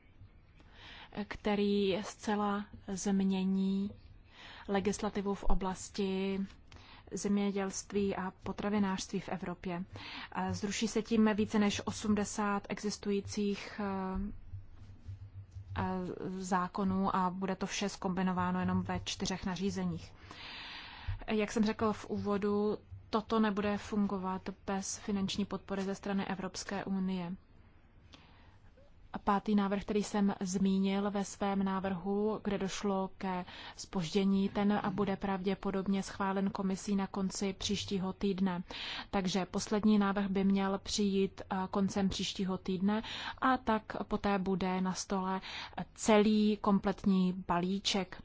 který zcela změní legislativu v oblasti zemědělství a potravinářství v Evropě. Zruší se tím více než 80 existujících eh, eh, zákonů a bude to vše skombinováno jenom ve čtyřech nařízeních. Jak jsem řekl v úvodu, toto nebude fungovat bez finanční podpory ze strany Evropské unie. A pátý návrh, který jsem zmínil ve svém návrhu, kde došlo ke spoždění, ten a bude pravděpodobně schválen komisí na konci příštího týdne. Takže poslední návrh by měl přijít eh, koncem příštího týdne a tak poté bude na stole celý kompletní balíček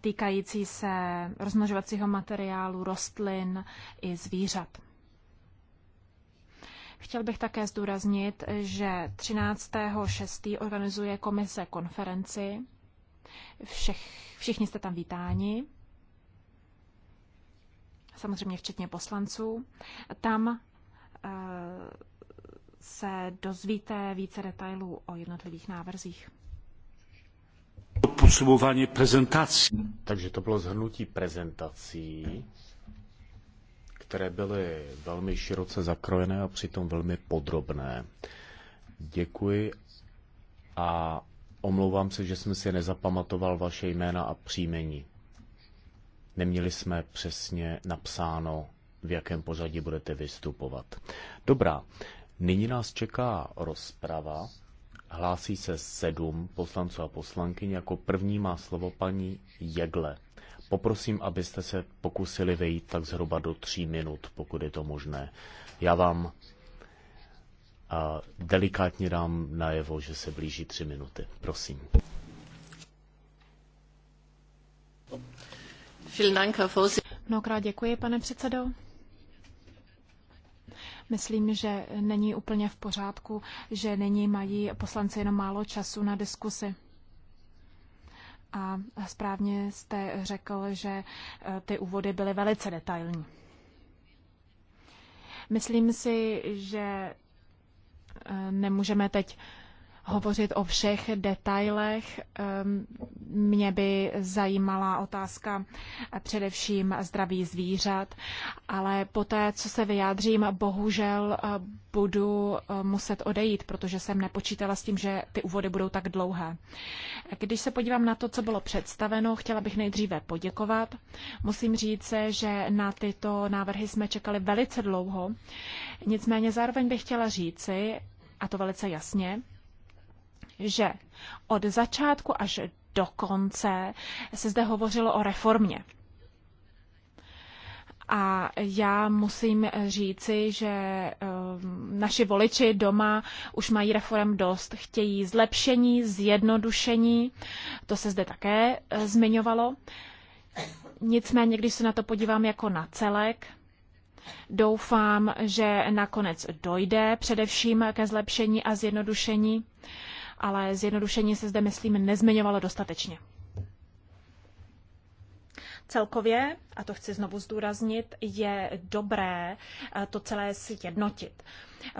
týkající se rozmnožovacího materiálu rostlin i zvířat. Chtěl bych také zdůraznit, že 13.6. organizuje komise konferenci. Všech, všichni jste tam vítáni, samozřejmě včetně poslanců. Tam eh, se dozvíte více detailů o jednotlivých návrzích. Podsumování prezentací. Takže to bylo zhrnutí prezentací, které byly velmi široce zakrojené a přitom velmi podrobné. Děkuji a omlouvám se, že jsem si nezapamatoval vaše jména a příjmení. Neměli jsme přesně napsáno, v jakém pořadí budete vystupovat. Dobrá, nyní nás čeká rozprava. Hlásí se sedm poslanců a poslankyň. Jako první má slovo paní Jegle. Poprosím, abyste se pokusili vejít tak zhruba do tří minut, pokud je to možné. Já vám a delikátně dám najevo, že se blíží tři minuty. Prosím. Mnohokrát děkuji, pane předsedo. Myslím, že není úplně v pořádku, že není mají poslanci jenom málo času na diskusy. A správně jste řekl, že e, ty úvody byly velice detailní. Myslím si, že e, nemůžeme teď hovořit o všech detailech. Ehm, mě by zajímala otázka především zdraví zvířat, ale poté, co se vyjádřím, bohužel eh, budu eh, muset odejít, protože jsem nepočítala s tím, že ty úvody budou tak dlouhé. Když se podívám na to, co bylo představeno, chtěla bych nejdříve poděkovat. Musím říct se, že na tyto návrhy jsme čekali velice dlouho. Nicméně zároveň bych chtěla říci, a to velice jasně, že od začátku až do konce se zde hovořilo o reformě. A já musím říci, že ehm, naši voliči doma už mají reform dost. Chtějí zlepšení, zjednodušení, to se zde také eh, zmiňovalo. Nicméně, když se na to podívám jako na celek, doufám, že nakonec dojde především ke zlepšení a zjednodušení ale zjednodušeně se zde, myslím, nezmiňovalo dostatečně. Celkově, a to chci znovu zdůraznit, je dobré eh, to celé sjednotit.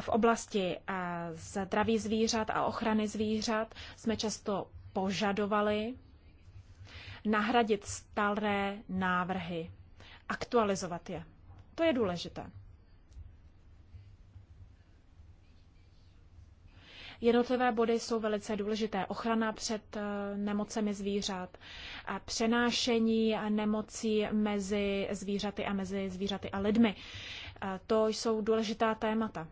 V oblasti eh, zdraví zvířat a ochrany zvířat jsme často požadovali nahradit staré návrhy, aktualizovat je. To je důležité. Jednotlivé body jsou velice důležité. Ochrana před eh, nemocemi zvířat, a přenášení nemocí mezi zvířaty a mezi zvířaty a lidmi. Eh, to jsou důležitá témata.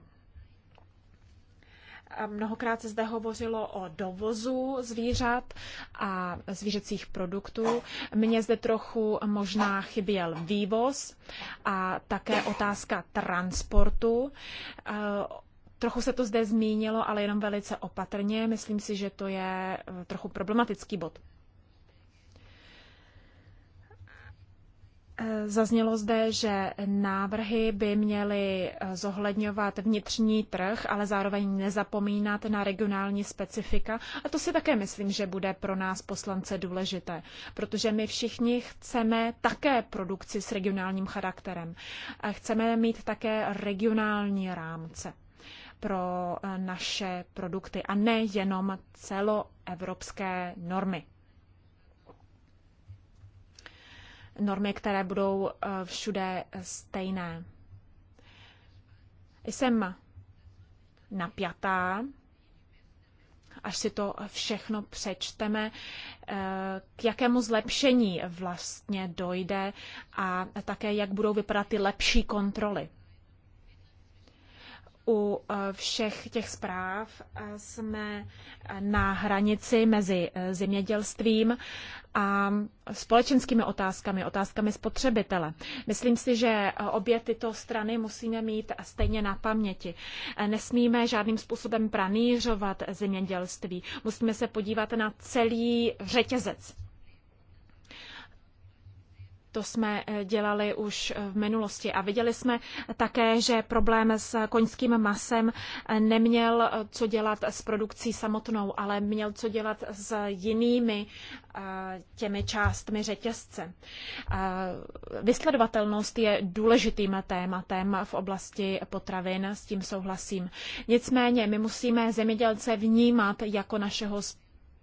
Mnohokrát se zde hovořilo o dovozu zvířat a zvířecích produktů. Mně zde trochu možná chyběl vývoz a také otázka transportu. Eh, Trochu se to zde zmínilo, ale jenom velice opatrně. Myslím si, že to je eh, trochu problematický bod. Eh, zaznělo zde, že návrhy by měly eh, zohledňovat vnitřní trh, ale zároveň nezapomínat na regionální specifika. A to si také myslím, že bude pro nás poslance důležité, protože my všichni chceme také produkci s regionálním charakterem. Chceme mít také regionální rámce pro eh, naše produkty a ne jenom celoevropské normy. Normy, které budou eh, všude stejné. Jsem napjatá, až si to všechno přečteme, eh, k jakému zlepšení vlastně dojde a také jak budou vypadat ty lepší kontroly u eh, všech těch zpráv eh, jsme eh, na hranici mezi zemědělstvím a společenskými otázkami, otázkami spotřebitele. Myslím si, že obě tyto strany musíme mít stejně na paměti. Nesmíme žádným způsobem pranířovat zemědělství. Musíme se podívat na celý řetězec to jsme eh, dělali už eh, v minulosti a viděli jsme také, že problém s koňským masem eh, neměl co dělat s produkcí samotnou, ale měl co dělat s jinými těmi částmi řetězce. Vysledovatelnost je důležitým tématem v oblasti potravin, s tím souhlasím. Nicméně my musíme zemědělce vnímat jako našeho společnosti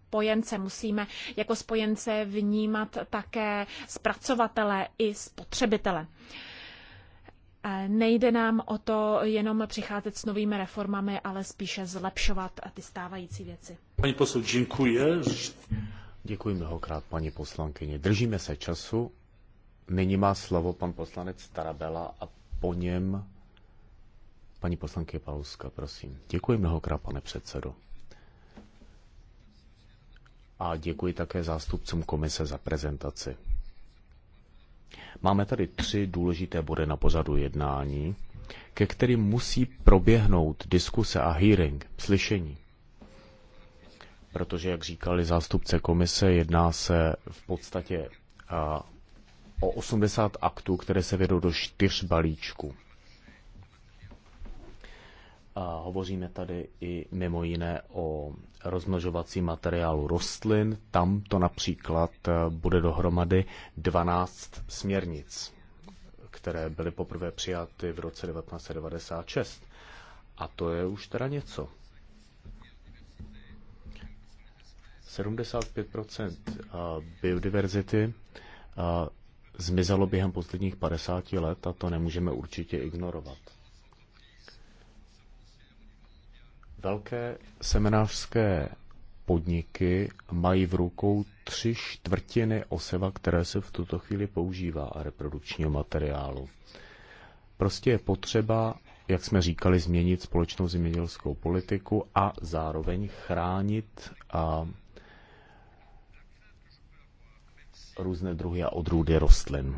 spojence. Musíme jako spojence vnímat také zpracovatele i spotřebitele. Nejde nám o to jenom přicházet s novými reformami, ale spíše zlepšovat ty stávající věci. Paní poslu, děkuji. Děkuji mnohokrát, paní poslankyně. Držíme se času. Nyní má slovo pan poslanec Tarabela a po něm paní poslankyně Paluska, prosím. Děkuji mnohokrát, pane předsedo a děkuji také zástupcům komise za prezentaci. Máme tady tři důležité body na pozadu jednání, ke kterým musí proběhnout diskuse a hearing, slyšení. Protože, jak říkali zástupce komise, jedná se v podstatě o 80 aktů, které se vedou do čtyř balíčků. A hovoříme tady i mimo jiné o rozmnožovacím materiálu rostlin. Tam to například eh, bude dohromady 12 směrnic, které byly poprvé přijaty v roce 1996. A to je už teda něco. 75 eh, biodiverzity eh, zmizelo během posledních 50 let a to nemůžeme určitě ignorovat. Velké seminářské podniky mají v rukou tři čtvrtiny oseva, které se v tuto chvíli používá a reprodukčního materiálu. Prostě je potřeba, jak jsme říkali, změnit společnou zemědělskou politiku a zároveň chránit a různé druhy a odrůdy rostlin.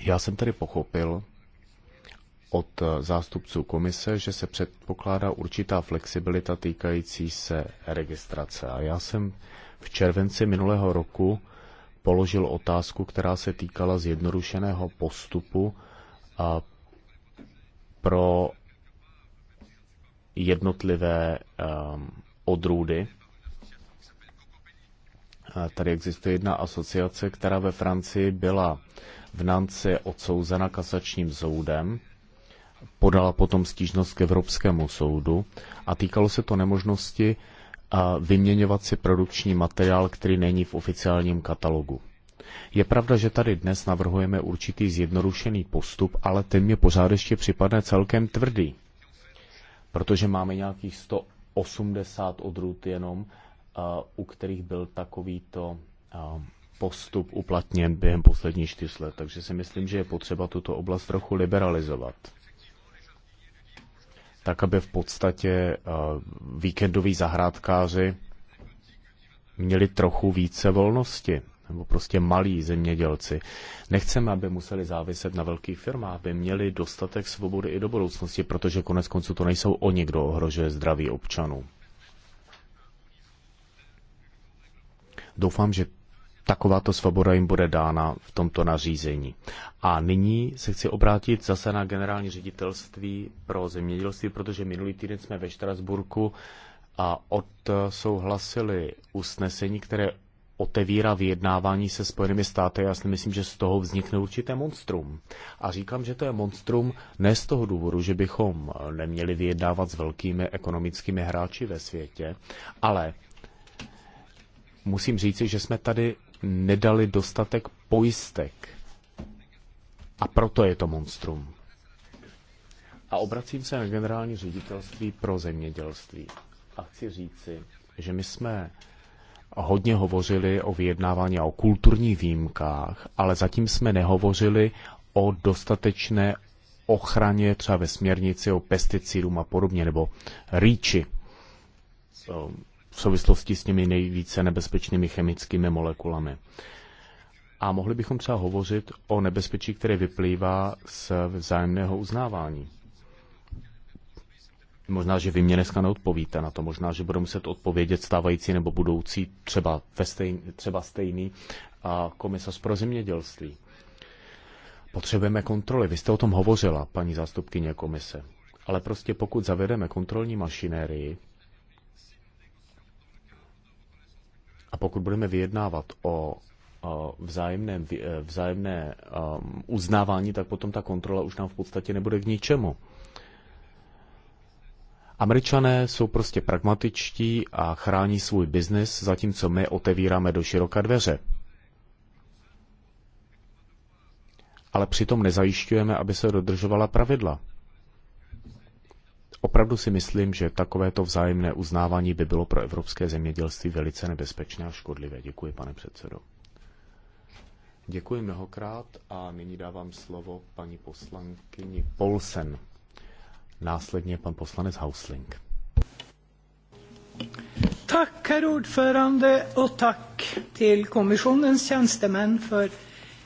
Já jsem tedy pochopil, od eh, zástupců komise, že se předpokládá určitá flexibilita týkající se registrace. A já jsem v červenci minulého roku položil otázku, která se týkala zjednodušeného postupu a pro jednotlivé um, odrůdy. A tady existuje jedna asociace, která ve Francii byla v Nance odsouzena kasačním soudem podala potom stížnost k Evropskému soudu a týkalo se to nemožnosti vyměňovat si produkční materiál, který není v oficiálním katalogu. Je pravda, že tady dnes navrhujeme určitý zjednodušený postup, ale ten mě pořád ještě připadne celkem tvrdý, protože máme nějakých 180 odrůd jenom, u kterých byl takovýto postup uplatněn během posledních čtyř let. Takže si myslím, že je potřeba tuto oblast trochu liberalizovat tak aby v podstatě eh, víkendoví zahrádkáři měli trochu více volnosti, nebo prostě malí zemědělci. Nechceme, aby museli záviset na velkých firmách, aby měli dostatek svobody i do budoucnosti, protože konec konců to nejsou oni, kdo ohrožuje zdraví občanů. Doufám, že takováto svoboda jim bude dána v tomto nařízení. A nyní se chci obrátit zase na generální ředitelství pro zemědělství, protože minulý týden jsme ve Štrasburku a odsouhlasili usnesení, které otevírá vyjednávání se Spojenými státy. Já si myslím, že z toho vznikne určité monstrum. A říkám, že to je monstrum ne z toho důvodu, že bychom neměli vyjednávat s velkými ekonomickými hráči ve světě, ale musím říci, že jsme tady nedali dostatek pojistek. A proto je to monstrum. A obracím se na generální ředitelství pro zemědělství. A chci říci, že my jsme hodně hovořili o vyjednávání a o kulturních výjimkách, ale zatím jsme nehovořili o dostatečné ochraně třeba ve směrnici o pesticidům a podobně, nebo rýči, v souvislosti s těmi nejvíce nebezpečnými chemickými molekulami. A mohli bychom třeba hovořit o nebezpečí, které vyplývá z vzájemného uznávání. Možná, že vy mě dneska neodpovíte na to, možná, že budu muset odpovědět stávající nebo budoucí, třeba, ve stejný, třeba stejný a komisař pro zemědělství. Potřebujeme kontroly. Vy jste o tom hovořila, paní zástupkyně komise. Ale prostě pokud zavedeme kontrolní mašinérii, A pokud budeme vyjednávat o vzájemném, vzájemné um, uznávání, tak potom ta kontrola už nám v podstatě nebude k ničemu. Američané jsou prostě pragmatičtí a chrání svůj biznis, zatímco my otevíráme do široka dveře. Ale přitom nezajišťujeme, aby se dodržovala pravidla. Opravdu si myslím, že takovéto vzájemné uznávání by bylo pro evropské zemědělství velice nebezpečné a škodlivé. Děkuji, pane předsedo. Děkuji mnohokrát a nyní dávám slovo paní poslankyni Polsen. Následně pan poslanec Hausling. Tak, herr ordförande, och tack till kommissionens tjänstemän för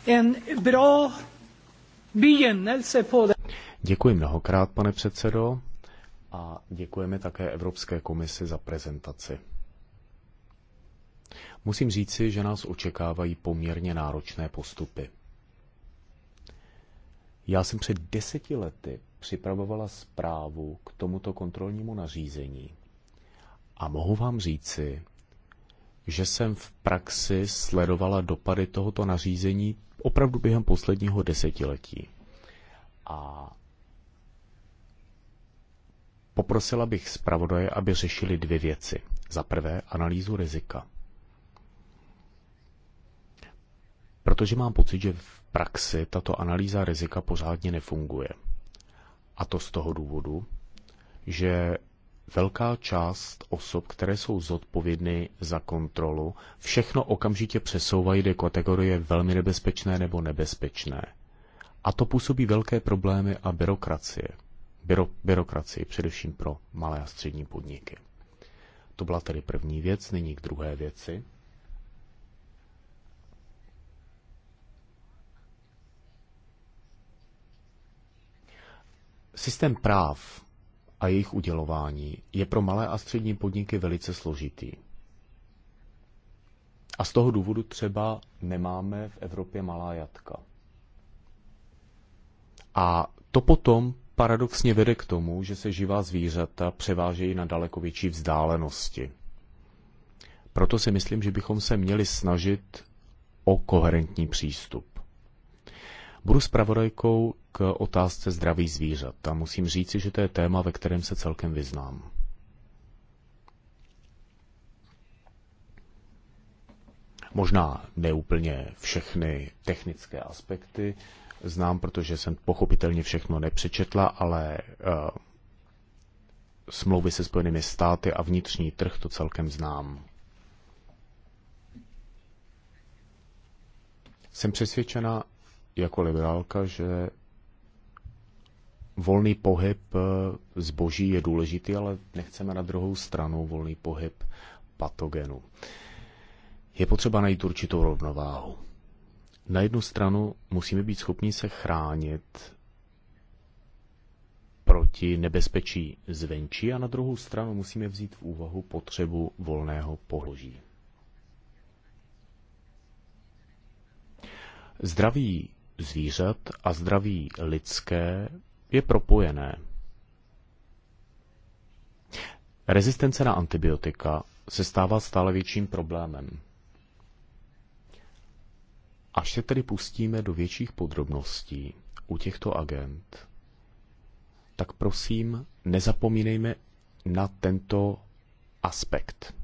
en bra begynnelse på det. Děkuji mnohokrát, pane předsedo a děkujeme také Evropské komisi za prezentaci. Musím říci, že nás očekávají poměrně náročné postupy. Já jsem před deseti lety připravovala zprávu k tomuto kontrolnímu nařízení a mohu vám říci, že jsem v praxi sledovala dopady tohoto nařízení opravdu během posledního desetiletí. A Poprosila bych zpravodaje, aby řešili dvě věci. Za prvé, analýzu rizika. Protože mám pocit, že v praxi tato analýza rizika pořádně nefunguje. A to z toho důvodu, že velká část osob, které jsou zodpovědny za kontrolu, všechno okamžitě přesouvají do kategorie velmi nebezpečné nebo nebezpečné. A to působí velké problémy a byrokracie byro, byrokracii, především pro malé a střední podniky. To byla tedy první věc, nyní k druhé věci. Systém práv a jejich udělování je pro malé a střední podniky velice složitý. A z toho důvodu třeba nemáme v Evropě malá jatka. A to potom paradoxně vede k tomu, že se živá zvířata převážejí na daleko větší vzdálenosti. Proto si myslím, že bychom se měli snažit o koherentní přístup. Budu zpravodajkou k otázce zdraví zvířat a musím říci, že to je téma, ve kterém se celkem vyznám. Možná neúplně všechny technické aspekty, znám, protože jsem pochopitelně všechno nepřečetla, ale uh, smlouvy se Spojenými státy a vnitřní trh to celkem znám. Jsem přesvědčena jako liberálka, že volný pohyb eh, zboží je důležitý, ale nechceme na druhou stranu volný pohyb patogenů. Je potřeba najít určitou rovnováhu. Na jednu stranu musíme být schopni se chránit proti nebezpečí zvenčí a na druhou stranu musíme vzít v úvahu potřebu volného položí. Zdraví zvířat a zdraví lidské je propojené. Rezistence na antibiotika se stává stále větším problémem. Až se tedy pustíme do větších podrobností u těchto agent, tak prosím, nezapomínejme na tento aspekt.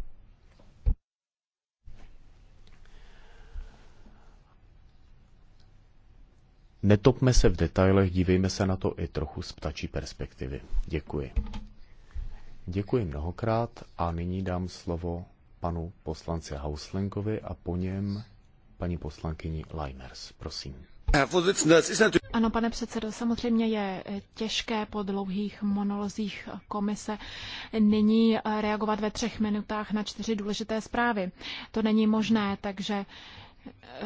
Netopme se v detailech, dívejme se na to i trochu z ptačí perspektivy. Děkuji. Děkuji mnohokrát a nyní dám slovo panu poslanci Hauslenkovi a po něm paní poslankyni Leimers. Prosím. Ano, pane předsedo, samozřejmě je těžké po dlouhých monolozích komise nyní reagovat ve třech minutách na čtyři důležité zprávy. To není možné, takže eh,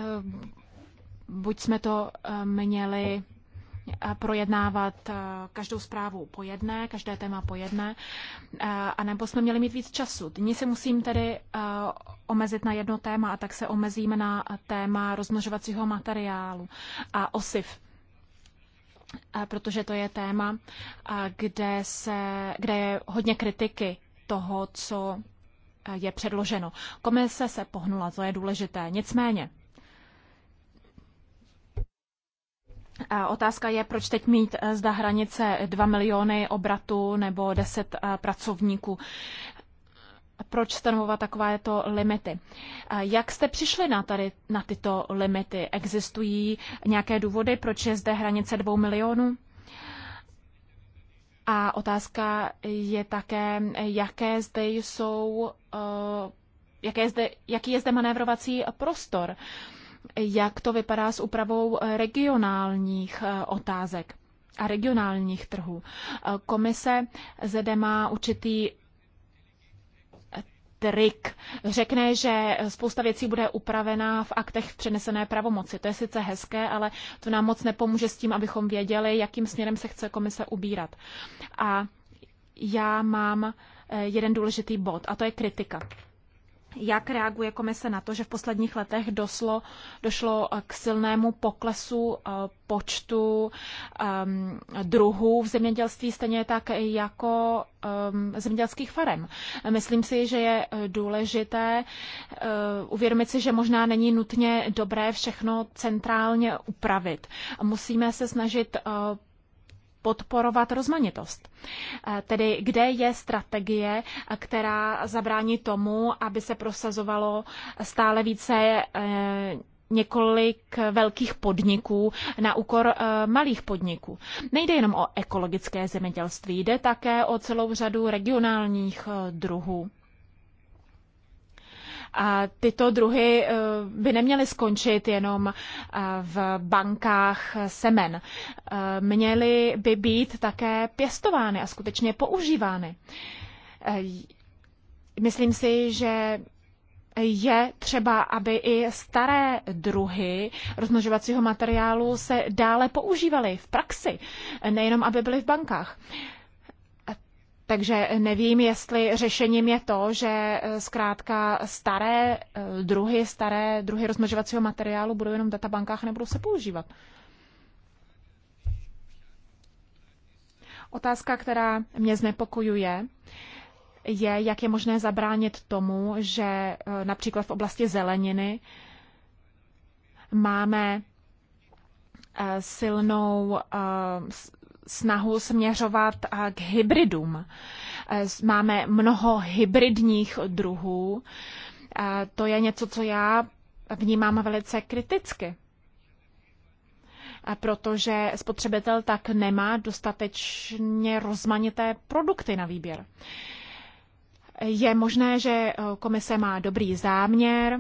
buď jsme to eh, měli projednávat eh, každou zprávu po jedné, každé téma po jedné, eh, anebo jsme měli mít víc času. Nyní se musím tedy eh, omezit na jedno téma a tak se omezíme na téma rozmnožovacího materiálu a osiv protože to je téma, kde, se, kde je hodně kritiky toho, co je předloženo. Komise se pohnula, to je důležité. Nicméně, Otázka je, proč teď mít eh, zda hranice 2 miliony obratu nebo 10 eh, pracovníků. Proč stanovovat takovéto limity? Jak jste přišli na, tady, na tyto limity? Existují nějaké důvody, proč je zde hranice 2 milionů? A otázka je také, jaké zde jsou, eh, jaké zde, jaký je zde manévrovací prostor jak to vypadá s úpravou eh, regionálních eh, otázek a regionálních trhů. Eh, komise zde má určitý trik. Řekne, že spousta věcí bude upravená v aktech v přenesené pravomoci. To je sice hezké, ale to nám moc nepomůže s tím, abychom věděli, jakým směrem se chce komise ubírat. A já mám jeden důležitý bod, a to je kritika. Jak reaguje komise na to, že v posledních letech doslo, došlo eh, k silnému poklesu eh, počtu um, druhů v zemědělství, stejně tak jako um, zemědělských farem? Myslím si, že je eh, důležité uh, uvědomit si, že možná není nutně dobré všechno centrálně upravit. Musíme se snažit uh, podporovat rozmanitost. Eh, tedy kde je strategie, eh, která zabrání tomu, aby se prosazovalo stále více eh, několik velkých podniků na úkor malých podniků. Nejde jenom o ekologické zemědělství, jde také o celou řadu regionálních druhů a tyto druhy eh, by neměly skončit jenom eh, v bankách semen. Eh, měly by být také pěstovány a skutečně používány. Myslím si, že je třeba, aby i staré druhy rozmnožovacího materiálu se dále používaly v praxi, nejenom aby byly v bankách. Takže nevím, jestli řešením je to, že eh, zkrátka staré eh, druhy, staré druhy rozmnožovacího materiálu budou jenom v databankách a nebudou se používat. Otázka, která mě znepokojuje, je, jak je možné zabránit tomu, že eh, například v oblasti zeleniny máme silnou snahu směřovat eh, k hybridům. Eh, máme mnoho hybridních druhů. Eh, to je něco, co já vnímám velice kriticky, protože spotřebitel tak nemá dostatečně rozmanité produkty na výběr. Je možné, že komise má dobrý záměr,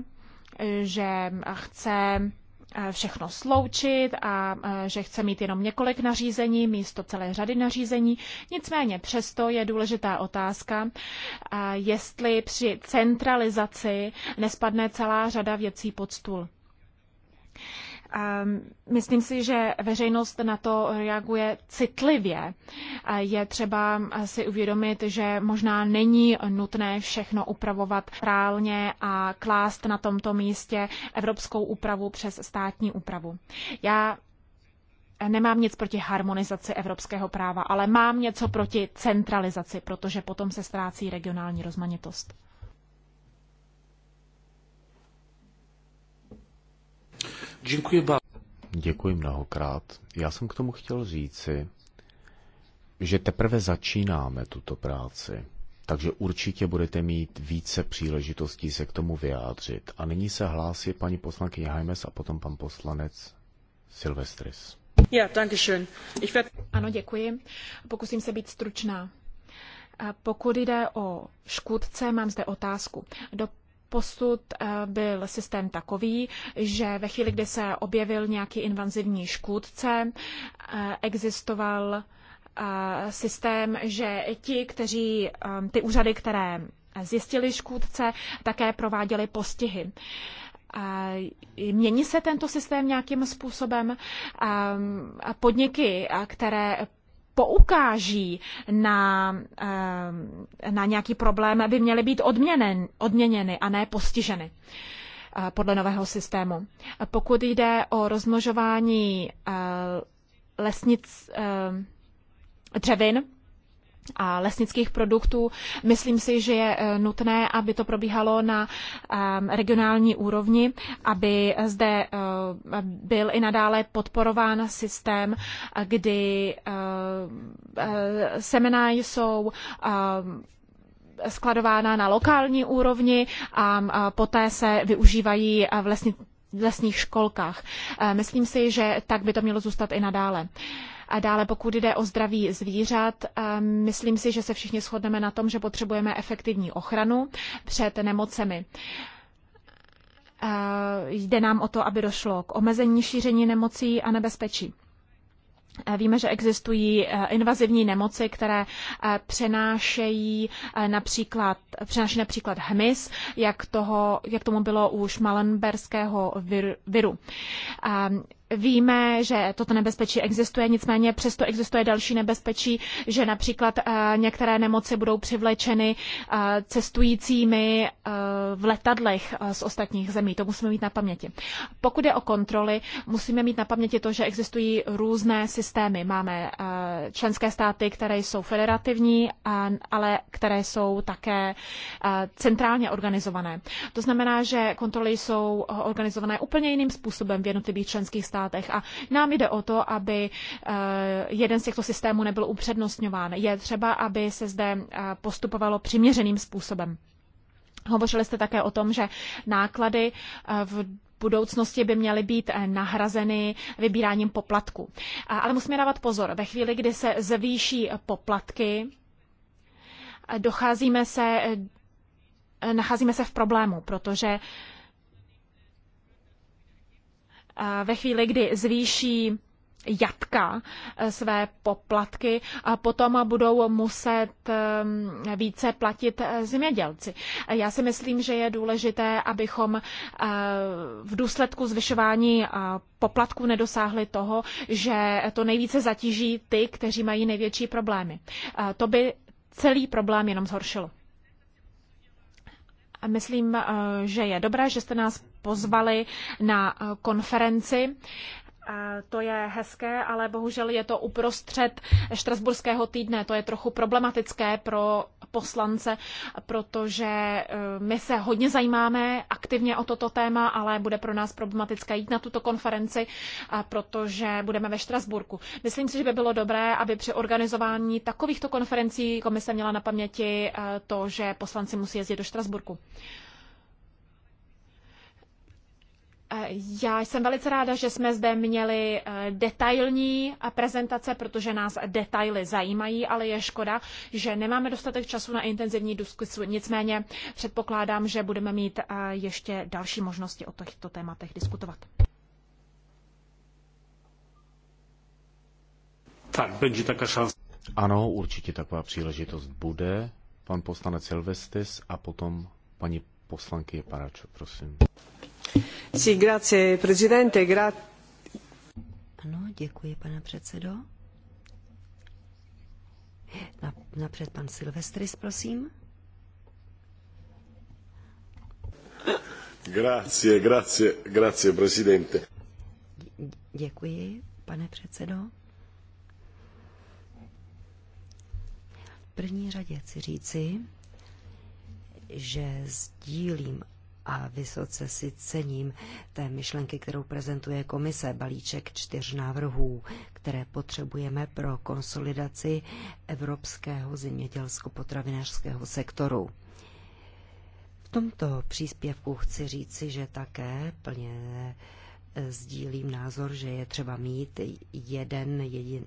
že chce Eh, všechno sloučit a eh, že chce mít jenom několik nařízení místo celé řady nařízení. Nicméně přesto je důležitá otázka, eh, jestli při centralizaci nespadne celá řada věcí pod stůl. Ehm, myslím si, že veřejnost na to reaguje citlivě. Je třeba eh, si uvědomit, že možná není nutné všechno upravovat právně a klást na tomto místě evropskou úpravu přes státní úpravu. Já nemám nic proti harmonizaci evropského práva, ale mám něco proti centralizaci, protože potom se ztrácí regionální rozmanitost. Děkuji vám. Děkuji mnohokrát. Já jsem k tomu chtěl říci, že teprve začínáme tuto práci, takže určitě budete mít více příležitostí se k tomu vyjádřit. A nyní se hlásí paní poslankyně Hajmes a potom pan poslanec Silvestris. Ja, danke schön. Ich werd... Ano, děkuji. Pokusím se být stručná. Pokud jde o škůdce, mám zde otázku. Do Doposud eh, byl systém takový, že ve chvíli, kdy se objevil nějaký invazivní škůdce, eh, existoval eh, systém, že ti, kteří, ty úřady, které zjistili škůdce, také prováděli postihy. Mění se tento systém nějakým způsobem? Podniky, které poukáží na, eh, na nějaký problém, by měly být odměnen, odměněny a ne postiženy eh, podle nového systému. Pokud jde o rozmnožování eh, lesnic, dřevin, a lesnických produktů. Myslím si, že je eh, nutné, aby to probíhalo na ehm, regionální úrovni, aby zde eh, byl i nadále podporován systém, eh, kdy semena jsou skladována na lokální úrovni a poté se využívají v lesních školkách. Myslím si, že tak by to mělo zůstat i nadále. A dále, pokud jde o zdraví zvířat, ehm, myslím si, že se všichni shodneme na tom, že potřebujeme efektivní ochranu před nemocemi. Eh, jde nám o to, aby došlo k omezení šíření nemocí a nebezpečí. Eh, víme, že existují eh, invazivní nemoci, které přenášejí například, přenáší například hmyz, jak, toho, jak tomu bylo u šmalenberského viru. Ehm, Víme, že toto nebezpečí existuje, nicméně přesto existuje další nebezpečí, že například eh, některé nemoci budou přivlečeny eh, cestujícími eh, v letadlech z ostatních zemí. To musíme mít na paměti. Pokud je o kontroly, musíme mít na paměti to, že existují různé systémy. Máme členské státy, které jsou federativní, ale které jsou také centrálně organizované. To znamená, že kontroly jsou organizované úplně jiným způsobem v jednotlivých členských státech státech. A nám jde o to, aby eh, jeden z těchto systémů nebyl upřednostňován. Je třeba, aby se zde eh, postupovalo přiměřeným způsobem. Hovořili jste také o tom, že náklady eh, v budoucnosti by měly být nahrazeny vybíráním poplatku. Ale musíme dávat pozor. Ve chvíli, kdy se zvýší poplatky, docházíme se, nacházíme se v problému, protože ve chvíli, kdy zvýší jatka eh, své poplatky a potom budou muset ehm, více platit eh, zemědělci. Já si myslím, že je důležité, abychom eh, v důsledku zvyšování poplatků nedosáhli toho, že to nejvíce zatíží ty, kteří mají největší problémy. To by celý problém jenom zhoršilo. Myslím, že je dobré, že jste nás pozvali na eh, konferenci. Eh, to je hezké, ale bohužel je to uprostřed štrasburského týdne. To je trochu problematické pro poslance, protože eh, my se hodně zajímáme aktivně o toto téma, ale bude pro nás problematické jít na tuto konferenci, protože budeme ve Štrasburku. Myslím si, že by bylo dobré, aby při organizování takovýchto konferencí komise měla na paměti to, že poslanci musí jezdit do Štrasburku. Já jsem velice ráda, že jsme zde měli eh, detailní eh, prezentace, protože nás detaily zajímají, ale je škoda, že nemáme dostatek času na intenzivní diskusu. Nicméně předpokládám, že budeme mít eh, ještě další možnosti o těchto tématech diskutovat. Tak, bude taková šance. Ano, určitě taková příležitost bude. Pan poslanec Silvestis a potom paní poslankyně Parač, prosím. Ano, děkuji, pane předsedo. Napřed pan Silvestris, prosím. Grazie, grazie, grazie, presidente. Děkuji, pane předsedo. V první řadě chci říci, že sdílím a vysoce si cením té myšlenky, kterou prezentuje komise, balíček čtyř návrhů, které potřebujeme pro konsolidaci evropského zemědělsko-potravinářského sektoru. V tomto příspěvku chci říci, že také plně sdílím názor, že je třeba mít jeden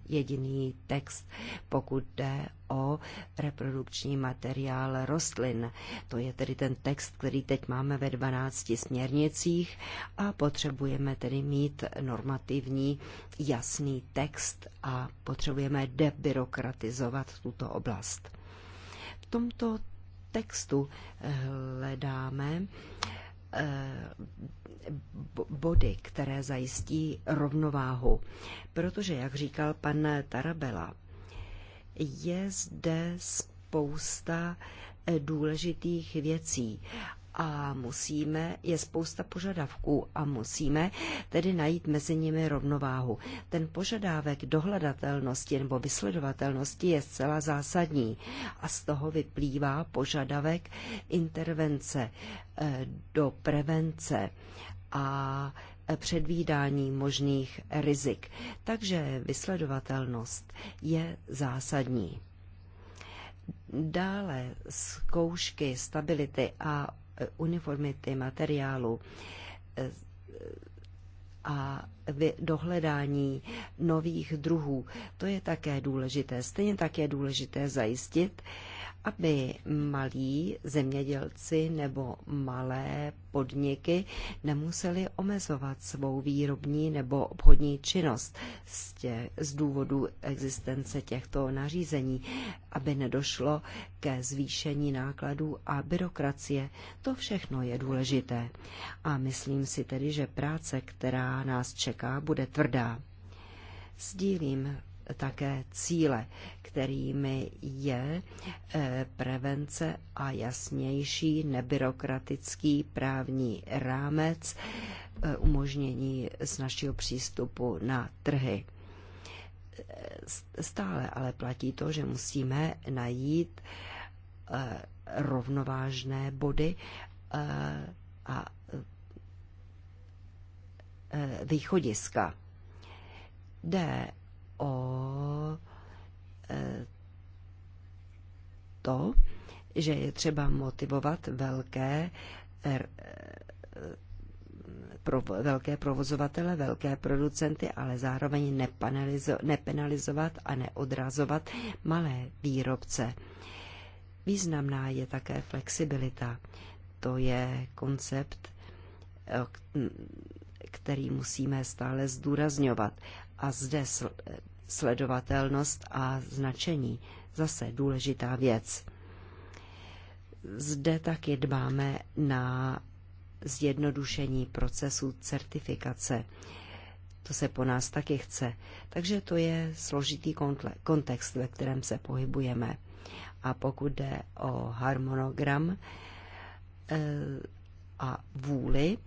jediný text, pokud jde o reprodukční materiál rostlin. To je tedy ten text, který teď máme ve 12 směrnicích a potřebujeme tedy mít normativní jasný text a potřebujeme debyrokratizovat tuto oblast. V tomto textu hledáme Eh, body, které zajistí rovnováhu. Protože, jak říkal pan Tarabela, je zde spousta eh, důležitých věcí a musíme, je spousta požadavků a musíme tedy najít mezi nimi rovnováhu. Ten požadávek dohledatelnosti nebo vysledovatelnosti je zcela zásadní a z toho vyplývá požadavek intervence eh, do prevence a eh, předvídání možných rizik. Takže vysledovatelnost je zásadní. Dále zkoušky stability a Eh, uniformity materiálu eh, a dohledání nových druhů. To je také důležité. Stejně tak je důležité zajistit, aby malí zemědělci nebo malé podniky nemuseli omezovat svou výrobní nebo obchodní činnost z, tě, z důvodu existence těchto nařízení, aby nedošlo ke zvýšení nákladů a byrokracie. To všechno je důležité. A myslím si tedy, že práce, která nás čeká, bude tvrdá. Sdílím také cíle, kterými je eh, prevence a jasnější nebyrokratický právní rámec eh, umožnění z našeho přístupu na trhy. Eh, stále ale platí to, že musíme najít rovnovážné body a východiska. Jde o e, to, že je třeba motivovat velké e, e, pro velké provozovatele, velké producenty, ale zároveň nepenalizovat a neodrazovat malé výrobce. Významná je také flexibilita. To je koncept, který musíme stále zdůrazňovat a zde sledovatelnost a značení. Zase důležitá věc. Zde taky dbáme na zjednodušení procesu certifikace. To se po nás taky chce. Takže to je složitý kontext, ve kterém se pohybujeme. A pokud jde o harmonogram eh, a vůli,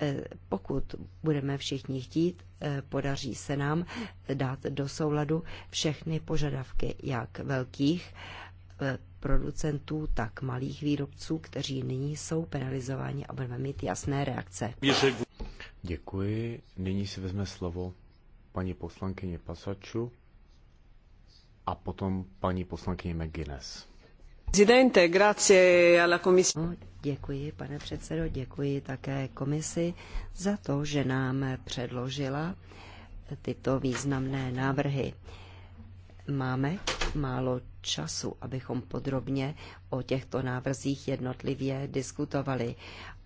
Eh, pokud budeme všichni chtít, eh, podaří se nám eh, dát do souladu všechny požadavky, jak velkých producentů, tak malých výrobců, kteří nyní jsou penalizováni a budeme mít jasné reakce. Děkuji. Nyní si vezme slovo paní poslankyně Pasaču a potom paní poslankyně McGuinness. No, děkuji, pane předsedo, děkuji také komisi za to, že nám předložila tyto významné návrhy. Máme málo času, abychom podrobně o těchto návrzích jednotlivě diskutovali.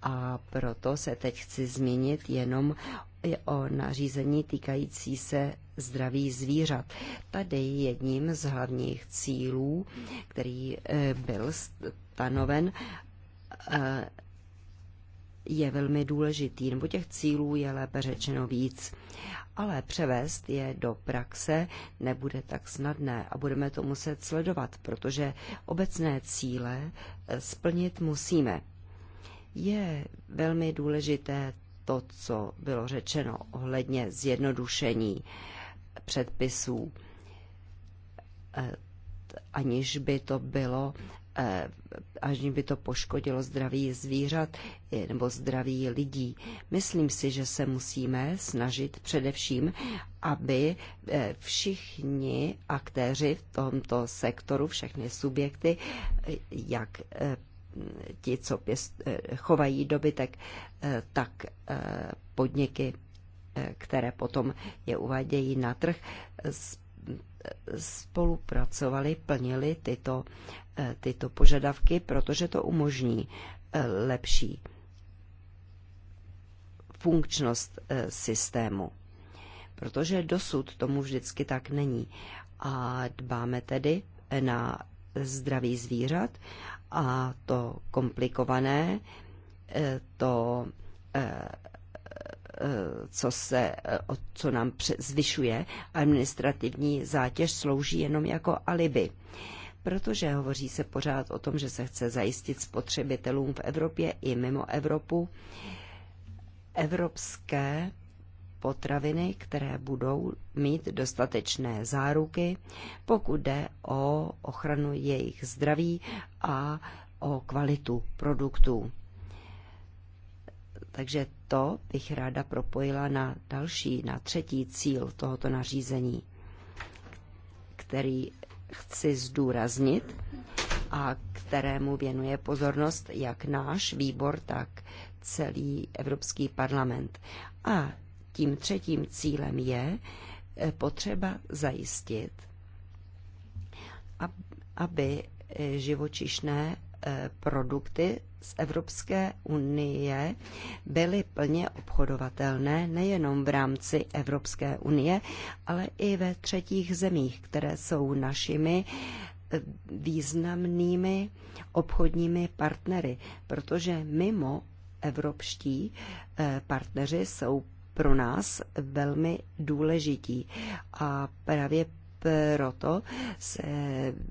A proto se teď chci zmínit jenom je o nařízení týkající se zdraví zvířat. Tady jedním z hlavních cílů, který eh, byl stanoven, eh, je velmi důležitý, nebo těch cílů je lépe řečeno víc. Ale převést je do praxe nebude tak snadné a budeme to muset sledovat, protože obecné cíle eh, splnit musíme. Je velmi důležité to, co bylo řečeno ohledně zjednodušení předpisů, eh, aniž by to bylo eh, až by to poškodilo zdraví zvířat nebo zdraví lidí. Myslím si, že se musíme snažit především, aby eh, všichni aktéři v tomto sektoru, všechny subjekty, jak ti, co pěst, eh, chovají dobytek, eh, tak eh, podniky, které potom je uvádějí na trh, spolupracovali, plnili tyto, tyto požadavky, protože to umožní lepší funkčnost systému. Protože dosud tomu vždycky tak není. A dbáme tedy na zdraví zvířat a to komplikované, e, to, e, e, co, se, co nám zvyšuje administrativní zátěž, slouží jenom jako alibi protože hovoří se pořád o tom, že se chce zajistit spotřebitelům v Evropě i mimo Evropu evropské potraviny, které budou mít dostatečné záruky, pokud jde o ochranu jejich zdraví a o kvalitu produktů. Takže to bych ráda propojila na další, na třetí cíl tohoto nařízení, který chci zdůraznit a kterému věnuje pozornost jak náš výbor, tak celý Evropský parlament. A tím třetím cílem je eh, potřeba zajistit, aby eh, živočišné eh, produkty z Evropské unie byly plně obchodovatelné nejenom v rámci Evropské unie, ale i ve třetích zemích, které jsou našimi významnými obchodními partnery, protože mimo evropští partneři jsou pro nás velmi důležití a právě proto se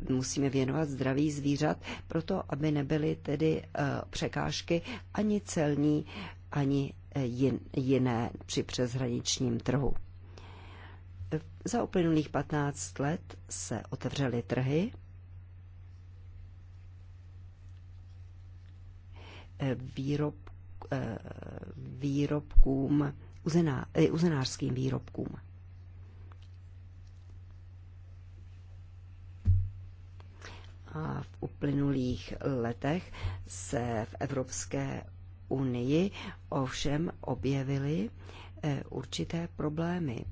musíme věnovat zdraví zvířat, proto aby nebyly tedy eh, překážky ani celní, ani eh, jiné při přeshraničním trhu. Za uplynulých 15 let se otevřely trhy. Eh, výrob, výrobkům uzená, eh, uzenářským výrobkům. A v uplynulých letech se v Evropské unii ovšem objevily eh, určité problémy,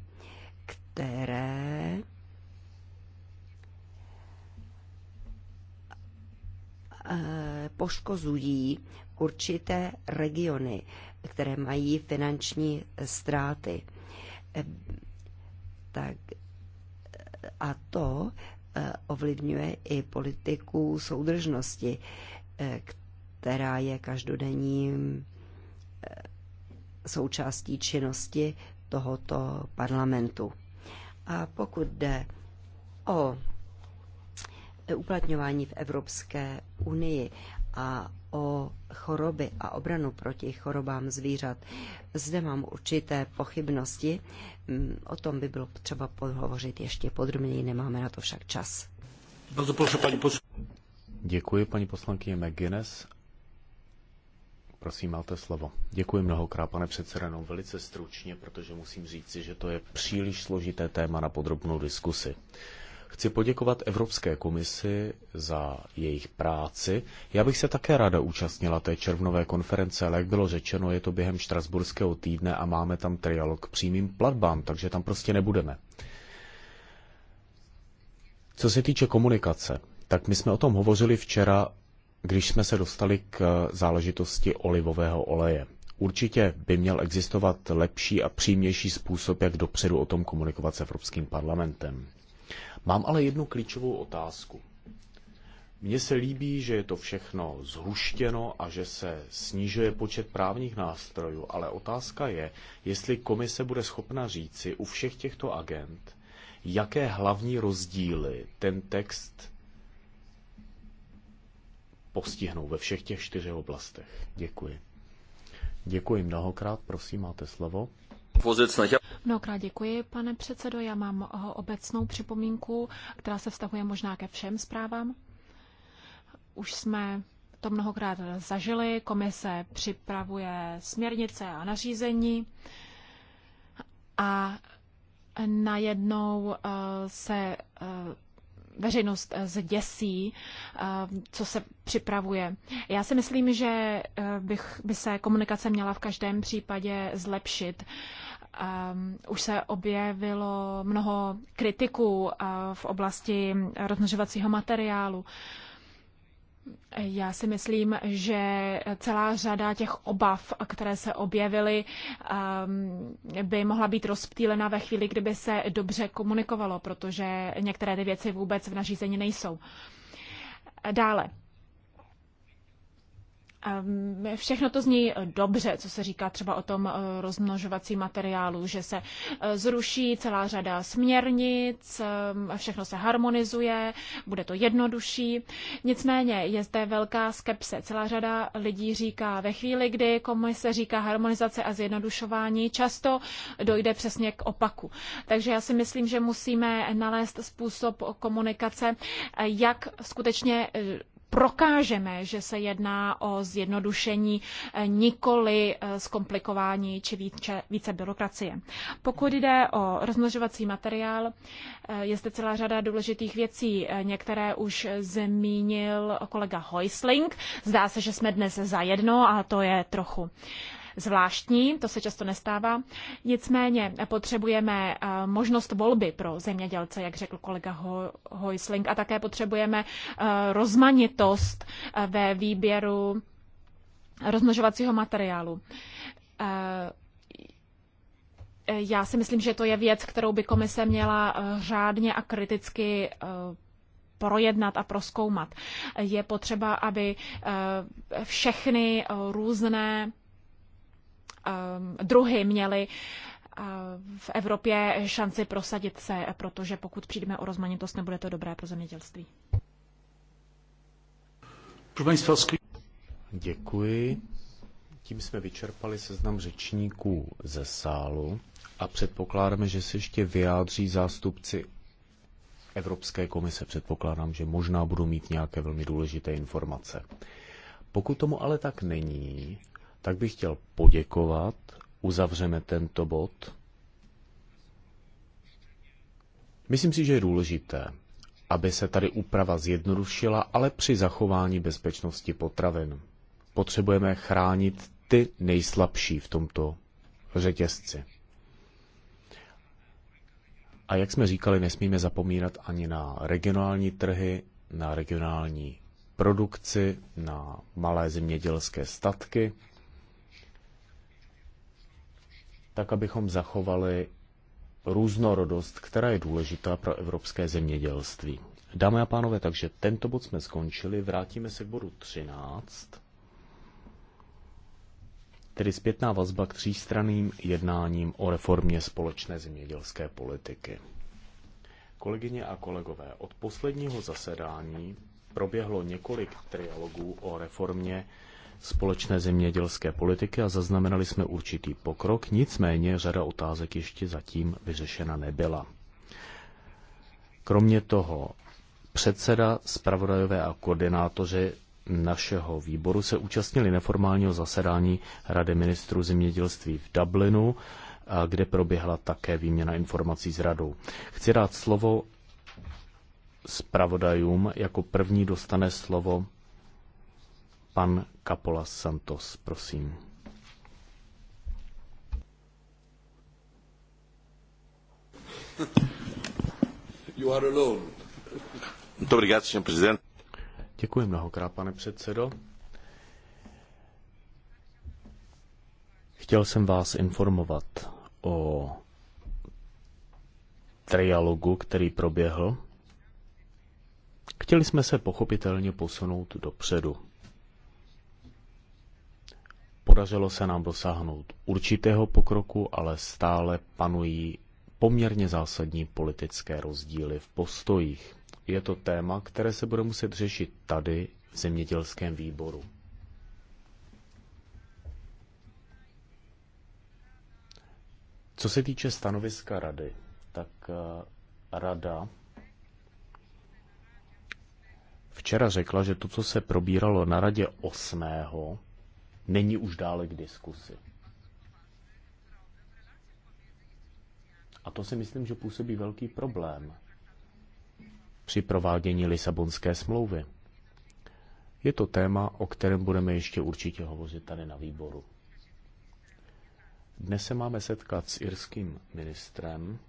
které eh, poškozují určité regiony které mají finanční ztráty. Tak a to eh, ovlivňuje i politiku soudržnosti, eh, která je každodenním eh, součástí činnosti tohoto parlamentu. A pokud jde o uplatňování v Evropské unii a o choroby a obranu proti chorobám zvířat. Zde mám určité pochybnosti. Mm, o tom by bylo třeba pohovořit ještě podrobněji, nemáme na to však čas. Děkuji, paní poslankyně McGuinness. Prosím, máte slovo. Děkuji mnohokrát, pane no, velice stručně, protože musím říci, že to je příliš složité téma na podrobnou diskusi. Chci poděkovat Evropské komisi za jejich práci. Já bych se také ráda účastnila té červnové konference, ale jak bylo řečeno, je to během štrasburského týdne a máme tam trialog k přímým platbám, takže tam prostě nebudeme. Co se týče komunikace, tak my jsme o tom hovořili včera, když jsme se dostali k záležitosti olivového oleje. Určitě by měl existovat lepší a přímější způsob, jak dopředu o tom komunikovat s Evropským parlamentem. Mám ale jednu klíčovou otázku. Mně se líbí, že je to všechno zhuštěno a že se snižuje počet právních nástrojů, ale otázka je, jestli komise bude schopna říci u všech těchto agent, jaké hlavní rozdíly ten text postihnou ve všech těch čtyřech oblastech. Děkuji. Děkuji mnohokrát, prosím, máte slovo. Mnohokrát děkuji, pane předsedo. Já mám obecnou připomínku, která se vztahuje možná ke všem zprávám. Už jsme to mnohokrát zažili. Komise připravuje směrnice a nařízení a najednou eh, se eh, veřejnost eh, zděsí, co se připravuje. Já si myslím, že bych, by se komunikace měla v každém případě zlepšit. Um, už se objevilo mnoho kritiků uh, v oblasti rozmnožovacího materiálu. Já si myslím, že celá řada těch obav, které se objevily, ehm, by mohla být rozptýlena ve chvíli, kdyby se dobře komunikovalo, protože některé ty věci vůbec v nařízení nejsou. Dále, Ehm, všechno to zní eh, dobře, co se říká třeba o tom eh, rozmnožovacím materiálu, že se eh, zruší celá řada směrnic, ehm, všechno se harmonizuje, bude to jednodušší. Nicméně je zde velká skepse. Celá řada lidí říká, ve chvíli, kdy komise říká harmonizace a zjednodušování, často dojde přesně k opaku. Takže já si myslím, že musíme nalézt způsob komunikace, jak skutečně prokážeme, že se jedná o zjednodušení eh, nikoli eh, zkomplikování či více, více byrokracie. Pokud jde o rozmnožovací materiál, eh, je zde celá řada důležitých věcí. Některé už zmínil kolega Heusling. Zdá se, že jsme dnes zajedno a to je trochu zvláštní, to se často nestává. Nicméně potřebujeme eh, možnost volby pro zemědělce, jak řekl kolega Hoisling, a také potřebujeme eh, rozmanitost eh, ve výběru rozmnožovacího materiálu. Já si myslím, že to je věc, kterou by komise měla řádně a kriticky projednat a proskoumat. Je potřeba, aby všechny různé Eh, druhy měly eh, v Evropě šanci prosadit se, protože pokud přijdeme o rozmanitost, nebude to dobré pro zemědělství. Děkuji. Tím jsme vyčerpali seznam řečníků ze sálu a předpokládáme, že se ještě vyjádří zástupci Evropské komise. Předpokládám, že možná budou mít nějaké velmi důležité informace. Pokud tomu ale tak není, tak bych chtěl poděkovat. Uzavřeme tento bod. Myslím si, že je důležité, aby se tady úprava zjednodušila, ale při zachování bezpečnosti potravin. Potřebujeme chránit ty nejslabší v tomto řetězci. A jak jsme říkali, nesmíme zapomínat ani na regionální trhy, na regionální produkci, na malé zemědělské statky tak abychom zachovali různorodost, která je důležitá pro evropské zemědělství. Dámy a pánové, takže tento bod jsme skončili, vrátíme se k bodu 13, tedy zpětná vazba k třístranným jednáním o reformě společné zemědělské politiky. Kolegyně a kolegové, od posledního zasedání proběhlo několik trialogů o reformě společné zemědělské politiky a zaznamenali jsme určitý pokrok, nicméně řada otázek ještě zatím vyřešena nebyla. Kromě toho předseda, spravodajové a koordinátoři našeho výboru se účastnili neformálního zasedání Rady ministrů zemědělství v Dublinu, kde proběhla také výměna informací s radou. Chci dát slovo zpravodajům. Jako první dostane slovo Pan Kapola Santos, prosím. You are alone. Dobrý prezident. Děkuji mnohokrát, pane předsedo. Chtěl jsem vás informovat o trialogu, který proběhl. Chtěli jsme se pochopitelně posunout dopředu. Podařilo se nám dosáhnout určitého pokroku, ale stále panují poměrně zásadní politické rozdíly v postojích. Je to téma, které se bude muset řešit tady v zemědělském výboru. Co se týče stanoviska rady, tak eh, rada včera řekla, že to, co se probíralo na radě 8 není už dále k diskusi. A to si myslím, že působí velký problém při provádění Lisabonské smlouvy. Je to téma, o kterém budeme ještě určitě hovořit tady na výboru. Dnes se máme setkat s irským ministrem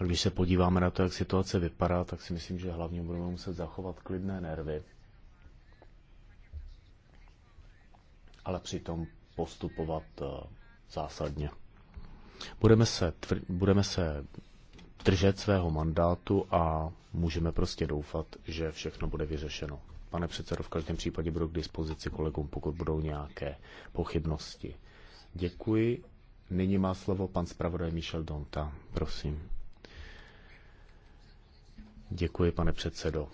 A když se podíváme na to, jak situace vypadá, tak si myslím, že hlavně budeme muset zachovat klidné nervy. Ale přitom postupovat eh, zásadně. Budeme se, tvr- budeme se držet svého mandátu a můžeme prostě doufat, že všechno bude vyřešeno. Pane předsedo, v každém případě budu k dispozici kolegům, pokud budou nějaké pochybnosti. Děkuji. Nyní má slovo pan zpravodaj Michel Donta. Prosím. Děkuji, pane předsedo.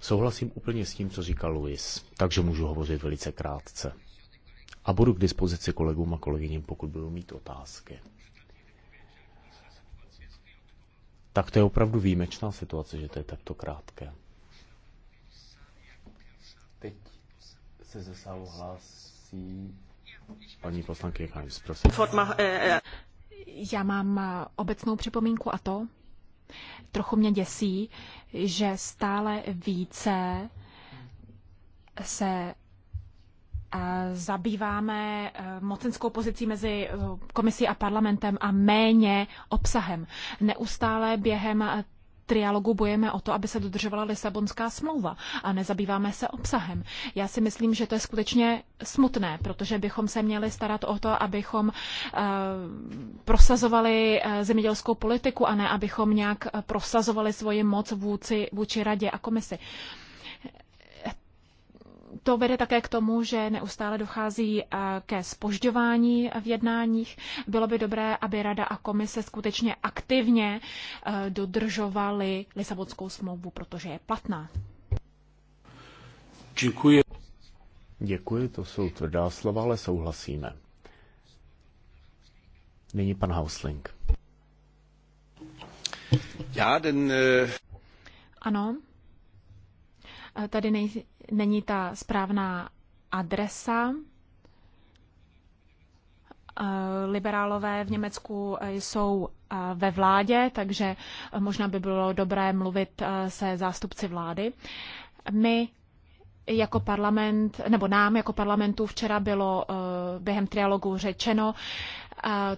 Souhlasím úplně s tím, co říkal Luis, takže můžu hovořit velice krátce. A budu k dispozici kolegům a kolegyním, pokud budou mít otázky. Tak to je opravdu výjimečná situace, že to je takto krátké. Teď se ze sálu hlásí paní poslankyně Kajms, prosím. Já mám eh, eh, eh, obecnou připomínku a to, Trochu mě děsí, že stále více se eh, zabýváme eh, mocenskou pozicí mezi eh, komisí a parlamentem a méně obsahem. Neustále během trialogu bojeme o to, aby se dodržovala Lisabonská smlouva a nezabýváme se obsahem. Já si myslím, že to je skutečně smutné, protože bychom se měli starat o to, abychom uh, prosazovali eh, zemědělskou politiku a ne abychom nějak eh, prosazovali svoji moc vůči, vůči radě a komisi. Uh, to vede také k tomu, že neustále dochází eh, ke spožďování v jednáních. Bylo by dobré, aby Rada a Komise skutečně aktivně eh, dodržovaly Lisabonskou smlouvu, protože je platná. Děkuji. Děkuji, to jsou tvrdá slova, ale souhlasíme. Nyní pan Hausling. Já den... Eh, ano tady nej, není ta správná adresa. E, liberálové v Německu e, jsou e, ve vládě, takže možná by bylo dobré mluvit se zástupci vlády. My jako parlament, nebo nám jako parlamentu včera bylo během trialogu řečeno,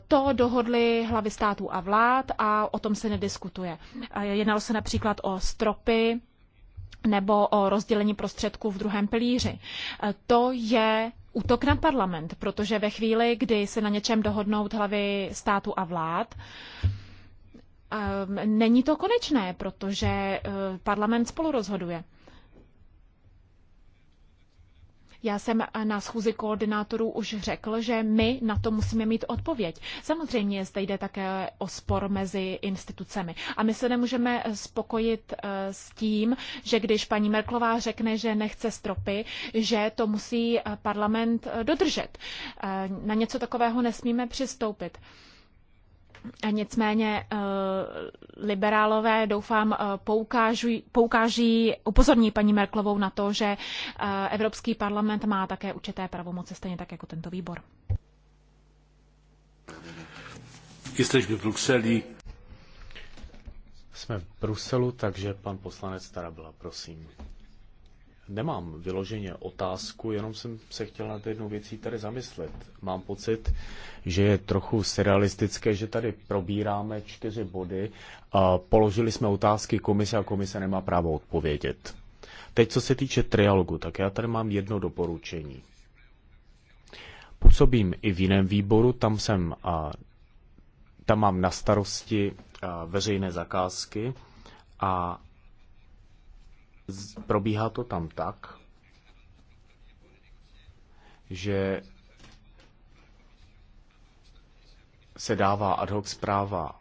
to dohodli hlavy států a vlád a o tom se nediskutuje. Jednalo se například o stropy nebo o rozdělení prostředků v druhém pilíři. E, to je útok na parlament, protože ve chvíli, kdy se na něčem dohodnou hlavy státu a vlád, e, není to konečné, protože e, parlament spolu rozhoduje. Já jsem eh, na schůzi koordinátorů už řekl, že my na to musíme mít odpověď. Samozřejmě zde jde také o spor mezi institucemi. A my se nemůžeme spokojit eh, s tím, že když paní Merklová řekne, že nechce stropy, že to musí eh, parlament dodržet. Na něco takového nesmíme přistoupit. Nicméně eh, liberálové, doufám, eh, poukáží, poukáží, upozorní paní Merklovou na to, že eh, Evropský parlament má také určité pravomoce, stejně tak jako tento výbor. jsme v Bruselu, Jsme v Bruselu, takže pan poslanec Tarabla, prosím nemám vyloženě otázku, jenom jsem se chtěl nad jednou věcí tady zamyslet. Mám pocit, že je trochu surrealistické, že tady probíráme čtyři body a položili jsme otázky komise a komise nemá právo odpovědět. Teď, co se týče trialogu, tak já tady mám jedno doporučení. Působím i v jiném výboru, tam jsem a, tam mám na starosti a, veřejné zakázky a probíhá to tam tak, že se dává ad hoc zpráva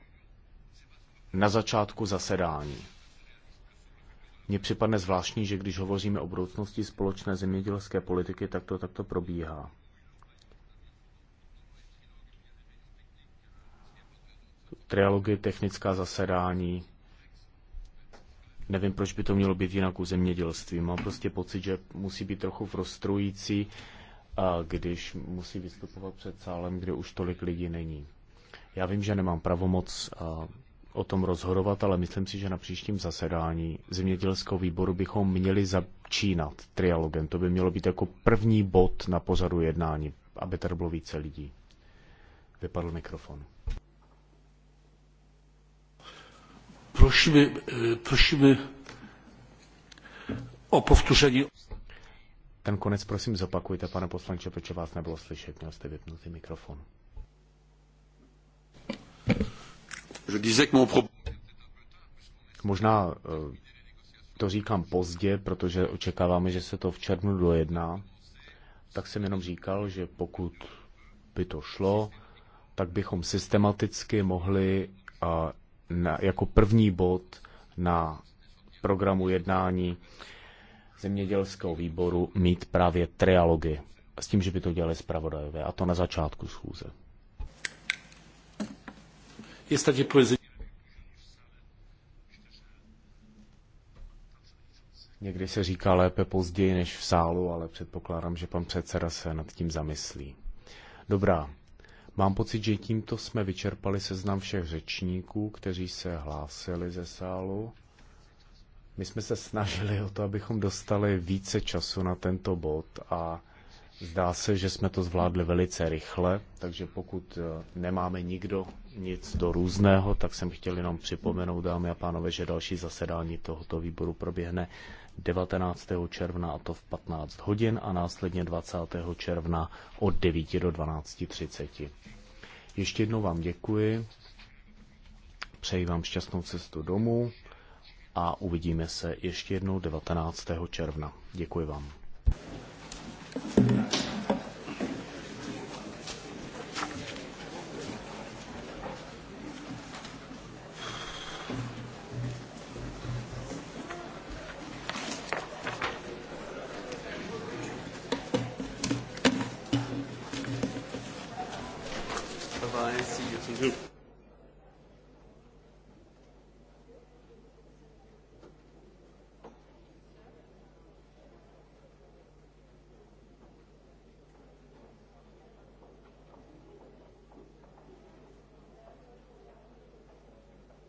na začátku zasedání. Mně připadne zvláštní, že když hovoříme o budoucnosti společné zemědělské politiky, tak to takto probíhá. Trialogy, technická zasedání, Nevím, proč by to mělo být jinak u zemědělství. Mám prostě pocit, že musí být trochu frustrující, když musí vystupovat před sálem, kde už tolik lidí není. Já vím, že nemám pravomoc o tom rozhodovat, ale myslím si, že na příštím zasedání zemědělského výboru bychom měli začínat trialogem. To by mělo být jako první bod na pořadu jednání, aby tady bylo více lidí. Vypadl mikrofon. prosimy, eh, prosimy o Ten konec prosím zopakujte, pane poslanče, protože vás nebylo slyšet, měl jste vypnutý mikrofon. Možná eh, to říkám pozdě, protože očekáváme, že se to v červnu dojedná. Tak jsem jenom říkal, že pokud by to šlo, tak bychom systematicky mohli na, jako první bod na programu jednání zemědělského výboru mít právě trialogy. S tím, že by to dělali zpravodajové, a to na začátku schůze. Někdy se říká lépe později než v sálu, ale předpokládám, že pan předseda se nad tím zamyslí. Dobrá, Mám pocit, že tímto jsme vyčerpali seznam všech řečníků, kteří se hlásili ze sálu. My jsme se snažili o to, abychom dostali více času na tento bod a zdá se, že jsme to zvládli velice rychle, takže pokud eh, nemáme nikdo nic do různého, tak jsem chtěl jenom připomenout, dámy a pánové, že další zasedání tohoto výboru proběhne 19. června a to v 15 hodin a následně 20. června od 9 do 12.30. Ještě jednou vám děkuji, přeji vám šťastnou cestu domů a uvidíme se ještě jednou 19. června. Děkuji vám.